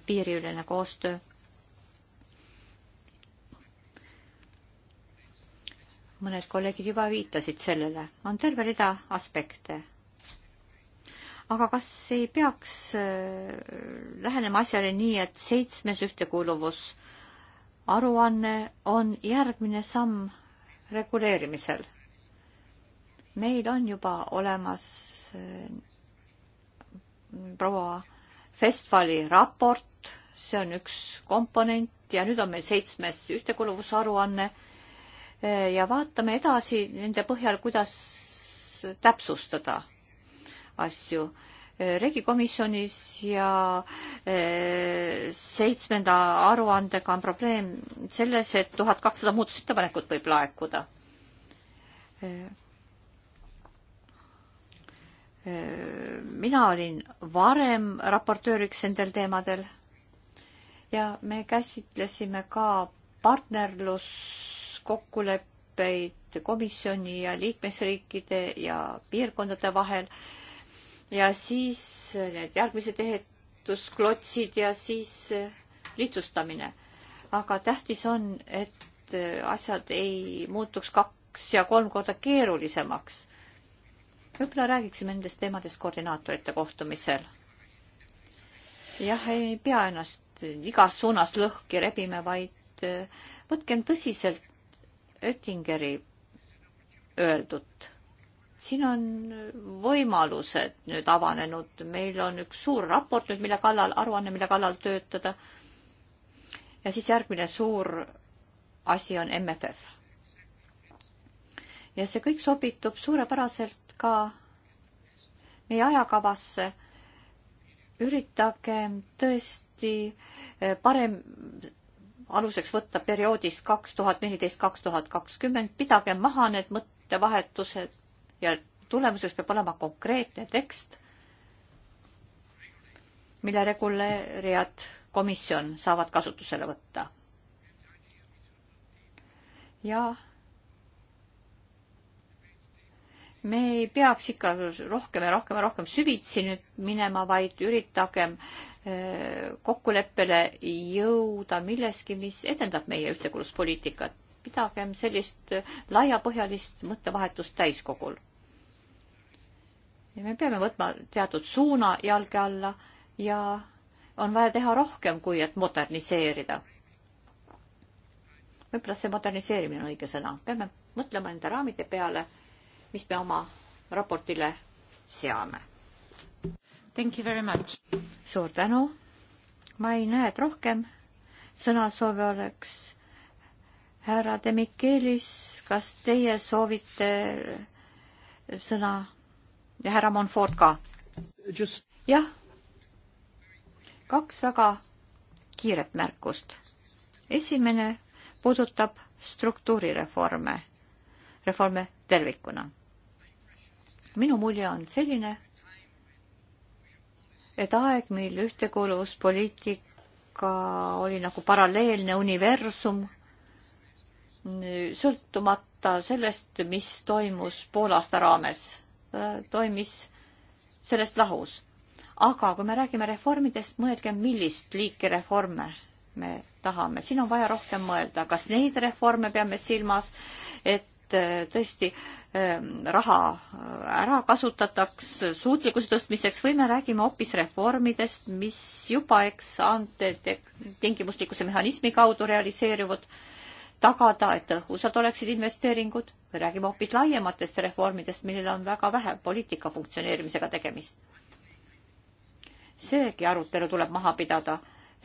piiriülene koostöö. mõned kolleegid juba viitasid sellele, on terve rida aspekte aga kas ei peaks äh, lähenema asjale nii, et seitsmes ühtekuuluvusaruanne on järgmine samm reguleerimisel? meil on juba olemas äh, proua Festivali raport, see on üks komponent ja nüüd on meil seitsmes ühtekuuluvusaruanne äh, ja vaatame edasi nende põhjal, kuidas täpsustada asju. Äh, regikomisjonis ja äh, seitsmenda aruandega on probleem selles, et tuhat kakssada muutusettepanekut võib laekuda. Äh, mina olin varem raportööriks nendel teemadel ja me käsitlesime ka partnerluskokkuleppeid komisjoni ja liikmesriikide ja piirkondade vahel ja siis need järgmised ehitusklotsid ja siis eh, lihtsustamine. aga tähtis on, et eh, asjad ei muutuks kaks ja kolm korda keerulisemaks. võib-olla räägiksime nendest teemadest koordinaatorite kohtumisel. jah, ei pea ennast igas suunas lõhki rebima, vaid eh, võtkem tõsiselt Oettingeri öeldut siin on võimalused nüüd avanenud, meil on üks suur raport nüüd, mille kallal, aruanne, mille kallal töötada. ja siis järgmine suur asi on MFF. ja see kõik sobitub suurepäraselt ka meie ajakavasse. üritagem tõesti eh, parem aluseks võtta perioodist kaks tuhat neliteist, kaks tuhat kakskümmend, pidagem maha need mõttevahetused ja tulemuseks peab olema konkreetne tekst, mille reguleerijad komisjon saavad kasutusele võtta. ja me ei peaks ikka rohkem ja rohkem ja rohkem süvitsi nüüd minema, vaid üritagem eh, kokkuleppele jõuda milleski, mis edendab meie ühtekuuluvuspoliitikat. pidagem sellist laiapõhjalist mõttevahetust täiskogul ja me peame võtma teatud suuna jalge alla ja on vaja teha rohkem, kui et moderniseerida. võib-olla see moderniseerimine on õige sõna, peame mõtlema nende raamide peale, mis me oma raportile seame. Thank you very much. suur tänu. ma ei näe, et rohkem sõnasoove oleks. härra Demikelis, kas teie soovite sõna? ja härra Monfort ka. jah, kaks väga kiiret märkust. esimene puudutab struktuurireforme, reforme tervikuna. minu mulje on selline, et aeg, mil ühtekuuluvuspoliitika oli nagu paralleelne universum, sõltumata sellest, mis toimus poolaasta raames Äh, toimis sellest lahus. aga kui me räägime reformidest, mõelgem, millist liiki reforme me tahame. siin on vaja rohkem mõelda, kas neid reforme peame silmas, et äh, tõesti ähm, raha äh, ära kasutataks suutlikkuse tõstmiseks või me räägime hoopis reformidest, mis juba eks ante tingimuslikkuse mehhanismi kaudu realiseeruvad tagada, et tõhusad oleksid investeeringud, me räägime hoopis laiematest reformidest, millel on väga vähe poliitika funktsioneerimisega tegemist. seegi arutelu tuleb maha pidada,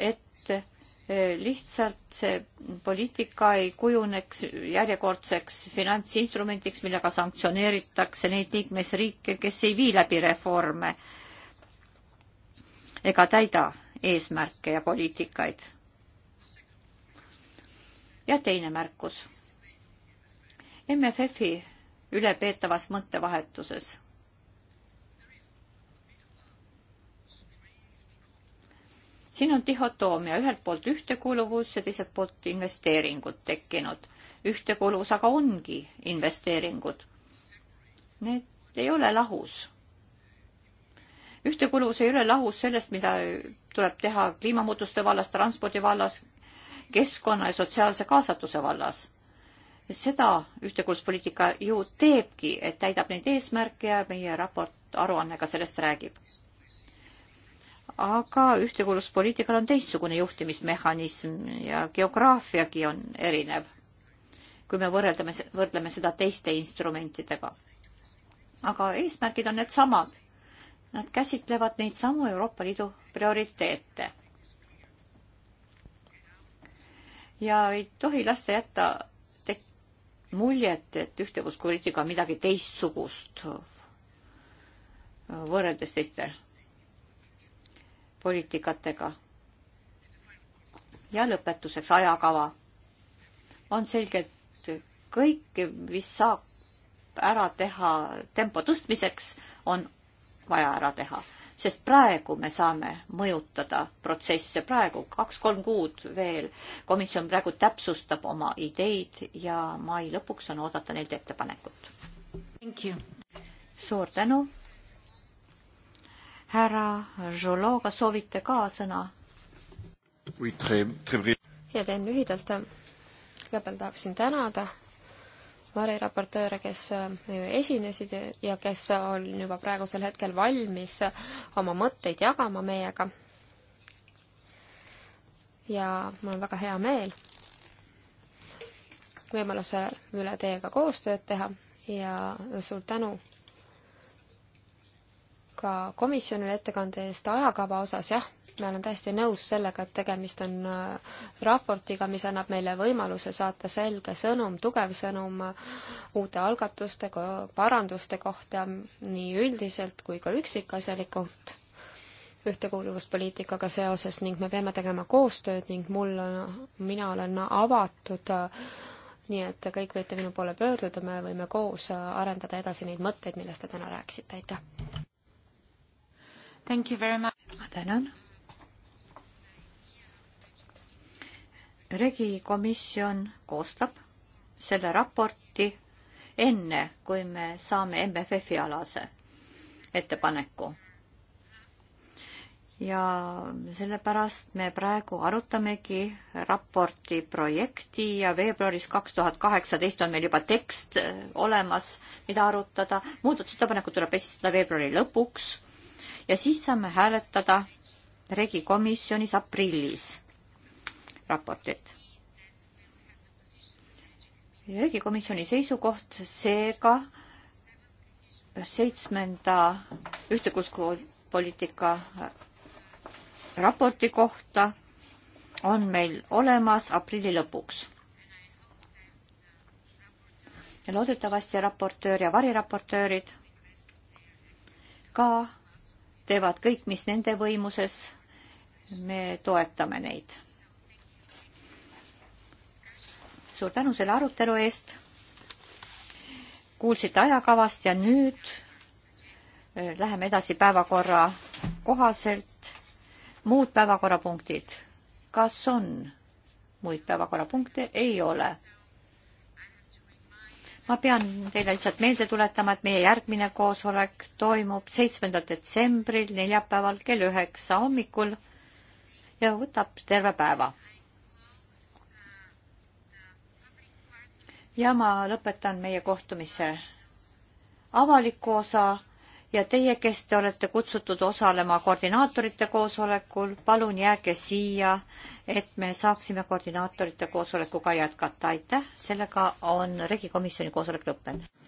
et eh, lihtsalt see poliitika ei kujuneks järjekordseks finantsinstrumendiks, millega sanktsioneeritakse neid liikmesriike, kes ei vii läbi reforme ega täida eesmärke ja poliitikaid ja teine märkus. MFF-i üle peetavas mõttevahetuses siin on dihhotoomia, ühelt poolt ühtekuuluvus ja teiselt poolt investeeringud tekkinud. ühtekuuluvus aga ongi investeeringud. Need ei ole lahus. ühtekuuluvus ei ole lahus sellest, mida tuleb teha kliimamuutuste vallas, transpordi vallas, keskkonna ja sotsiaalse kaasatuse vallas. seda ühtekuuluvuspoliitika ju teebki, et täidab neid eesmärke ja meie raport, aruanne ka sellest räägib. aga ühtekuuluvuspoliitikal on teistsugune juhtimismehhanism ja geograafiagi on erinev, kui me võrreldame, võrdleme seda teiste instrumentidega. aga eesmärgid on needsamad Nad käsitlevad neid samu Euroopa Liidu prioriteete. ja ei tohi lasta jätta muljet, et ühtevuspoliitika on midagi teistsugust võrreldes teiste poliitikatega. ja lõpetuseks ajakava. on selge, et kõik, mis saab ära teha tempo tõstmiseks, on vaja ära teha sest praegu me saame mõjutada protsesse, praegu kaks-kolm kuud veel. komisjon praegu täpsustab oma ideid ja mai lõpuks on oodata neilt ettepanekut. suur tänu. härra Žolo, kas soovite ka sõna? ja teen lühidalt. kõigepealt tahaksin tänada variraportööre, kes äh, esinesid ja kes on juba praegusel hetkel valmis äh, oma mõtteid jagama meiega. ja mul on väga hea meel võimaluse üle teiega koostööd teha ja suur tänu ka komisjonile ettekande eest ajakava osas, jah, ma olen täiesti nõus sellega, et tegemist on äh, raportiga, mis annab meile võimaluse saata selge sõnum, tugev sõnum äh, uute algatuste, paranduste kohta nii üldiselt kui ka üksikasjalikult ühtekuuluvuspoliitikaga seoses ning me peame tegema koostööd ning mul on, mina olen avatud äh, nii et kõik võite minu poole pöörduda, me võime koos arendada edasi neid mõtteid, millest te täna rääkisite, aitäh! ma tänan! regikomisjon koostab selle raporti enne, kui me saame MFF-i alase ettepaneku. ja sellepärast me praegu arutamegi raporti projekti ja veebruaris kaks tuhat kaheksateist on meil juba tekst äh, olemas, mida arutada. muudatusettepanekud tuleb esitada veebruari lõpuks ja siis saame hääletada regikomisjonis aprillis raportit. riigikomisjoni seisukoht seega seitsmenda ühtekuuluvuspoliitika raporti kohta on meil olemas aprilli lõpuks. ja loodetavasti raportöör ja variraportöörid ka teevad kõik, mis nende võimuses. me toetame neid suur tänu selle arutelu eest. kuulsite ajakavast ja nüüd äh, läheme edasi päevakorra kohaselt. muud päevakorrapunktid, kas on muid päevakorrapunkte? ei ole. ma pean teile lihtsalt meelde tuletama, et meie järgmine koosolek toimub seitsmendal detsembril neljapäeval kell üheksa hommikul ja võtab terve päeva ja ma lõpetan meie kohtumise avaliku osa ja teie, kes te olete kutsutud osalema koordinaatorite koosolekul, palun jääge siia, et me saaksime koordinaatorite koosolekuga jätkata. aitäh, sellega on regikomisjoni koosolek lõppenud.